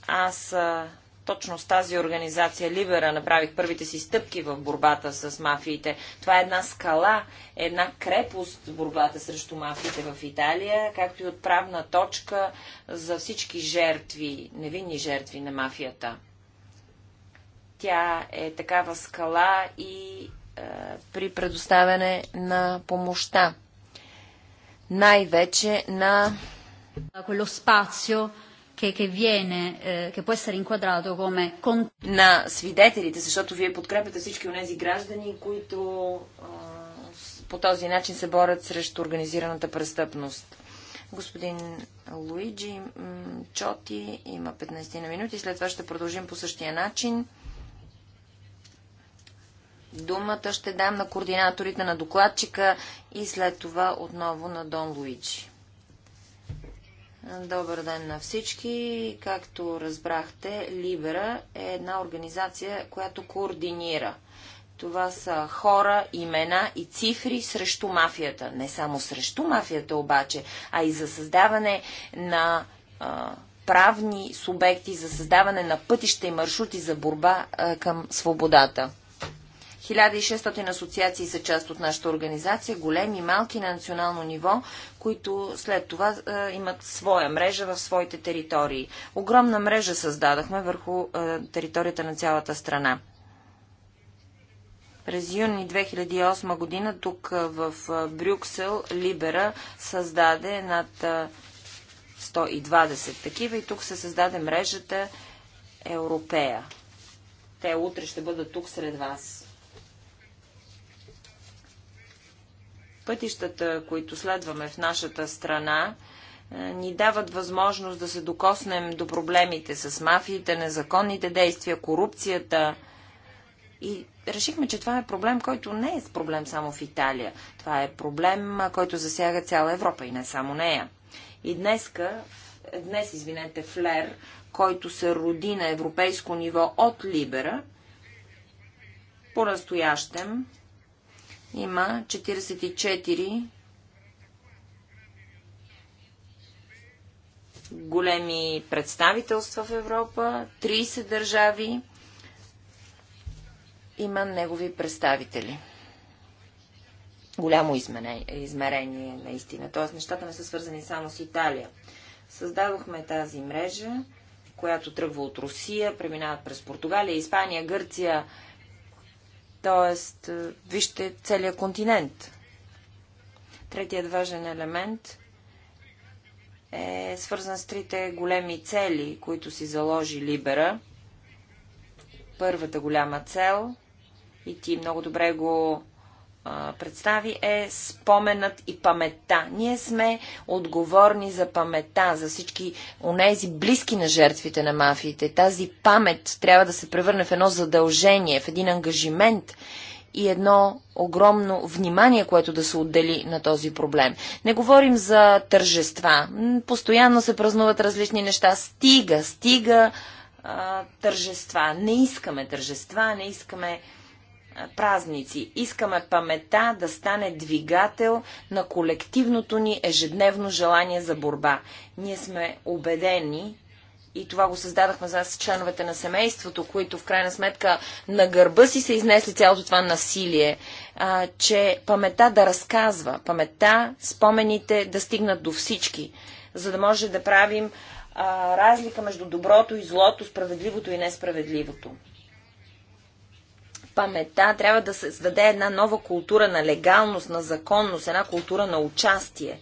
Аз а, точно с тази организация Либера направих първите си стъпки в борбата с мафиите. Това е една скала, една крепост в борбата срещу мафиите в Италия, както и отправна точка за всички жертви, невинни жертви на мафията. Тя е такава скала и е, при предоставяне на помощта най-вече на quello spazio che, che viene, eh, che può essere inquadrato come... На свидетелите, защото вие подкрепяте всички от тези граждани, които а, по този начин се борят срещу организираната престъпност. Господин Луиджи Чоти има 15 на минути, след това ще продължим по същия начин. Думата ще дам на координаторите на докладчика и след това отново на Дон Луиджи. Добър ден на всички. Както разбрахте, Либера е една организация, която координира. Това са хора, имена и цифри срещу мафията. Не само срещу мафията обаче, а и за създаване на а, правни субекти, за създаване на пътища и маршрути за борба а, към свободата. 1600 асоциации са част от нашата организация, големи, малки на национално ниво, които след това а, имат своя мрежа в своите територии. Огромна мрежа създадахме върху а, територията на цялата страна. През юни 2008 година тук в Брюксел Либера създаде над 120 такива и тук се създаде мрежата Европея. Те утре ще бъдат тук сред вас. Пътищата, които следваме в нашата страна, е, ни дават възможност да се докоснем до проблемите с мафиите, незаконните действия, корупцията. И решихме, че това е проблем, който не е проблем само в Италия. Това е проблем, който засяга цяла Европа и не само нея. И днеска, е, днес, извинете, Флер, който се роди на европейско ниво от Либера, по-настоящем има 44 големи представителства в Европа, 30 държави има негови представители. Голямо измерение, наистина. Тоест, нещата не са свързани само с Италия. Създадохме тази мрежа, която тръгва от Русия, преминават през Португалия, Испания, Гърция, Тоест, е, вижте целия континент. Третият важен елемент е свързан с трите големи цели, които си заложи Либера. Първата голяма цел, и ти много добре го представи е споменът и паметта. Ние сме отговорни за паметта, за всички онези близки на жертвите на мафиите. Тази памет трябва да се превърне в едно задължение, в един ангажимент и едно огромно внимание, което да се отдели на този проблем. Не говорим за тържества. Постоянно се празнуват различни неща. Стига, стига а, тържества. Не искаме тържества, не искаме празници. Искаме памета да стане двигател на колективното ни ежедневно желание за борба. Ние сме убедени, и това го създадахме за членовете на семейството, които в крайна сметка на гърба си се изнесли цялото това насилие, а, че памета да разказва, памета, спомените да стигнат до всички, за да може да правим а, разлика между доброто и злото, справедливото и несправедливото памета трябва да се създаде една нова култура на легалност, на законност, една култура на участие.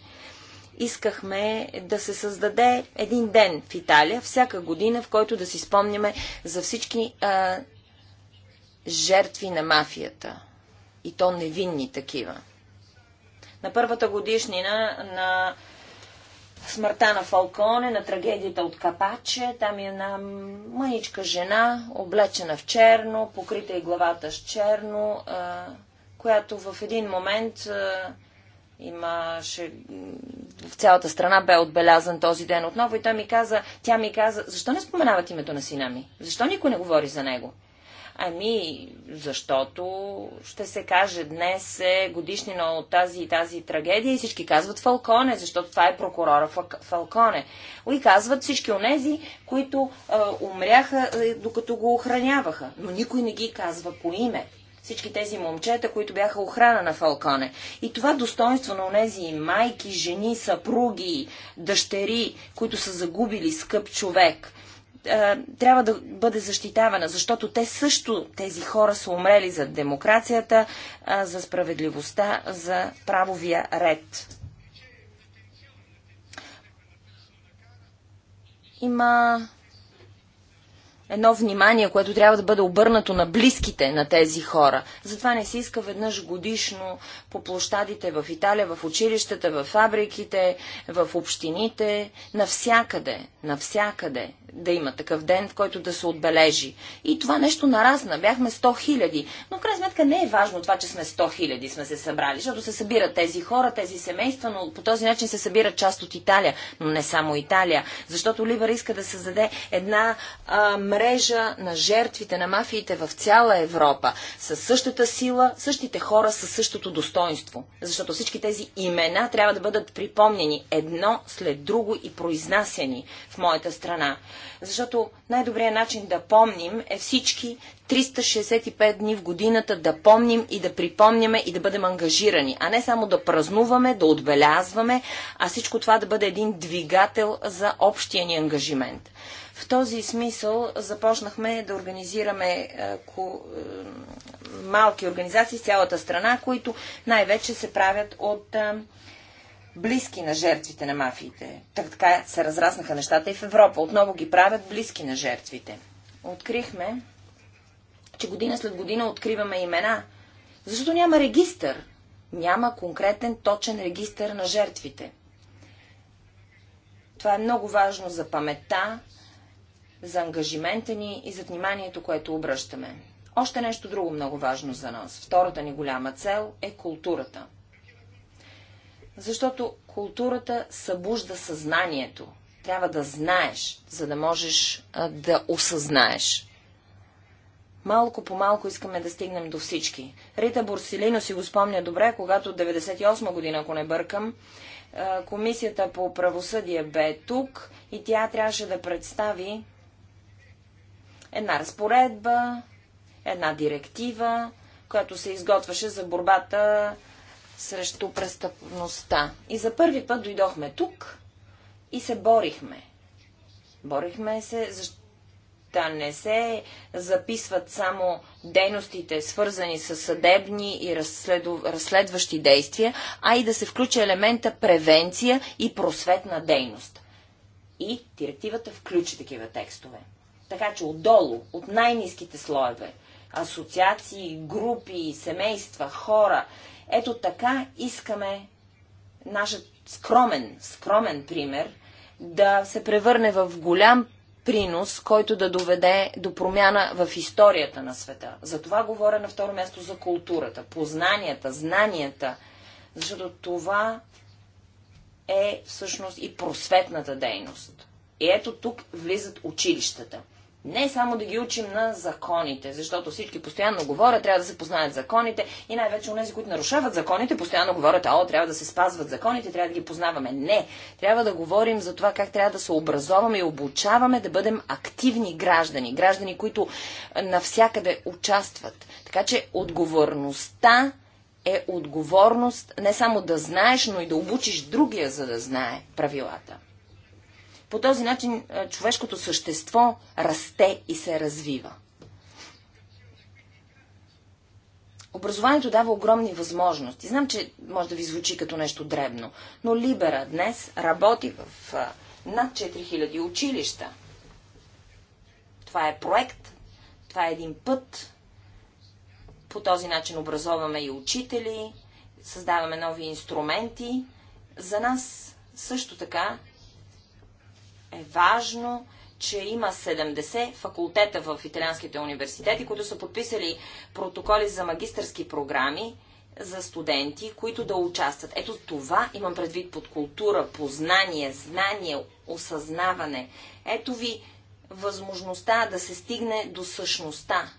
Искахме да се създаде един ден в Италия, всяка година, в който да си спомняме за всички а, жертви на мафията. И то невинни такива. На първата годишнина на смъртта на Фалконе, на трагедията от Капаче. Там е една мъничка жена, облечена в черно, покрита и главата с черно, която в един момент имаше в цялата страна бе отбелязан този ден отново и той ми каза, тя ми каза, защо не споменават името на сина ми? Защо никой не говори за него? Ами, защото ще се каже, днес е годишнина от тази и тази трагедия и всички казват Фалконе, защото това е прокурора Фалконе. И казват всички онези, които а, умряха, докато го охраняваха. Но никой не ги казва по име всички тези момчета, които бяха охрана на Фалконе. И това достоинство на онези майки, жени, съпруги, дъщери, които са загубили скъп човек, е, трябва да бъде защитавана, защото те също, тези хора са умрели за демокрацията, е, за справедливостта, за правовия ред. Има едно внимание, което трябва да бъде обърнато на близките на тези хора. Затова не се иска веднъж годишно по площадите в Италия, в училищата, в фабриките, в общините, навсякъде, навсякъде да има такъв ден, в който да се отбележи. И това нещо нарасна. Бяхме 100 хиляди. Но в крайна сметка не е важно това, че сме 100 хиляди сме се събрали, защото се събират тези хора, тези семейства, но по този начин се събира част от Италия, но не само Италия. Защото Ливър иска да създаде една а, мрежа на жертвите на мафиите в цяла Европа, с същата сила, същите хора, с същото достоинство. Защото всички тези имена трябва да бъдат припомнени едно след друго и произнасяни в моята страна. Защото най-добрият начин да помним е всички 365 дни в годината да помним и да припомняме и да бъдем ангажирани, а не само да празнуваме, да отбелязваме, а всичко това да бъде един двигател за общия ни ангажимент. В този смисъл започнахме да организираме е, е, малки организации с цялата страна, които най-вече се правят от е, близки на жертвите на мафиите. Так, така се разраснаха нещата и в Европа. Отново ги правят близки на жертвите. Открихме, че година след година откриваме имена, защото няма регистър. Няма конкретен, точен регистър на жертвите. Това е много важно за паметта, за ангажимента ни и за вниманието, което обръщаме. Още нещо друго много важно за нас. Втората ни голяма цел е културата. Защото културата събужда съзнанието. Трябва да знаеш, за да можеш а, да осъзнаеш. Малко по малко искаме да стигнем до всички. Рита Борселино си го спомня добре, когато 98 година, ако не бъркам, комисията по правосъдие бе тук и тя трябваше да представи една разпоредба, една директива, която се изготвяше за борбата срещу престъпността. И за първи път дойдохме тук и се борихме. Борихме се, защото да не се записват само дейностите, свързани с съдебни и разследов... разследващи действия, а и да се включи елемента превенция и просветна дейност. И директивата включи такива текстове. Така че отдолу, от най-низките слоеве, асоциации, групи, семейства, хора, ето така искаме нашият скромен, скромен пример да се превърне в голям принос, който да доведе до промяна в историята на света. За това говоря на второ място за културата, познанията, знанията, защото това е всъщност и просветната дейност. И ето тук влизат училищата – не само да ги учим на законите, защото всички постоянно говорят, трябва да се познаят законите и най-вече нези, които нарушават законите, постоянно говорят, ао, трябва да се спазват законите, трябва да ги познаваме. Не, трябва да говорим за това как трябва да се образоваме и обучаваме да бъдем активни граждани, граждани, които навсякъде участват. Така че отговорността е отговорност не само да знаеш, но и да обучиш другия, за да знае правилата. По този начин е, човешкото същество расте и се развива. Образованието дава огромни възможности. Знам, че може да ви звучи като нещо дребно, но Либера днес работи в е, над 4000 училища. Това е проект, това е един път. По този начин образоваме и учители, създаваме нови инструменти. За нас също така е важно, че има 70 факултета в италианските университети, които са подписали протоколи за магистърски програми за студенти, които да участват. Ето това имам предвид под култура, познание, знание, осъзнаване. Ето ви възможността да се стигне до същността,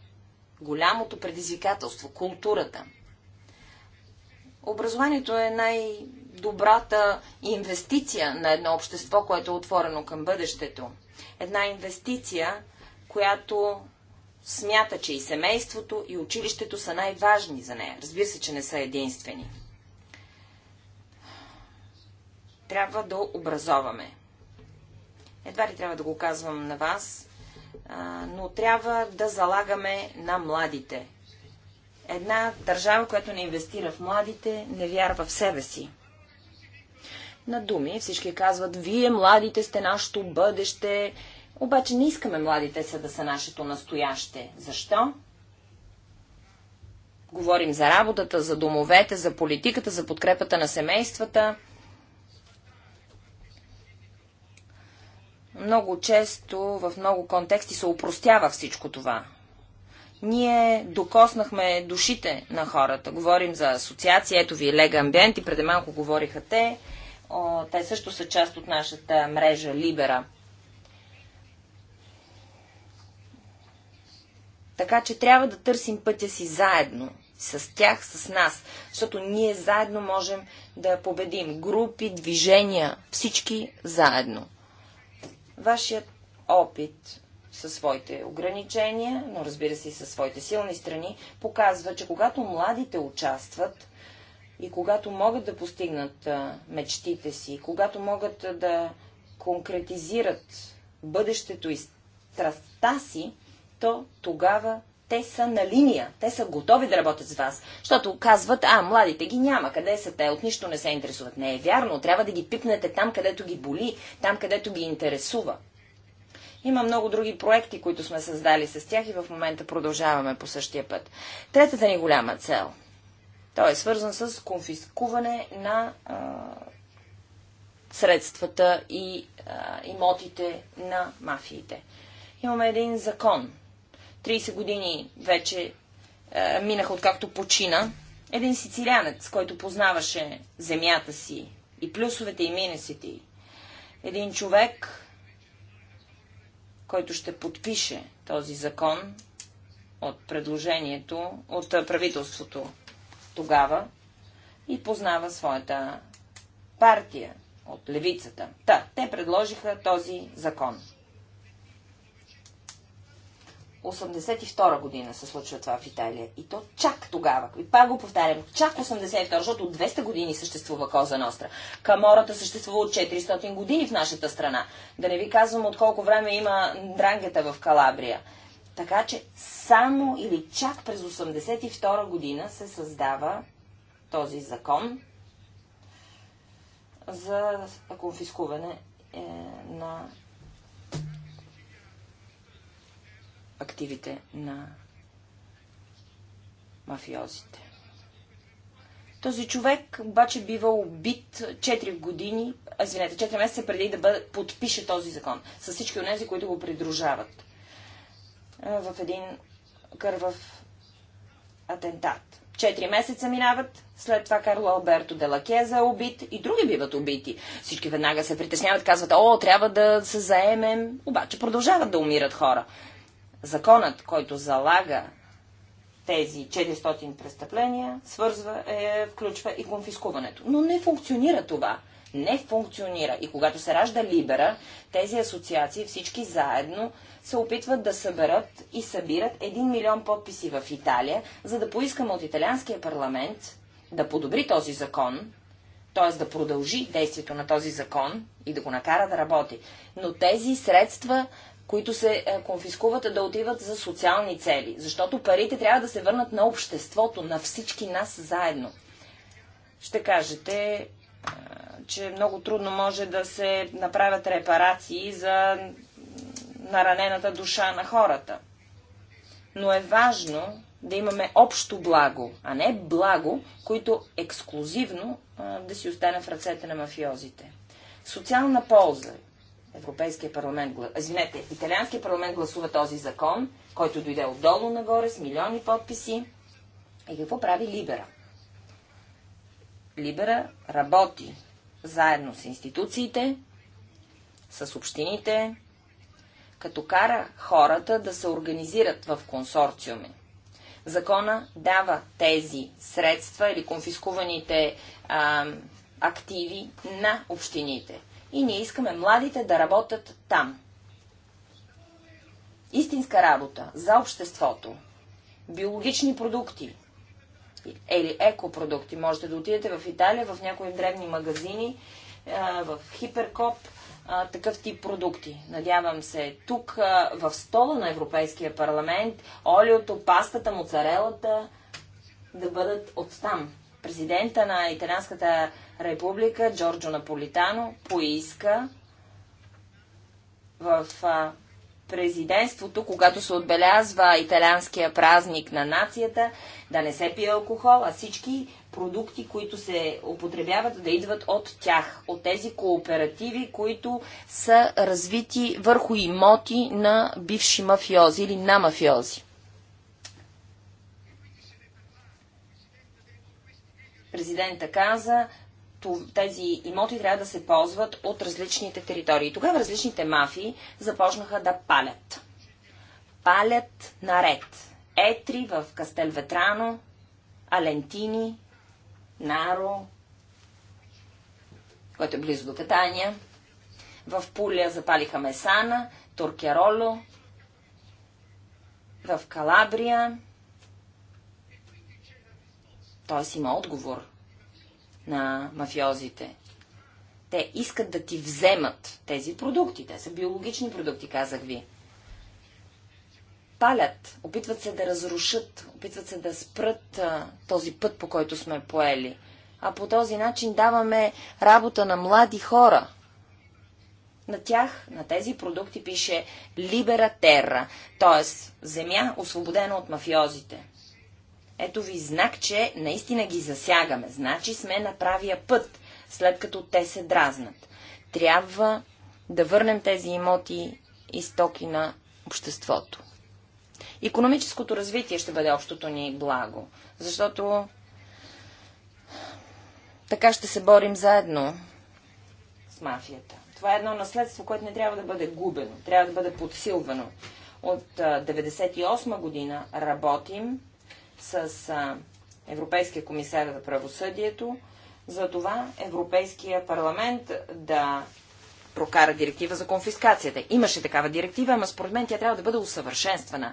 голямото предизвикателство, културата. Образованието е най- добрата инвестиция на едно общество, което е отворено към бъдещето. Една инвестиция, която смята, че и семейството, и училището са най-важни за нея. Разбира се, че не са единствени. Трябва да образоваме. Едва ли трябва да го казвам на вас, но трябва да залагаме на младите. Една държава, която не инвестира в младите, не вярва в себе си на думи. Всички казват, вие младите сте нашето бъдеще, обаче не искаме младите са да са нашето настояще. Защо? Говорим за работата, за домовете, за политиката, за подкрепата на семействата. Много често, в много контексти се упростява всичко това ние докоснахме душите на хората. Говорим за асоциация, ето ви Лега Амбиент и преди малко говориха те те също са част от нашата мрежа Либера. Така че трябва да търсим пътя си заедно, с тях, с нас, защото ние заедно можем да победим групи, движения, всички заедно. Вашият опит със своите ограничения, но разбира се и със своите силни страни, показва, че когато младите участват, и когато могат да постигнат мечтите си, когато могат да конкретизират бъдещето и страстта си, то тогава те са на линия, те са готови да работят с вас, защото казват, а, младите ги няма, къде са те, от нищо не се интересуват. Не е вярно, трябва да ги пипнете там, където ги боли, там, където ги интересува. Има много други проекти, които сме създали с тях и в момента продължаваме по същия път. Третата ни голяма цел – той е свързан с конфискуване на а, средствата и а, имотите на мафиите. Имаме един закон. 30 години вече а, минаха откакто почина. Един сицилянец, който познаваше земята си и плюсовете и минусите. Един човек, който ще подпише този закон от предложението, от правителството тогава и познава своята партия от левицата. Та, те предложиха този закон. 82 година се случва това в Италия. И то чак тогава. И пак го повтарям, чак 82, защото от 200 години съществува Коза Ностра. Камората съществува от 400 години в нашата страна. Да не ви казвам от колко време има дрангета в Калабрия. Така че само или чак през 1982 година се създава този закон за конфискуване е, на активите на мафиозите. Този човек обаче бива убит 4 години, извинете, 4 месеца преди да бъде, подпише този закон, с всички от тези, които го придружават в един кървав атентат. Четири месеца минават, след това Карло Алберто Де Лакеза е убит и други биват убити. Всички веднага се притесняват, казват, о, трябва да се заемем, обаче продължават да умират хора. Законът, който залага тези 400 престъпления, свързва, е, включва и конфискуването. Но не функционира това не функционира. И когато се ражда Либера, тези асоциации всички заедно се опитват да съберат и събират 1 милион подписи в Италия, за да поискаме от италианския парламент да подобри този закон, т.е. да продължи действието на този закон и да го накара да работи. Но тези средства които се е, конфискуват, да отиват за социални цели. Защото парите трябва да се върнат на обществото, на всички нас заедно. Ще кажете, е, че много трудно може да се направят репарации за наранената душа на хората. Но е важно да имаме общо благо, а не благо, които ексклюзивно да си остане в ръцете на мафиозите. Социална полза. Европейския парламент, извинете, Италианския парламент гласува този закон, който дойде отдолу нагоре с милиони подписи. И какво прави Либера? Либера работи заедно с институциите, с общините, като кара хората да се организират в консорциуми. Закона дава тези средства или конфискуваните а, активи на общините. И ние искаме младите да работят там. Истинска работа за обществото. Биологични продукти, или екопродукти. Можете да отидете в Италия, в някои древни магазини, в Хиперкоп, такъв тип продукти. Надявам се, тук в стола на Европейския парламент, олиото, пастата, моцарелата да бъдат от там. Президента на Италианската република Джорджо Наполитано поиска в президентството, когато се отбелязва италианския празник на нацията, да не се пие алкохол, а всички продукти, които се употребяват, да идват от тях, от тези кооперативи, които са развити върху имоти на бивши мафиози или на мафиози. Президента каза, тези имоти трябва да се ползват от различните територии. Тогава различните мафии започнаха да палят. Палят наред. Етри в Кастелветрано, Алентини, Наро, което е близо до Катания. В Пуля запалиха Месана, Туркероло, в Калабрия. Тоест има отговор на мафиозите. Те искат да ти вземат тези продукти. Те са биологични продукти, казах ви. Палят, опитват се да разрушат, опитват се да спрат а, този път, по който сме поели. А по този начин даваме работа на млади хора. На тях, на тези продукти пише Libera Terra, т.е. земя, освободена от мафиозите. Ето ви знак, че наистина ги засягаме. Значи сме на правия път, след като те се дразнат. Трябва да върнем тези имоти и стоки на обществото. Економическото развитие ще бъде общото ни благо, защото така ще се борим заедно с мафията. Това е едно наследство, което не трябва да бъде губено, трябва да бъде подсилвано. От 1998 година работим с Европейския комисар за правосъдието, за това Европейския парламент да прокара директива за конфискацията. Имаше такава директива, ама според мен тя трябва да бъде усъвършенствана.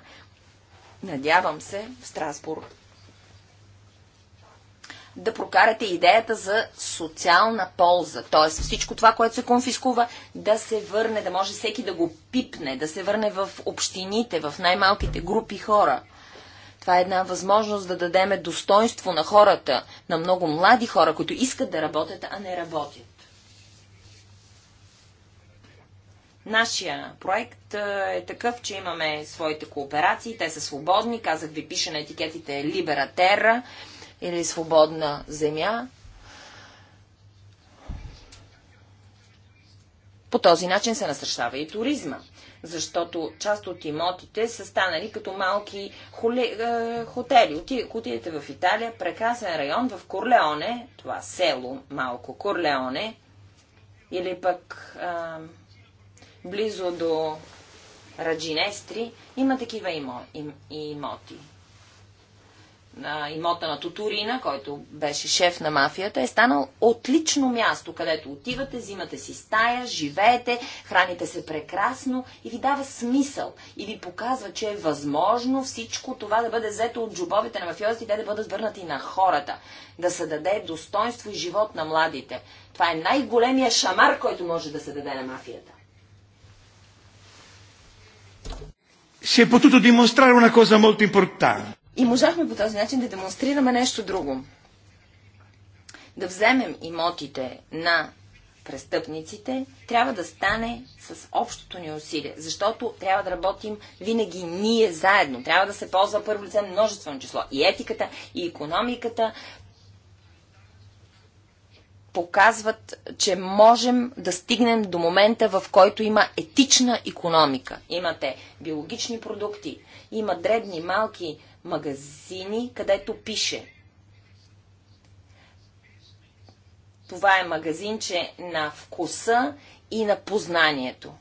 Надявам се в Страсбург да прокарате идеята за социална полза. Т.е. всичко това, което се конфискува, да се върне, да може всеки да го пипне, да се върне в общините, в най-малките групи хора. Това е една възможност да дадеме достоинство на хората, на много млади хора, които искат да работят, а не работят. Нашия проект е такъв, че имаме своите кооперации, те са свободни, казах ви пише на етикетите либератера или Свободна земя. По този начин се насръщава и туризма, защото част от имотите са станали като малки холе, е, хотели. отидете в Италия, прекрасен район в Корлеоне, това село малко Корлеоне, или пък е, близо до Раджинестри, има такива имо, им, имоти на имота на Тутурина, който беше шеф на мафията, е станал отлично място, където отивате, взимате си стая, живеете, храните се прекрасно и ви дава смисъл. И ви показва, че е възможно всичко това да бъде взето от джобовете на мафиозите и те да бъдат върнати на хората. Да се даде достоинство и живот на младите. Това е най-големия шамар, който може да се даде на мафията. Si è potuto dimostrare una cosa molto importante и можахме по този начин да демонстрираме нещо друго. Да вземем имотите на престъпниците, трябва да стане с общото ни усилие, защото трябва да работим винаги ние заедно. Трябва да се ползва първо лице множествено число. И етиката, и економиката показват, че можем да стигнем до момента, в който има етична економика. Имате биологични продукти, има дребни, малки магазини, където пише. Това е магазинче на вкуса и на познанието.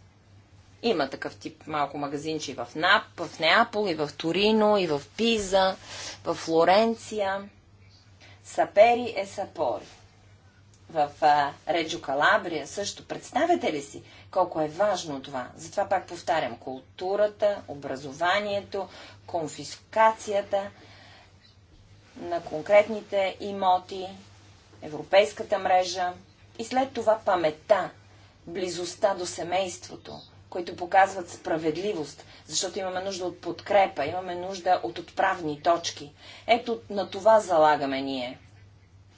Има такъв тип малко магазинче и в Нап, в Неапол, и в Торино, и в Пиза, в Флоренция. Сапери е сапори в Реджо Калабрия също. Представете ли си колко е важно това? Затова пак повтарям, културата, образованието, конфискацията на конкретните имоти, европейската мрежа и след това памета, близостта до семейството, които показват справедливост, защото имаме нужда от подкрепа, имаме нужда от отправни точки. Ето на това залагаме ние –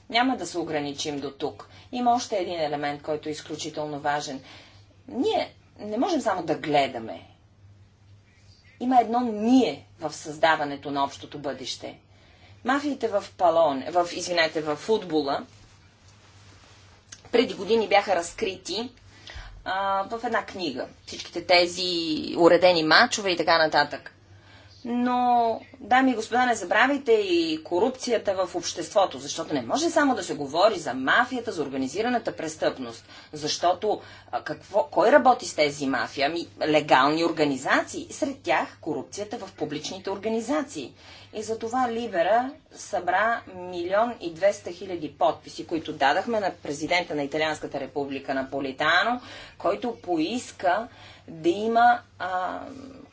няма да се ограничим до тук. Има още един елемент, който е изключително важен. Ние не можем само да гледаме. Има едно ние в създаването на общото бъдеще. Мафиите в палон, в, извинете, в футбола преди години бяха разкрити а, в една книга. Всичките тези уредени мачове и така нататък. Но, дами и господа, не забравяйте и корупцията в обществото, защото не може само да се говори за мафията, за организираната престъпност, защото а, какво, кой работи с тези мафия, Ами, легални организации. Сред тях корупцията в публичните организации. И за това Либера събра милион и 200 хиляди подписи, които дадахме на президента на Италианската република Наполитано, който поиска да има а,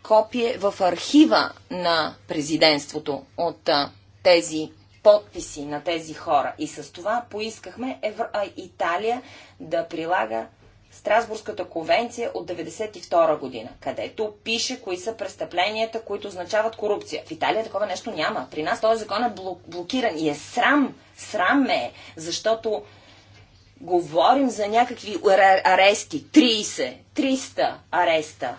копие в архива на президентството от а, тези подписи на тези хора. И с това поискахме Евро... Италия да прилага Страсбургската конвенция от 1992 година, където пише кои са престъпленията, които означават корупция. В Италия такова нещо няма. При нас този закон е блокиран и е срам. Срам ме е, защото говорим за някакви арести. 30, 300 ареста.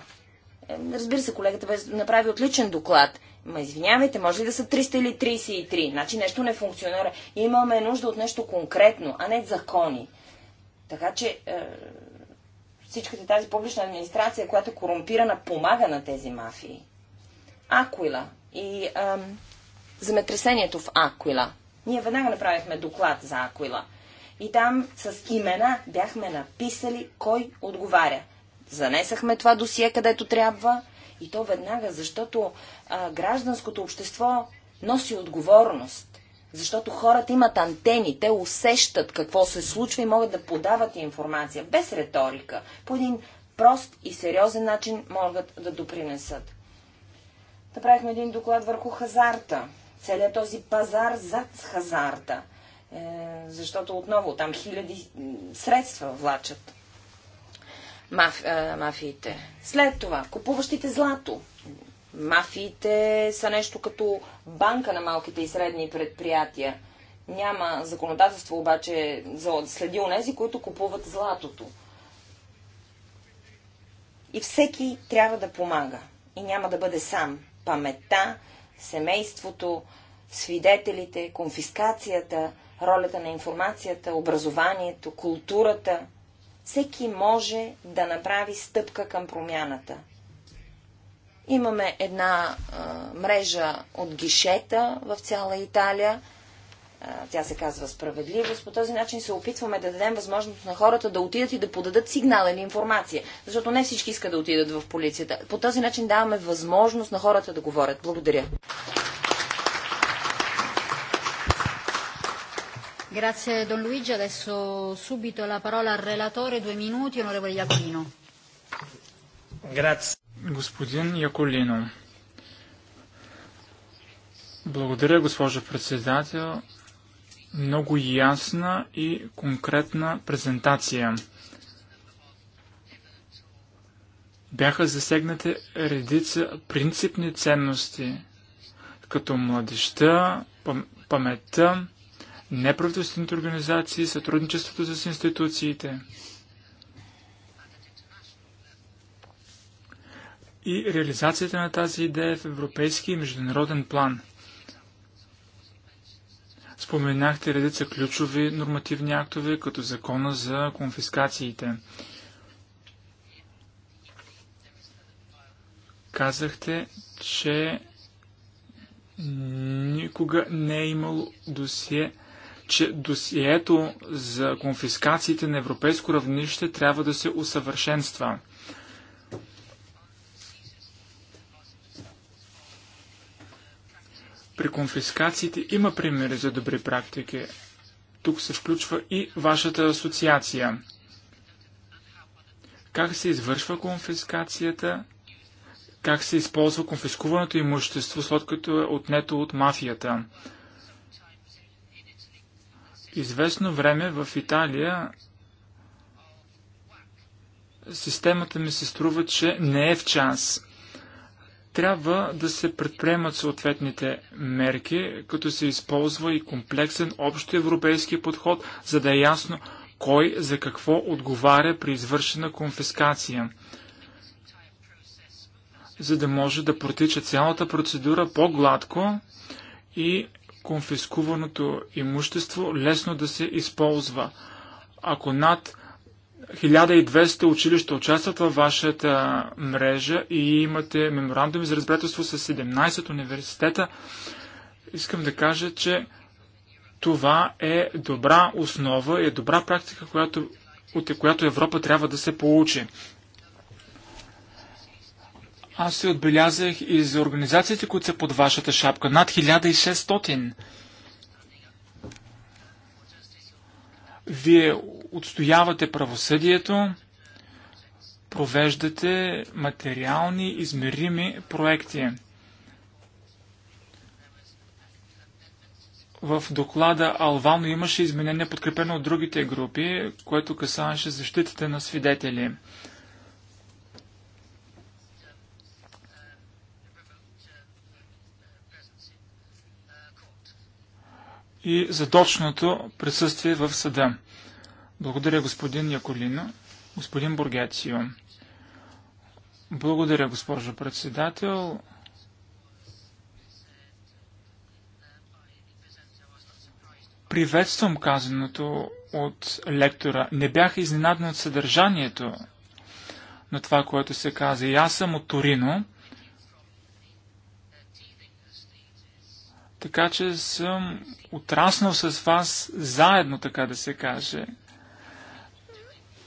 Е, разбира се, колегата бе направи отличен доклад. Ма извинявайте, може ли да са 300 или 33? Значи нещо не функционира. Имаме нужда от нещо конкретно, а не закони. Така че е, всичката тази публична администрация, която е корумпирана, помага на тези мафии. Акуила и ам, земетресението в Акуила. Ние веднага направихме доклад за Акуила. И там с имена бяхме написали кой отговаря. Занесахме това досие където трябва и то веднага, защото а, гражданското общество носи отговорност. Защото хората имат антени, те усещат какво се случва и могат да подават информация без риторика. По един прост и сериозен начин могат да допринесат. Направихме един доклад върху хазарта. Целият този пазар зад хазарта. Е, защото отново там хиляди средства влачат маф, е, мафиите. След това, купуващите злато. Мафиите са нещо като банка на малките и средни предприятия. Няма законодателство обаче за следи онези, които купуват златото. И всеки трябва да помага. И няма да бъде сам. Паметта, семейството, свидетелите, конфискацията, ролята на информацията, образованието, културата. Всеки може да направи стъпка към промяната. Имаме една а, мрежа от гишета в цяла Италия. А, тя се казва справедливост. По този начин се опитваме да дадем възможност на хората да отидат и да подадат сигнал или информация. Защото не всички искат да отидат в полицията. По този начин даваме възможност на хората да говорят. Благодаря. Grazie Don Luigi, adesso subito la parola al relatore, due minuti, onorevole Iacolino. Grazie. Господин Яколино. Благодаря, госпожа председател. Много ясна и конкретна презентация. Бяха засегнати редица принципни ценности, като младеща, паметта, неправителствените организации, сътрудничеството с институциите. и реализацията на тази идея в европейски и международен план. Споменахте редица ключови нормативни актове, като закона за конфискациите. Казахте, че никога не е имало досие, че досието за конфискациите на европейско равнище трябва да се усъвършенства – При конфискациите има примери за добри практики. Тук се включва и вашата асоциация. Как се извършва конфискацията? Как се използва конфискуваното имущество, след като е отнето от мафията? Известно време в Италия системата ми се струва, че не е в час трябва да се предприемат съответните мерки, като се използва и комплексен общо европейски подход, за да е ясно кой за какво отговаря при извършена конфискация, за да може да протича цялата процедура по-гладко и конфискуваното имущество лесно да се използва. Ако над 1200 училища участват във вашата мрежа и имате меморандуми за разбирателство с 17 университета. Искам да кажа, че това е добра основа и е добра практика, която, от която Европа трябва да се получи. Аз се отбелязах и за организациите, които са под вашата шапка. Над 1600. Вие отстоявате правосъдието, провеждате материални измерими проекти. В доклада Алвано имаше изменение, подкрепено от другите групи, което касаваше защитата на свидетели. и задочното присъствие в съда. Благодаря, господин Яколино. Господин Бургяцио. Благодаря, госпожо председател. Приветствам казаното от лектора. Не бях изненадан от съдържанието на това, което се каза. И аз съм от Торино, така че съм отраснал с вас заедно, така да се каже –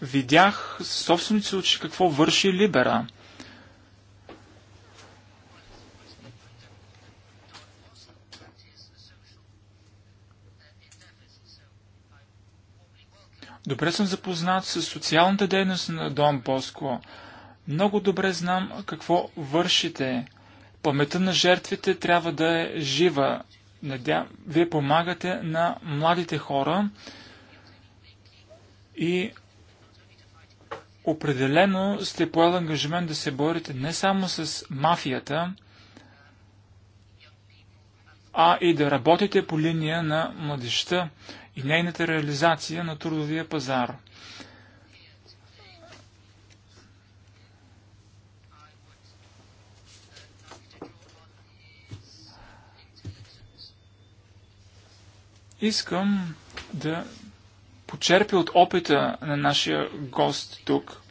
видях собствените очи какво върши Либера. Добре съм запознат с социалната дейност на Дон Боско. Много добре знам какво вършите. Памета на жертвите трябва да е жива. Надя... Вие помагате на младите хора и Определено сте поел ангажимент да се борите не само с мафията, а и да работите по линия на младеща и нейната реализация на трудовия пазар. Искам да почерпи от опита на нашия гост тук.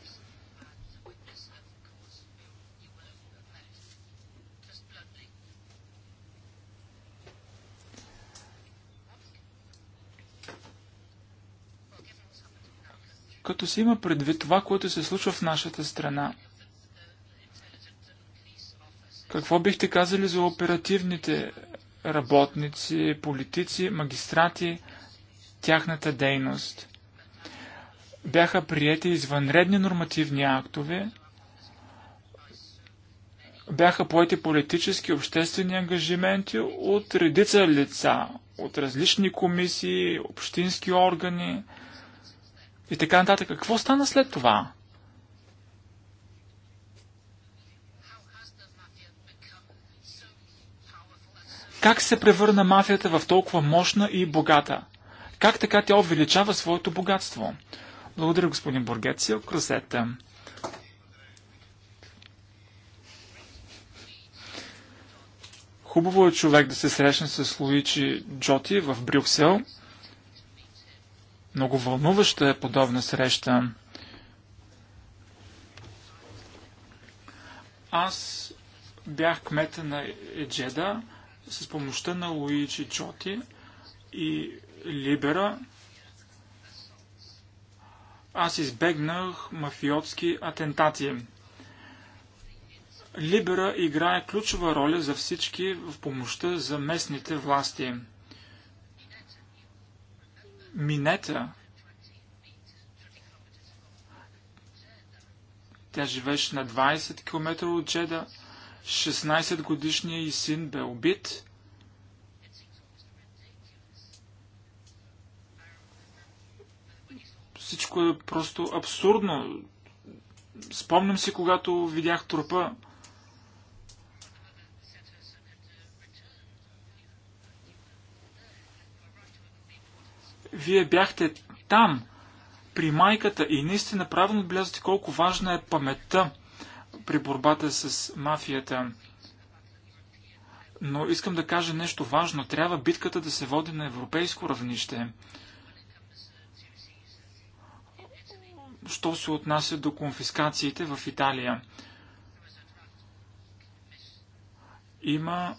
Като се има предвид това, което се случва в нашата страна, какво бихте казали за оперативните работници, политици, магистрати – тяхната дейност. Бяха приети извънредни нормативни актове, бяха поети политически и обществени ангажименти от редица лица, от различни комисии, общински органи и така нататък. Какво стана след това? Как се превърна мафията в толкова мощна и богата? Как така тя увеличава своето богатство? Благодаря, господин Боргецио. Кросета. Хубаво е човек да се срещне с Луичи Джоти в Брюксел. Много вълнуваща е подобна среща. Аз бях кмета на Еджеда с помощта на Луичи Джоти и Либера, аз избегнах мафиотски атентати. Либера играе ключова роля за всички в помощта за местните власти. Минета, тя живееше на 20 км от Джеда, 16 годишния и син бе убит – всичко е просто абсурдно. Спомням си, когато видях трупа. Вие бяхте там, при майката и наистина правилно отбелязвате колко важна е паметта при борбата с мафията. Но искам да кажа нещо важно. Трябва битката да се води на европейско равнище. що се отнася до конфискациите в Италия. Има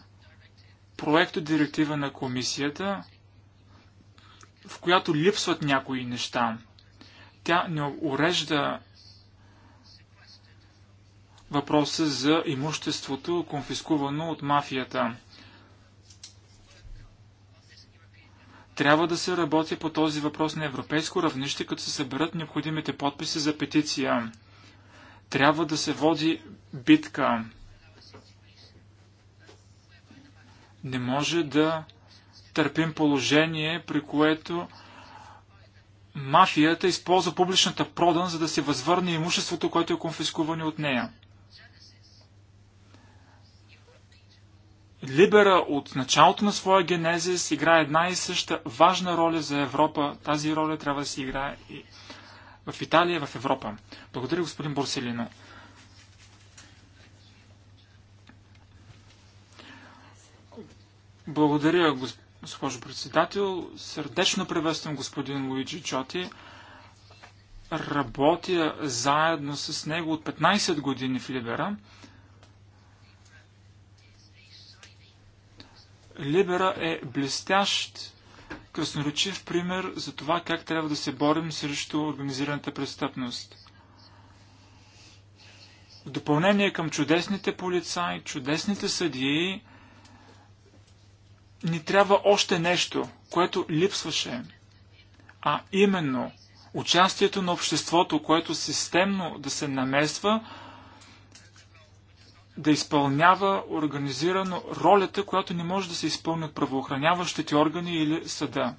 проекто директива на комисията, в която липсват някои неща. Тя не урежда въпроса за имуществото, конфискувано от мафията. Трябва да се работи по този въпрос на европейско равнище, като се съберат необходимите подписи за петиция. Трябва да се води битка. Не може да търпим положение, при което мафията използва публичната продан, за да се възвърне имуществото, което е конфискувано от нея. Либера от началото на своя генезис играе една и съща важна роля за Европа. Тази роля трябва да се играе и в Италия, и в Европа. Благодаря, господин Борселино. Благодаря, госпожо председател. Сърдечно приветствам господин Луиджи Чоти. Работя заедно с него от 15 години в Либера. Либера е блестящ красноречив пример за това как трябва да се борим срещу организираната престъпност. В допълнение към чудесните полицаи, чудесните съдии, ни трябва още нещо, което липсваше. А именно, участието на обществото, което системно да се намесва да изпълнява организирано ролята, която не може да се изпълни от правоохраняващите органи или съда.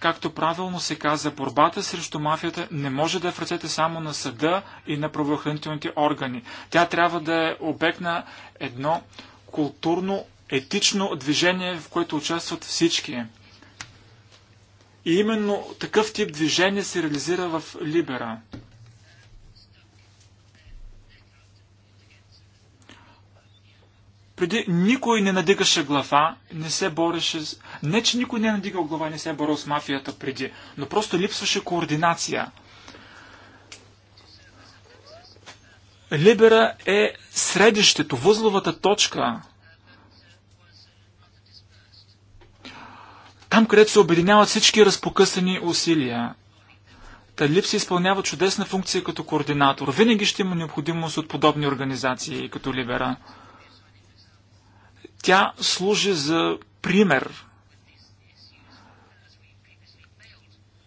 Както правилно се каза, борбата срещу мафията не може да е в ръцете само на съда и на правоохранителните органи. Тя трябва да е обект на едно културно, етично движение, в което участват всички. И именно такъв тип движение се реализира в Либера. преди никой не надигаше глава, не се бореше... Не, че никой не е надигал глава, не се е борил с мафията преди, но просто липсваше координация. Либера е средището, възловата точка. Там, където се обединяват всички разпокъсани усилия. Та Липси изпълнява чудесна функция като координатор. Винаги ще има необходимост от подобни организации, като Либера. Тя служи за пример.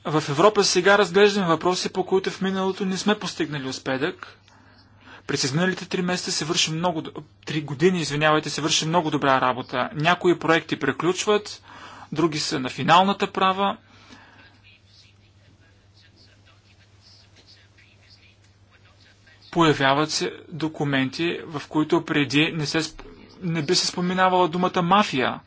В Европа сега разглеждаме въпроси, по които в миналото не сме постигнали успедък. През изминалите три месеца се върши много, три години, извинявайте, се върши много добра работа. Някои проекти преключват, други са на финалната права. Появяват се документи, в които преди не се не би се споменавала думата мафия.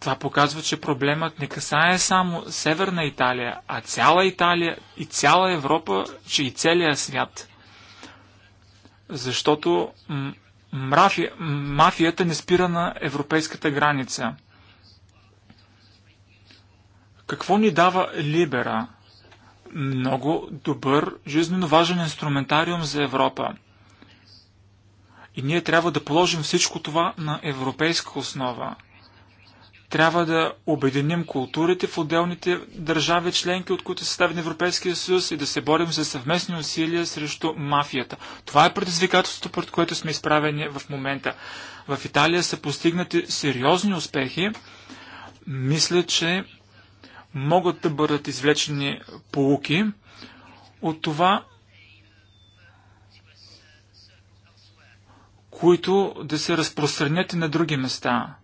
Това показва, че проблемът не касае само Северна Италия, а цяла Италия и цяла Европа, че и целия свят. Защото мрафия, мафията не спира на европейската граница. Какво ни дава Либера? много добър, жизненно важен инструментариум за Европа. И ние трябва да положим всичко това на европейска основа. Трябва да обединим културите в отделните държави членки, от които се стави Европейския съюз и да се борим за съвместни усилия срещу мафията. Това е предизвикателството, пред което сме изправени в момента. В Италия са постигнати сериозни успехи. Мисля, че могат да бъдат извлечени полуки от това, които да се разпространят и на други места.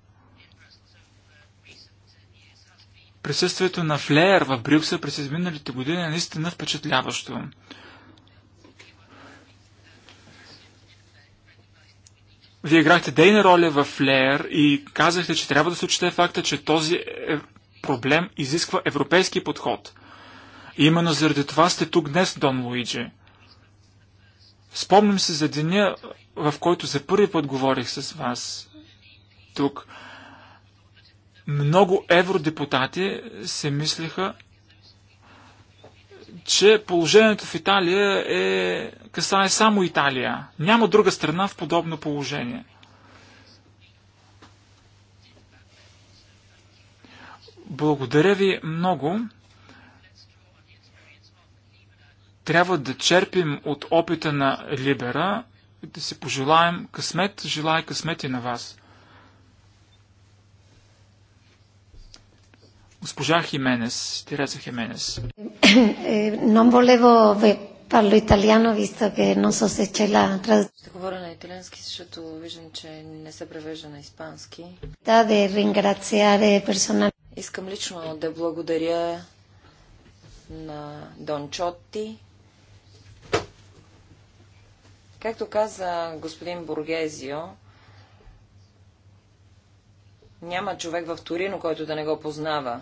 Присъствието на Флеер в Брюксел през изминалите години е наистина впечатляващо. Вие играхте дейна роля в Флеер и казахте, че трябва да се учете факта, че този е- проблем изисква европейски подход. И именно заради това сте тук днес, Дон Луиджи. Спомням се за деня, в който за първи път говорих с вас тук. Много евродепутати се мислиха, че положението в Италия е касае само Италия. Няма друга страна в подобно положение – Благодаря ви много. Трябва да черпим от опита на Либера и да си пожелаем късмет. Желая късмет и на вас. Госпожа Хименес, Тереза Хименес. Non volevo parlo italiano, visto che non so se c'è la traduzione. Ще говоря на италиански, защото виждам, че не се превежда на испански. Да, да ringraziare personalmente. Искам лично да благодаря на Дон Чотти. Както каза господин Бургезио, няма човек в Торино, който да не го познава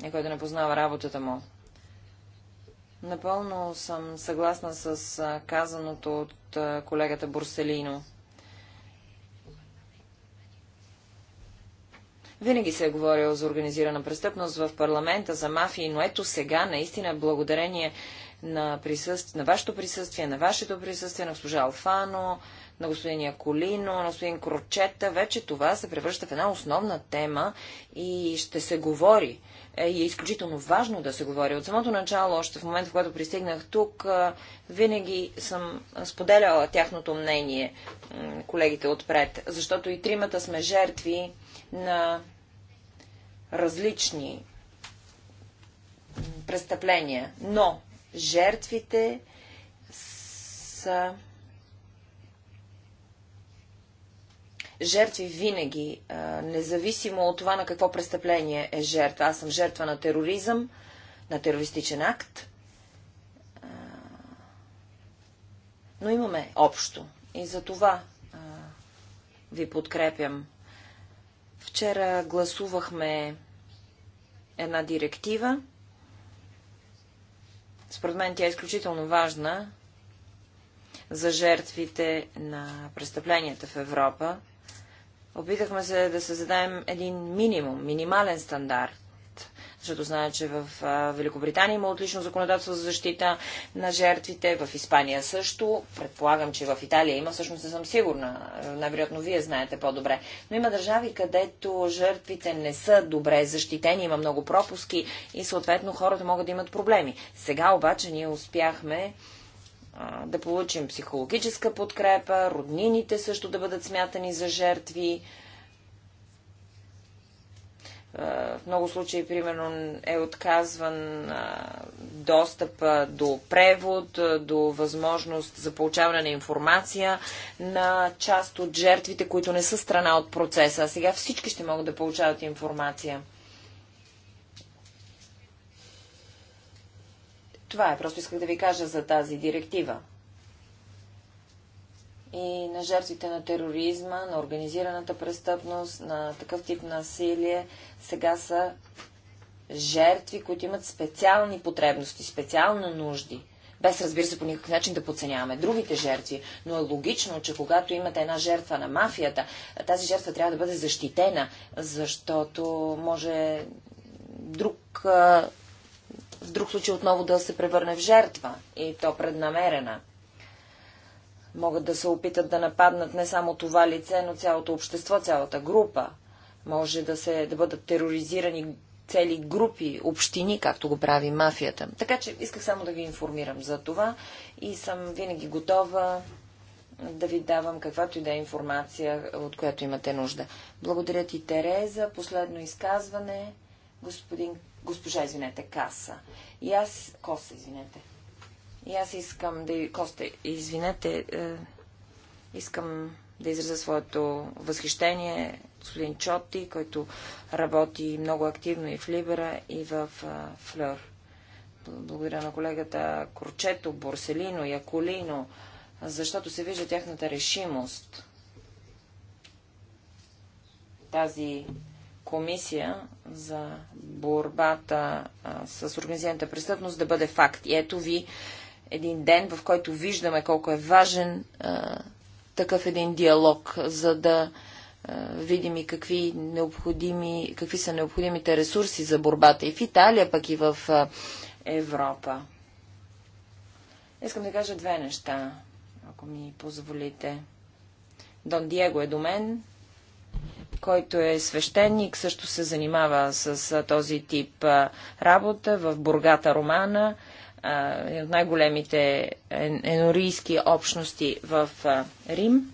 някой да не познава работата му. Напълно съм съгласна с казаното от колегата Борселино. Винаги се е говорил за организирана престъпност в парламента, за мафии, но ето сега, наистина, благодарение на, присъст... на вашето присъствие, на вашето присъствие, на госпожа Алфано, на господин Яколино, на господин Крочета, вече това се превръща в една основна тема и ще се говори е, е изключително важно да се говори. От самото начало, още в момента, в който пристигнах тук, е, винаги съм споделяла тяхното мнение, колегите отпред, защото и тримата сме жертви на различни престъпления. Но жертвите са жертви винаги, независимо от това на какво престъпление е жертва. Аз съм жертва на тероризъм, на терористичен акт, но имаме общо. И за това ви подкрепям. Вчера гласувахме една директива. Според мен тя е изключително важна за жертвите на престъпленията в Европа. Опитахме се да създадем един минимум, минимален стандарт, защото знае, че в Великобритания има отлично законодателство за защита на жертвите, в Испания също, предполагам, че в Италия има, всъщност не съм сигурна, най-вероятно вие знаете по-добре. Но има държави, където жертвите не са добре защитени, има много пропуски и съответно хората могат да имат проблеми. Сега обаче ние успяхме да получим психологическа подкрепа, роднините също да бъдат смятани за жертви. В много случаи, примерно, е отказван достъп до превод, до възможност за получаване на информация на част от жертвите, които не са страна от процеса. А сега всички ще могат да получават информация. Това е. Просто исках да ви кажа за тази директива. И на жертвите на тероризма, на организираната престъпност, на такъв тип насилие, сега са жертви, които имат специални потребности, специални нужди. Без, разбира се, по никакъв начин да подценяваме другите жертви, но е логично, че когато имате една жертва на мафията, тази жертва трябва да бъде защитена, защото може друг в друг случай отново да се превърне в жертва и то преднамерена. Могат да се опитат да нападнат не само това лице, но цялото общество, цялата група. Може да, се, да бъдат тероризирани цели групи, общини, както го прави мафията. Така че исках само да ви информирам за това и съм винаги готова да ви давам каквато и да е информация, от която имате нужда. Благодаря ти, Тереза. Последно изказване. Господин госпожа, извинете, Каса. И аз... Коса, извинете. И аз искам да... Коста, извинете, е, искам да изразя своето възхищение господин Чоти, който работи много активно и в Либера, и в е, Флер. Благодаря на колегата Корчето, Борселино, Яколино, защото се вижда тяхната решимост. Тази комисия за борбата а, с организираната престъпност да бъде факт. И ето ви един ден, в който виждаме колко е важен а, такъв един диалог, за да видим и какви, необходими, какви са необходимите ресурси за борбата и в Италия, пък и в Европа. Искам да кажа две неща, ако ми позволите. Дон Диего е до мен, който е свещеник, също се занимава с този тип работа в Бургата Романа, един от най-големите енорийски общности в Рим.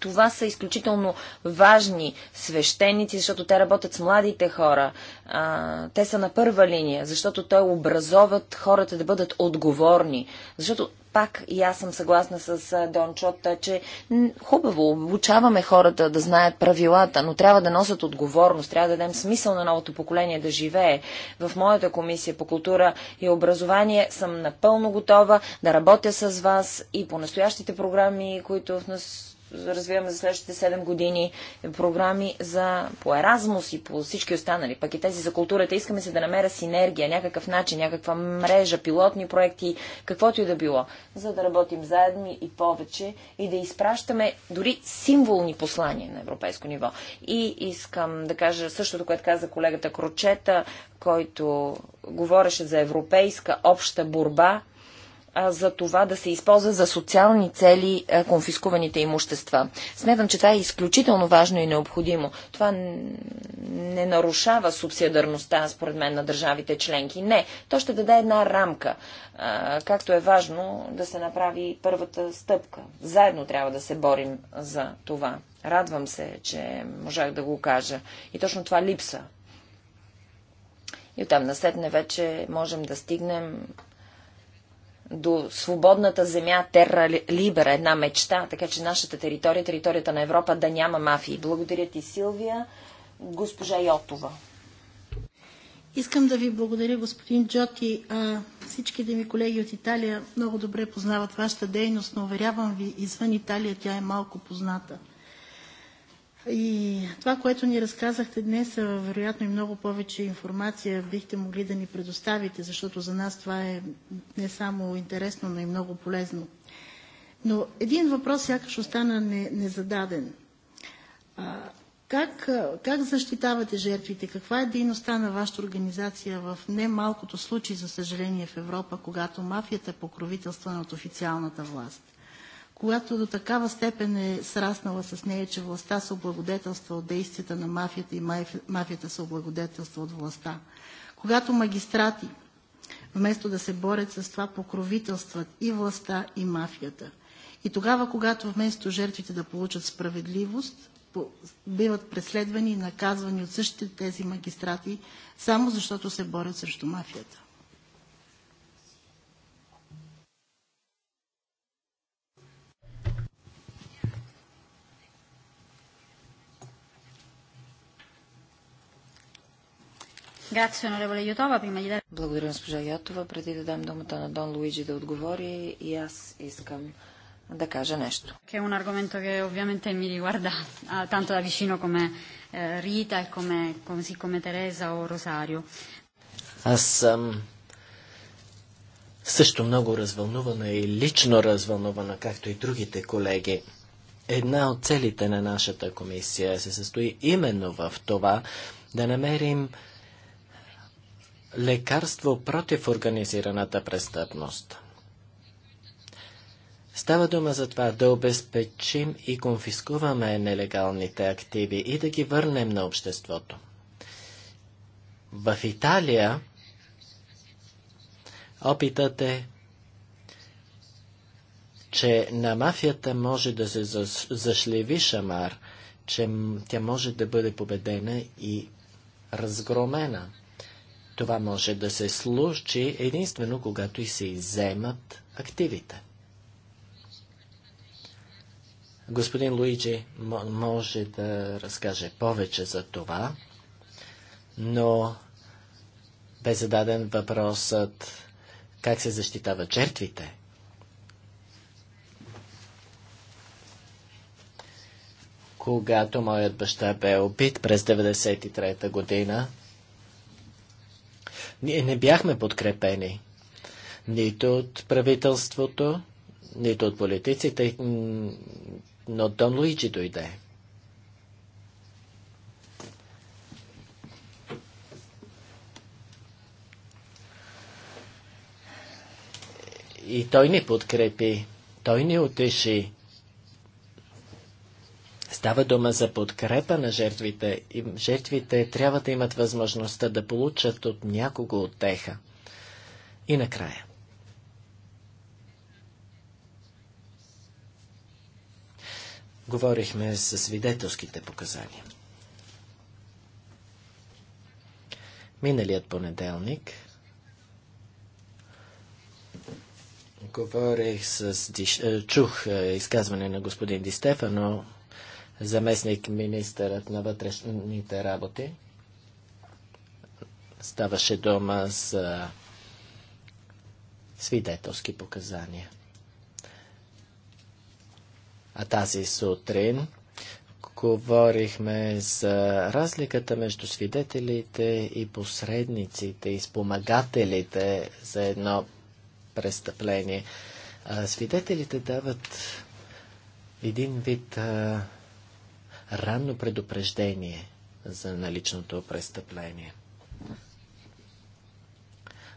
Това са изключително важни свещеници, защото те работят с младите хора. А, те са на първа линия, защото те образоват хората да бъдат отговорни. Защото пак и аз съм съгласна с Дон Чот, че хубаво, обучаваме хората да знаят правилата, но трябва да носят отговорност, трябва да дадем смисъл на новото поколение да живее. В моята комисия по култура и образование съм напълно готова да работя с вас и по настоящите програми, които в нас развиваме за следващите 7 години програми за по Еразмус и по всички останали, пък и тези за културата. Искаме се да намеря синергия, някакъв начин, някаква мрежа, пилотни проекти, каквото и да било, за да работим заедно и повече и да изпращаме дори символни послания на европейско ниво. И искам да кажа същото, което каза колегата Крочета, който говореше за европейска обща борба за това да се използва за социални цели конфискуваните имущества. Смятам, че това е изключително важно и необходимо. Това не нарушава субсидарността, според мен, на държавите членки. Не, то ще даде една рамка, както е важно да се направи първата стъпка. Заедно трябва да се борим за това. Радвам се, че можах да го кажа. И точно това липса. И оттам насетне вече можем да стигнем до свободната земя Терра Либера, една мечта, така че нашата територия, територията на Европа, да няма мафии. Благодаря ти, Силвия. Госпожа Йотова. Искам да ви благодаря, господин Джоти. А, всичките ми колеги от Италия много добре познават вашата дейност, но уверявам ви, извън Италия тя е малко позната – и това, което ни разказахте днес, е вероятно и много повече информация бихте могли да ни предоставите, защото за нас това е не само интересно, но и много полезно. Но един въпрос сякаш остана незададен. Не как, как защитавате жертвите? Каква е дейността на вашата организация в немалкото случаи, за съжаление, в Европа, когато мафията е покровителства от официалната власт? която до такава степен е сраснала с нея, че властта се облагодетелства от действията на мафията и мафията се облагодетелства от властта. Когато магистрати, вместо да се борят с това, покровителстват и властта, и мафията. И тогава, когато вместо жертвите да получат справедливост, биват преследвани и наказвани от същите тези магистрати, само защото се борят срещу мафията. Благодаря, госпожа Йотова. Преди да дам думата на Дон Луиджи да отговори, и аз искам да кажа нещо. Che è un argomento che ovviamente mi riguarda ah, tanto da vicino come eh, Rita e come, così come Teresa o Rosario. Аз съм също много развълнувана и лично развълнувана, както и другите колеги. Една от целите на нашата комисия се състои именно в това да намерим лекарство против организираната престъпност. Става дума за това да обезпечим и конфискуваме нелегалните активи и да ги върнем на обществото. В Италия опитът е, че на мафията може да се зашлеви шамар, че тя може да бъде победена и разгромена. Това може да се случи единствено, когато и се изземат активите. Господин Луиджи може да разкаже повече за това, но бе зададен въпросът как се защитават жертвите. Когато моят баща бе убит през 1993 година, ние не бяхме подкрепени нито от правителството, нито от политиците, но Дон Луиджи дойде. И той ни подкрепи, той ни отеши. Става дума за подкрепа на жертвите и жертвите трябва да имат възможността да получат от някого отеха. И накрая. Говорихме за свидетелските показания. Миналият понеделник говорих с... Е, чух е, изказване на господин Дистефано заместник министърът на вътрешните работи. Ставаше дома за свидетелски показания. А тази сутрин говорихме за разликата между свидетелите и посредниците и спомагателите за едно престъпление. свидетелите дават един вид а, ранно предупреждение за наличното престъпление.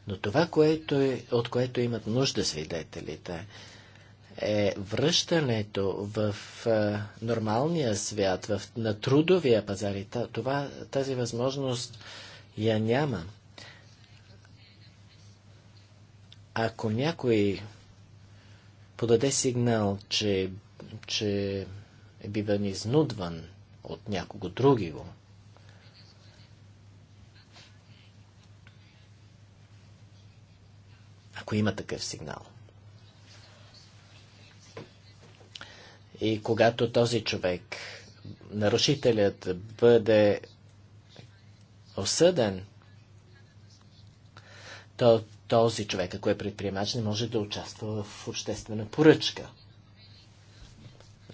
Но това, което е, от което имат нужда свидетелите, е връщането в е, нормалния свят, в, на трудовия пазар. И това, тази възможност я няма. Ако някой подаде сигнал, че, че е биван изнудван от някого другиго. Ако има такъв сигнал. И когато този човек, нарушителят, бъде осъден, то този човек, ако е предприемач, не може да участва в обществена поръчка.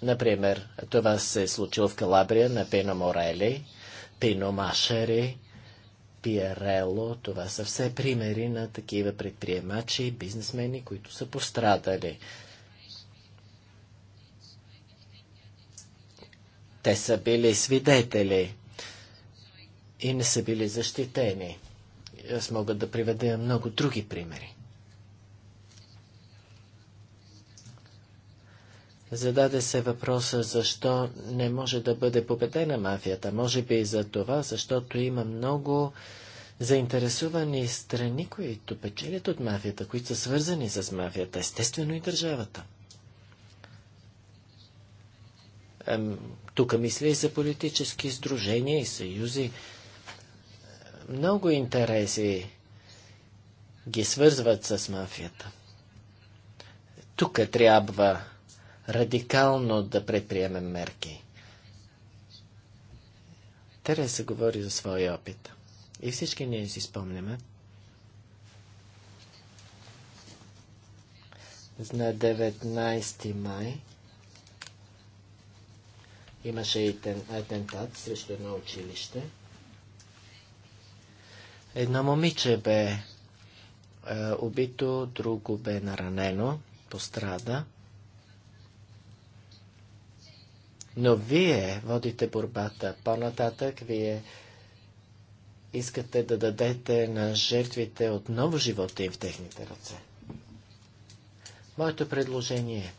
Например, това се е случило в Калабрия на Пино Морели, Пино Машери, Пиерело. Това са все примери на такива предприемачи и бизнесмени, които са пострадали. Те са били свидетели и не са били защитени. Аз мога да приведа много други примери. Зададе се въпроса защо не може да бъде победена мафията. Може би и за това, защото има много заинтересувани страни, които печелят от мафията, които са свързани с мафията, естествено и държавата. Ем, тук мисля и за политически сдружения и съюзи. Много интереси ги свързват с мафията. Тук трябва радикално да предприемем мерки. Тереса говори за своя опит. И всички ние си спомняме. На 19 май имаше и атентат срещу едно училище. Едно момиче бе е, убито, друго бе наранено, пострада. Но вие водите борбата. По-нататък вие искате да дадете на жертвите отново живота им в техните ръце. Моето предложение е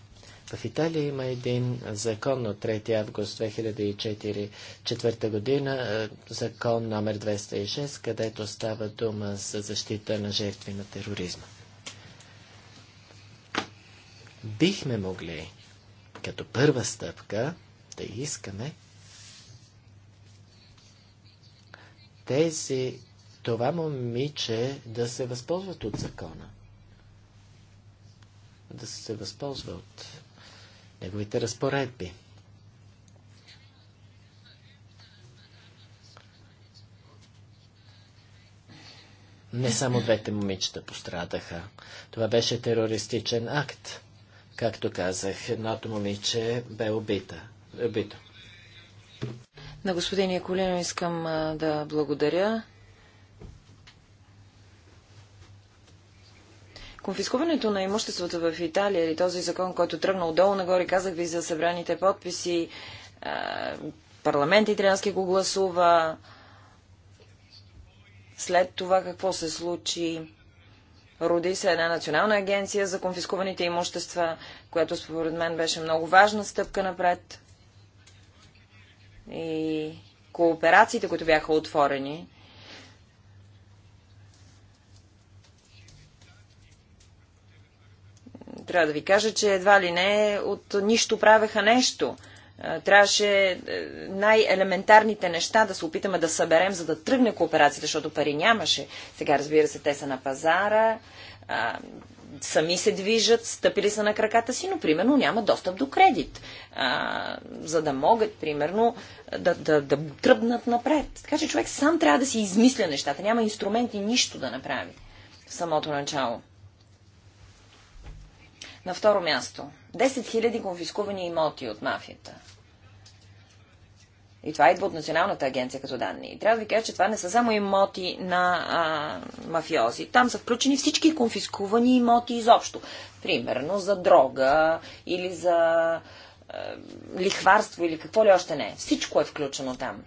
в Италия има един закон от 3 август 2004 4 година, е, закон номер 206, където става дума за защита на жертви на тероризма. Бихме могли, като първа стъпка, да искаме тези, това момиче да се възползват от закона. Да се възползва от неговите разпоредби. Не само двете момичета пострадаха. Това беше терористичен акт. Както казах, едното момиче бе убита. Бито. На господин Яколино искам да благодаря. Конфискуването на имуществото в Италия или този закон, който тръгна отдолу нагоре, казах ви за събраните подписи, парламент италиански го гласува, след това какво се случи, роди се една национална агенция за конфискуваните имущества, която според мен беше много важна стъпка напред и кооперациите, които бяха отворени. Трябва да ви кажа, че едва ли не от нищо правеха нещо. Трябваше е, най-елементарните неща да се опитаме да съберем, за да тръгне кооперацията, защото пари нямаше. Сега, разбира се, те са на пазара сами се движат, стъпили са на краката си, но примерно няма достъп до кредит, а, за да могат, примерно, да, да, да тръбнат напред. Така че човек сам трябва да си измисля нещата, няма инструменти, нищо да направи в самото начало. На второ място, 10 000 конфискувани имоти от мафията – и това идва от Националната агенция като данни. И трябва да ви кажа, че това не са само имоти на а, мафиози. Там са включени всички конфискувани имоти изобщо. Примерно за дрога или за а, лихварство или какво ли още не. Всичко е включено там.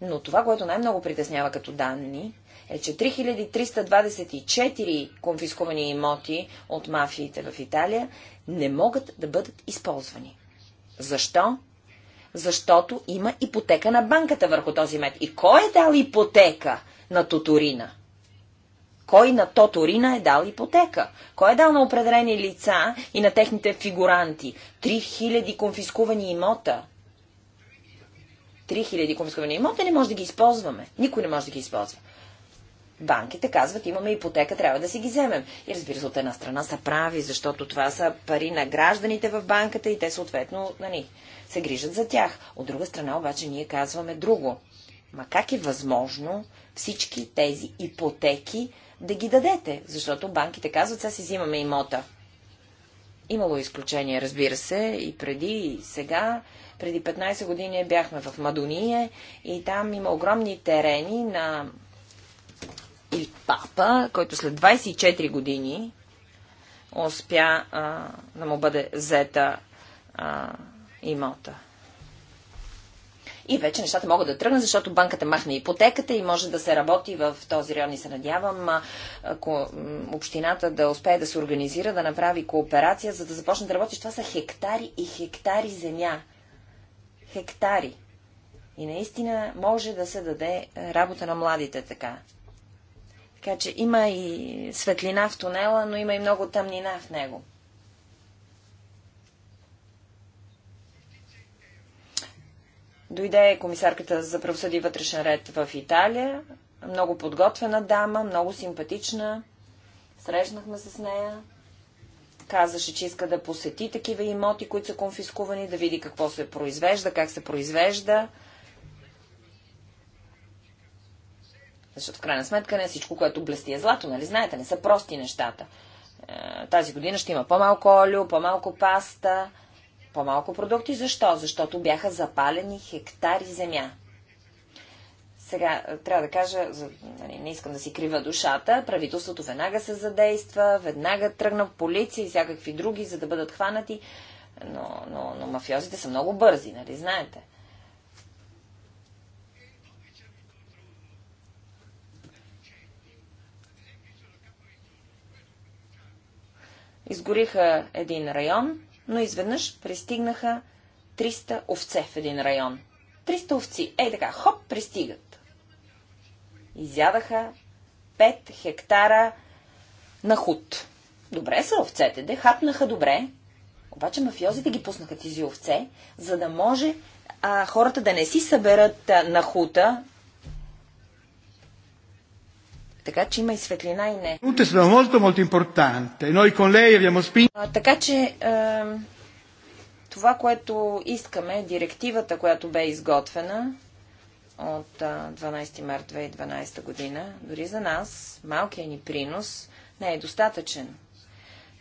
Но това, което най-много притеснява като данни, е, че 3324 конфискувани имоти от мафиите в Италия не могат да бъдат използвани. Защо? защото има ипотека на банката върху този мед. И кой е дал ипотека на Тоторина? Кой на Тоторина е дал ипотека? Кой е дал на определени лица и на техните фигуранти? 3000 конфискувани имота. 3000 конфискувани имота не може да ги използваме. Никой не може да ги използва. Банките казват, имаме ипотека, трябва да си ги вземем. И разбира се, от една страна са прави, защото това са пари на гражданите в банката и те съответно нали, се грижат за тях. От друга страна обаче ние казваме друго. Ма как е възможно всички тези ипотеки да ги дадете? Защото банките казват, сега си взимаме имота. Имало изключение, разбира се, и преди, и сега. Преди 15 години бяхме в Мадония и там има огромни терени на или папа, който след 24 години успя а, да му бъде взета а, имота. И вече нещата могат да тръгнат, защото банката махна ипотеката и може да се работи в този район и се надявам ако общината да успее да се организира, да направи кооперация, за да започне да работи. Това са хектари и хектари земя. Хектари. И наистина може да се даде работа на младите така. Така че има и светлина в тунела, но има и много тъмнина в него. Дойде комисарката за правосъди и вътрешен ред в Италия. Много подготвена дама, много симпатична. Срещнахме се с нея. Казаше, че иска да посети такива имоти, които са конфискувани, да види какво се произвежда, как се произвежда. Защото в крайна сметка не всичко, което блести е злато, нали знаете, не са прости нещата. Е, тази година ще има по-малко олио, по-малко паста, по-малко продукти. Защо? Защото бяха запалени хектари земя. Сега е, трябва да кажа, нали, не искам да си крива душата, правителството веднага се задейства, веднага тръгна полиция и всякакви други, за да бъдат хванати, но, но, но мафиозите са много бързи, нали знаете. Изгориха един район, но изведнъж пристигнаха 300 овце в един район. 300 овци, ей така, хоп, пристигат. Изядаха 5 хектара на худ. Добре са овцете, де хапнаха добре. Обаче мафиозите ги пуснаха тези овце, за да може а, хората да не си съберат а, на хута така че има и светлина и не. спин. така че това, което искаме, директивата, която бе изготвена от 12 март 2012 година, дори за нас, малкият ни принос, не е достатъчен.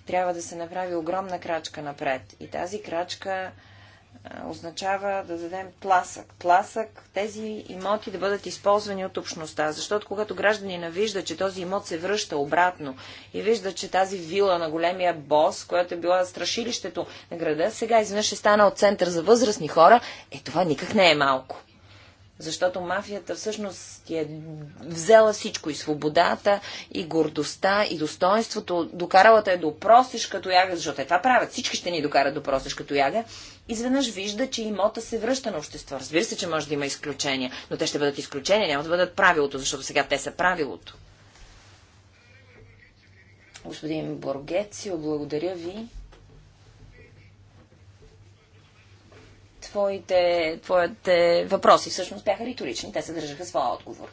Трябва да се направи огромна крачка напред. И тази крачка означава да дадем тласък. Тласък тези имоти да бъдат използвани от общността, защото когато гражданина вижда, че този имот се връща обратно и вижда, че тази вила на големия бос, която е била страшилището на града, сега изведнъж е станал център за възрастни хора, е това никак не е малко. Защото мафията всъщност е взела всичко и свободата, и гордостта, и достоинството, докарала те до просиш като яга, защото е това правят, всички ще ни докарат до просиш като яга, изведнъж вижда, че имота се връща на общество. Разбира се, че може да има изключения, но те ще бъдат изключения, няма да бъдат правилото, защото сега те са правилото. Господин Боргецио, благодаря ви. Твоите, твоите въпроси всъщност бяха риторични, те съдържаха своя отговор.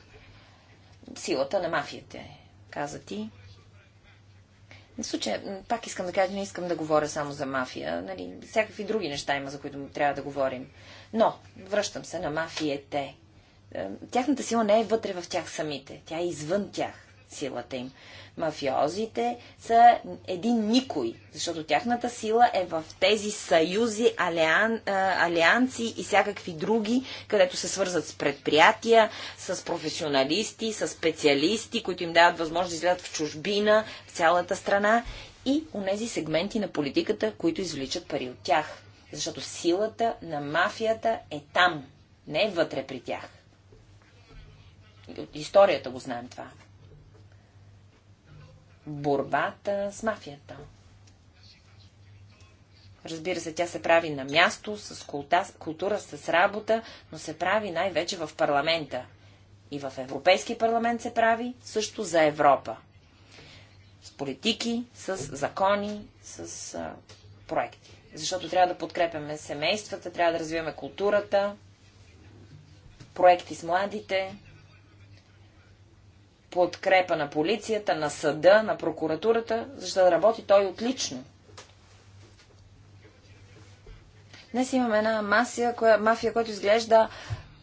Силата на мафията, е, каза ти. В случай, пак искам да кажа, не искам да говоря само за мафия. Нали, всякакви други неща има, за които трябва да говорим. Но, връщам се на мафиете. Тяхната сила не е вътре в тях самите. Тя е извън тях, силата им. Мафиозите са един никой, защото тяхната сила е в тези съюзи, алиан, алианци и всякакви други, където се свързат с предприятия, с професионалисти, с специалисти, които им дават възможност да излядат в чужбина, в цялата страна и у нези сегменти на политиката, които извличат пари от тях. Защото силата на мафията е там, не е вътре при тях. От историята го знаем това борбата с мафията. Разбира се, тя се прави на място, с култа, култура, с работа, но се прави най-вече в парламента. И в Европейски парламент се прави също за Европа. С политики, с закони, с а, проекти. Защото трябва да подкрепяме семействата, трябва да развиваме културата, проекти с младите, подкрепа на полицията, на съда, на прокуратурата, защото да работи той отлично. Днес имаме една масия, коя, мафия, която изглежда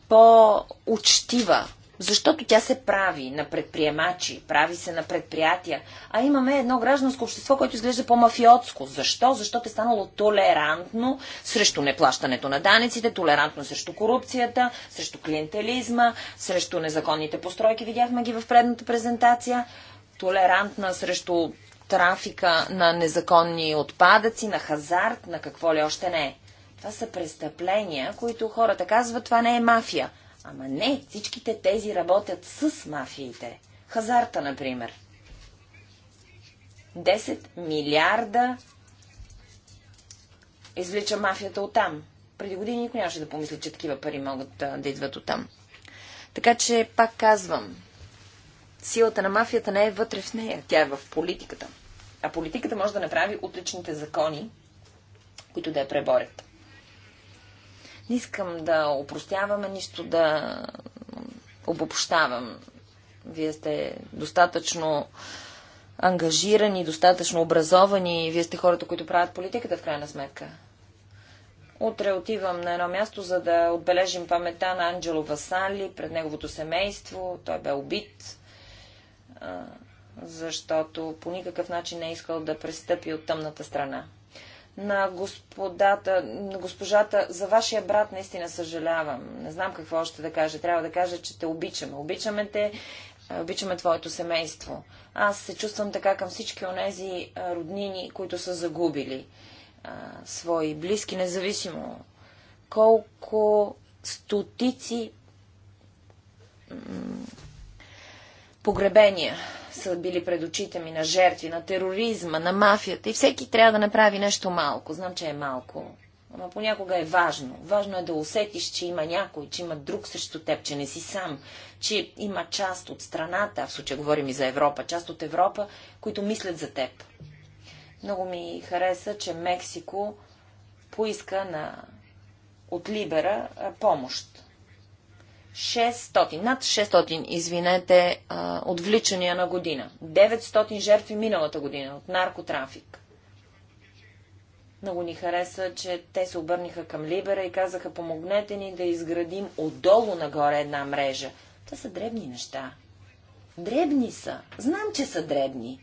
по-учтива, защото тя се прави на предприемачи, прави се на предприятия, а имаме едно гражданско общество, което изглежда по-мафиотско. Защо? Защото е станало толерантно срещу неплащането на данъците, толерантно срещу корупцията, срещу клиентелизма, срещу незаконните постройки, видяхме ги в предната презентация, толерантна срещу трафика на незаконни отпадъци, на хазарт, на какво ли още не е. Това са престъпления, които хората казват, това не е мафия. Ама не, всичките тези работят с мафиите. Хазарта, например. 10 милиарда извлича мафията от там. Преди години никой нямаше да помисли, че такива пари могат да, да идват от там. Така че, пак казвам, силата на мафията не е вътре в нея, тя е в политиката. А политиката може да направи отличните закони, които да я преборят. Не искам да опростяваме нищо, да обобщавам. Вие сте достатъчно ангажирани, достатъчно образовани. Вие сте хората, които правят политиката в крайна сметка. Утре отивам на едно място, за да отбележим памета на Анджело Васали пред неговото семейство. Той бе убит, защото по никакъв начин не е искал да престъпи от тъмната страна на, господата, на госпожата, за вашия брат наистина съжалявам. Не знам какво още да кажа. Трябва да кажа, че те обичаме. Обичаме те, обичаме твоето семейство. Аз се чувствам така към всички онези роднини, които са загубили а, свои близки, независимо колко стотици погребения са били пред очите ми на жертви, на тероризма, на мафията и всеки трябва да направи нещо малко. Знам, че е малко, но понякога е важно. Важно е да усетиш, че има някой, че има друг срещу теб, че не си сам, че има част от страната, в случая говорим и за Европа, част от Европа, които мислят за теб. Много ми хареса, че Мексико поиска на, от Либера помощ. 600, над 600, извинете, отвличания на година. 900 жертви миналата година от наркотрафик. Много ни хареса, че те се обърнаха към Либера и казаха, помогнете ни да изградим отдолу нагоре една мрежа. Това са дребни неща. Дребни са. Знам, че са дребни.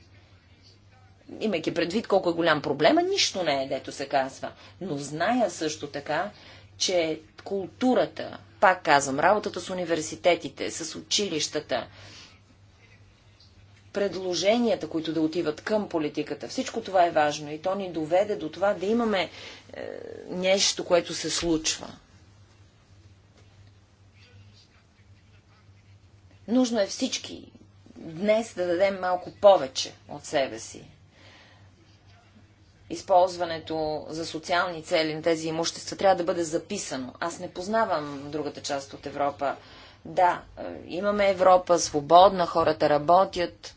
Имайки предвид колко е голям проблема, нищо не е, дето се казва. Но зная също така, че културата, пак казвам, работата с университетите, с училищата, предложенията, които да отиват към политиката. Всичко това е важно и то ни доведе до това да имаме е, нещо, което се случва. Нужно е всички днес да дадем малко повече от себе си използването за социални цели на тези имущества трябва да бъде записано. Аз не познавам другата част от Европа. Да, е, имаме Европа свободна, хората работят.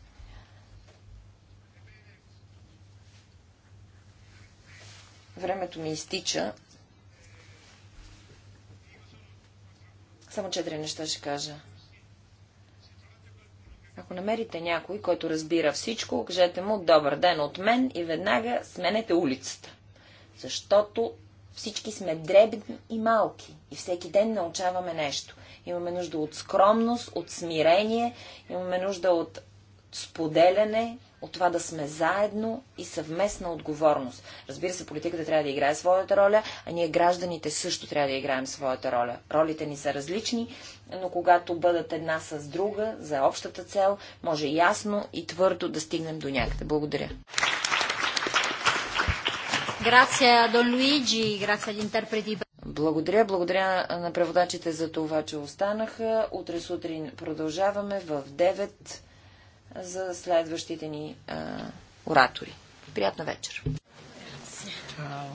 Времето ми изтича. Само четири неща ще кажа. Ако намерите някой, който разбира всичко, кажете му добър ден от мен и веднага сменете улицата. Защото всички сме дребни и малки и всеки ден научаваме нещо. Имаме нужда от скромност, от смирение, имаме нужда от споделяне от това да сме заедно и съвместна отговорност. Разбира се, политиката трябва да играе своята роля, а ние гражданите също трябва да играем своята роля. Ролите ни са различни, но когато бъдат една с друга за общата цел, може ясно и твърдо да стигнем до някъде. Благодаря. Благодаря, благодаря на преводачите за това, че останаха. Утре сутрин продължаваме в 9 за следващите ни а, оратори. Приятна вечер! Ciao.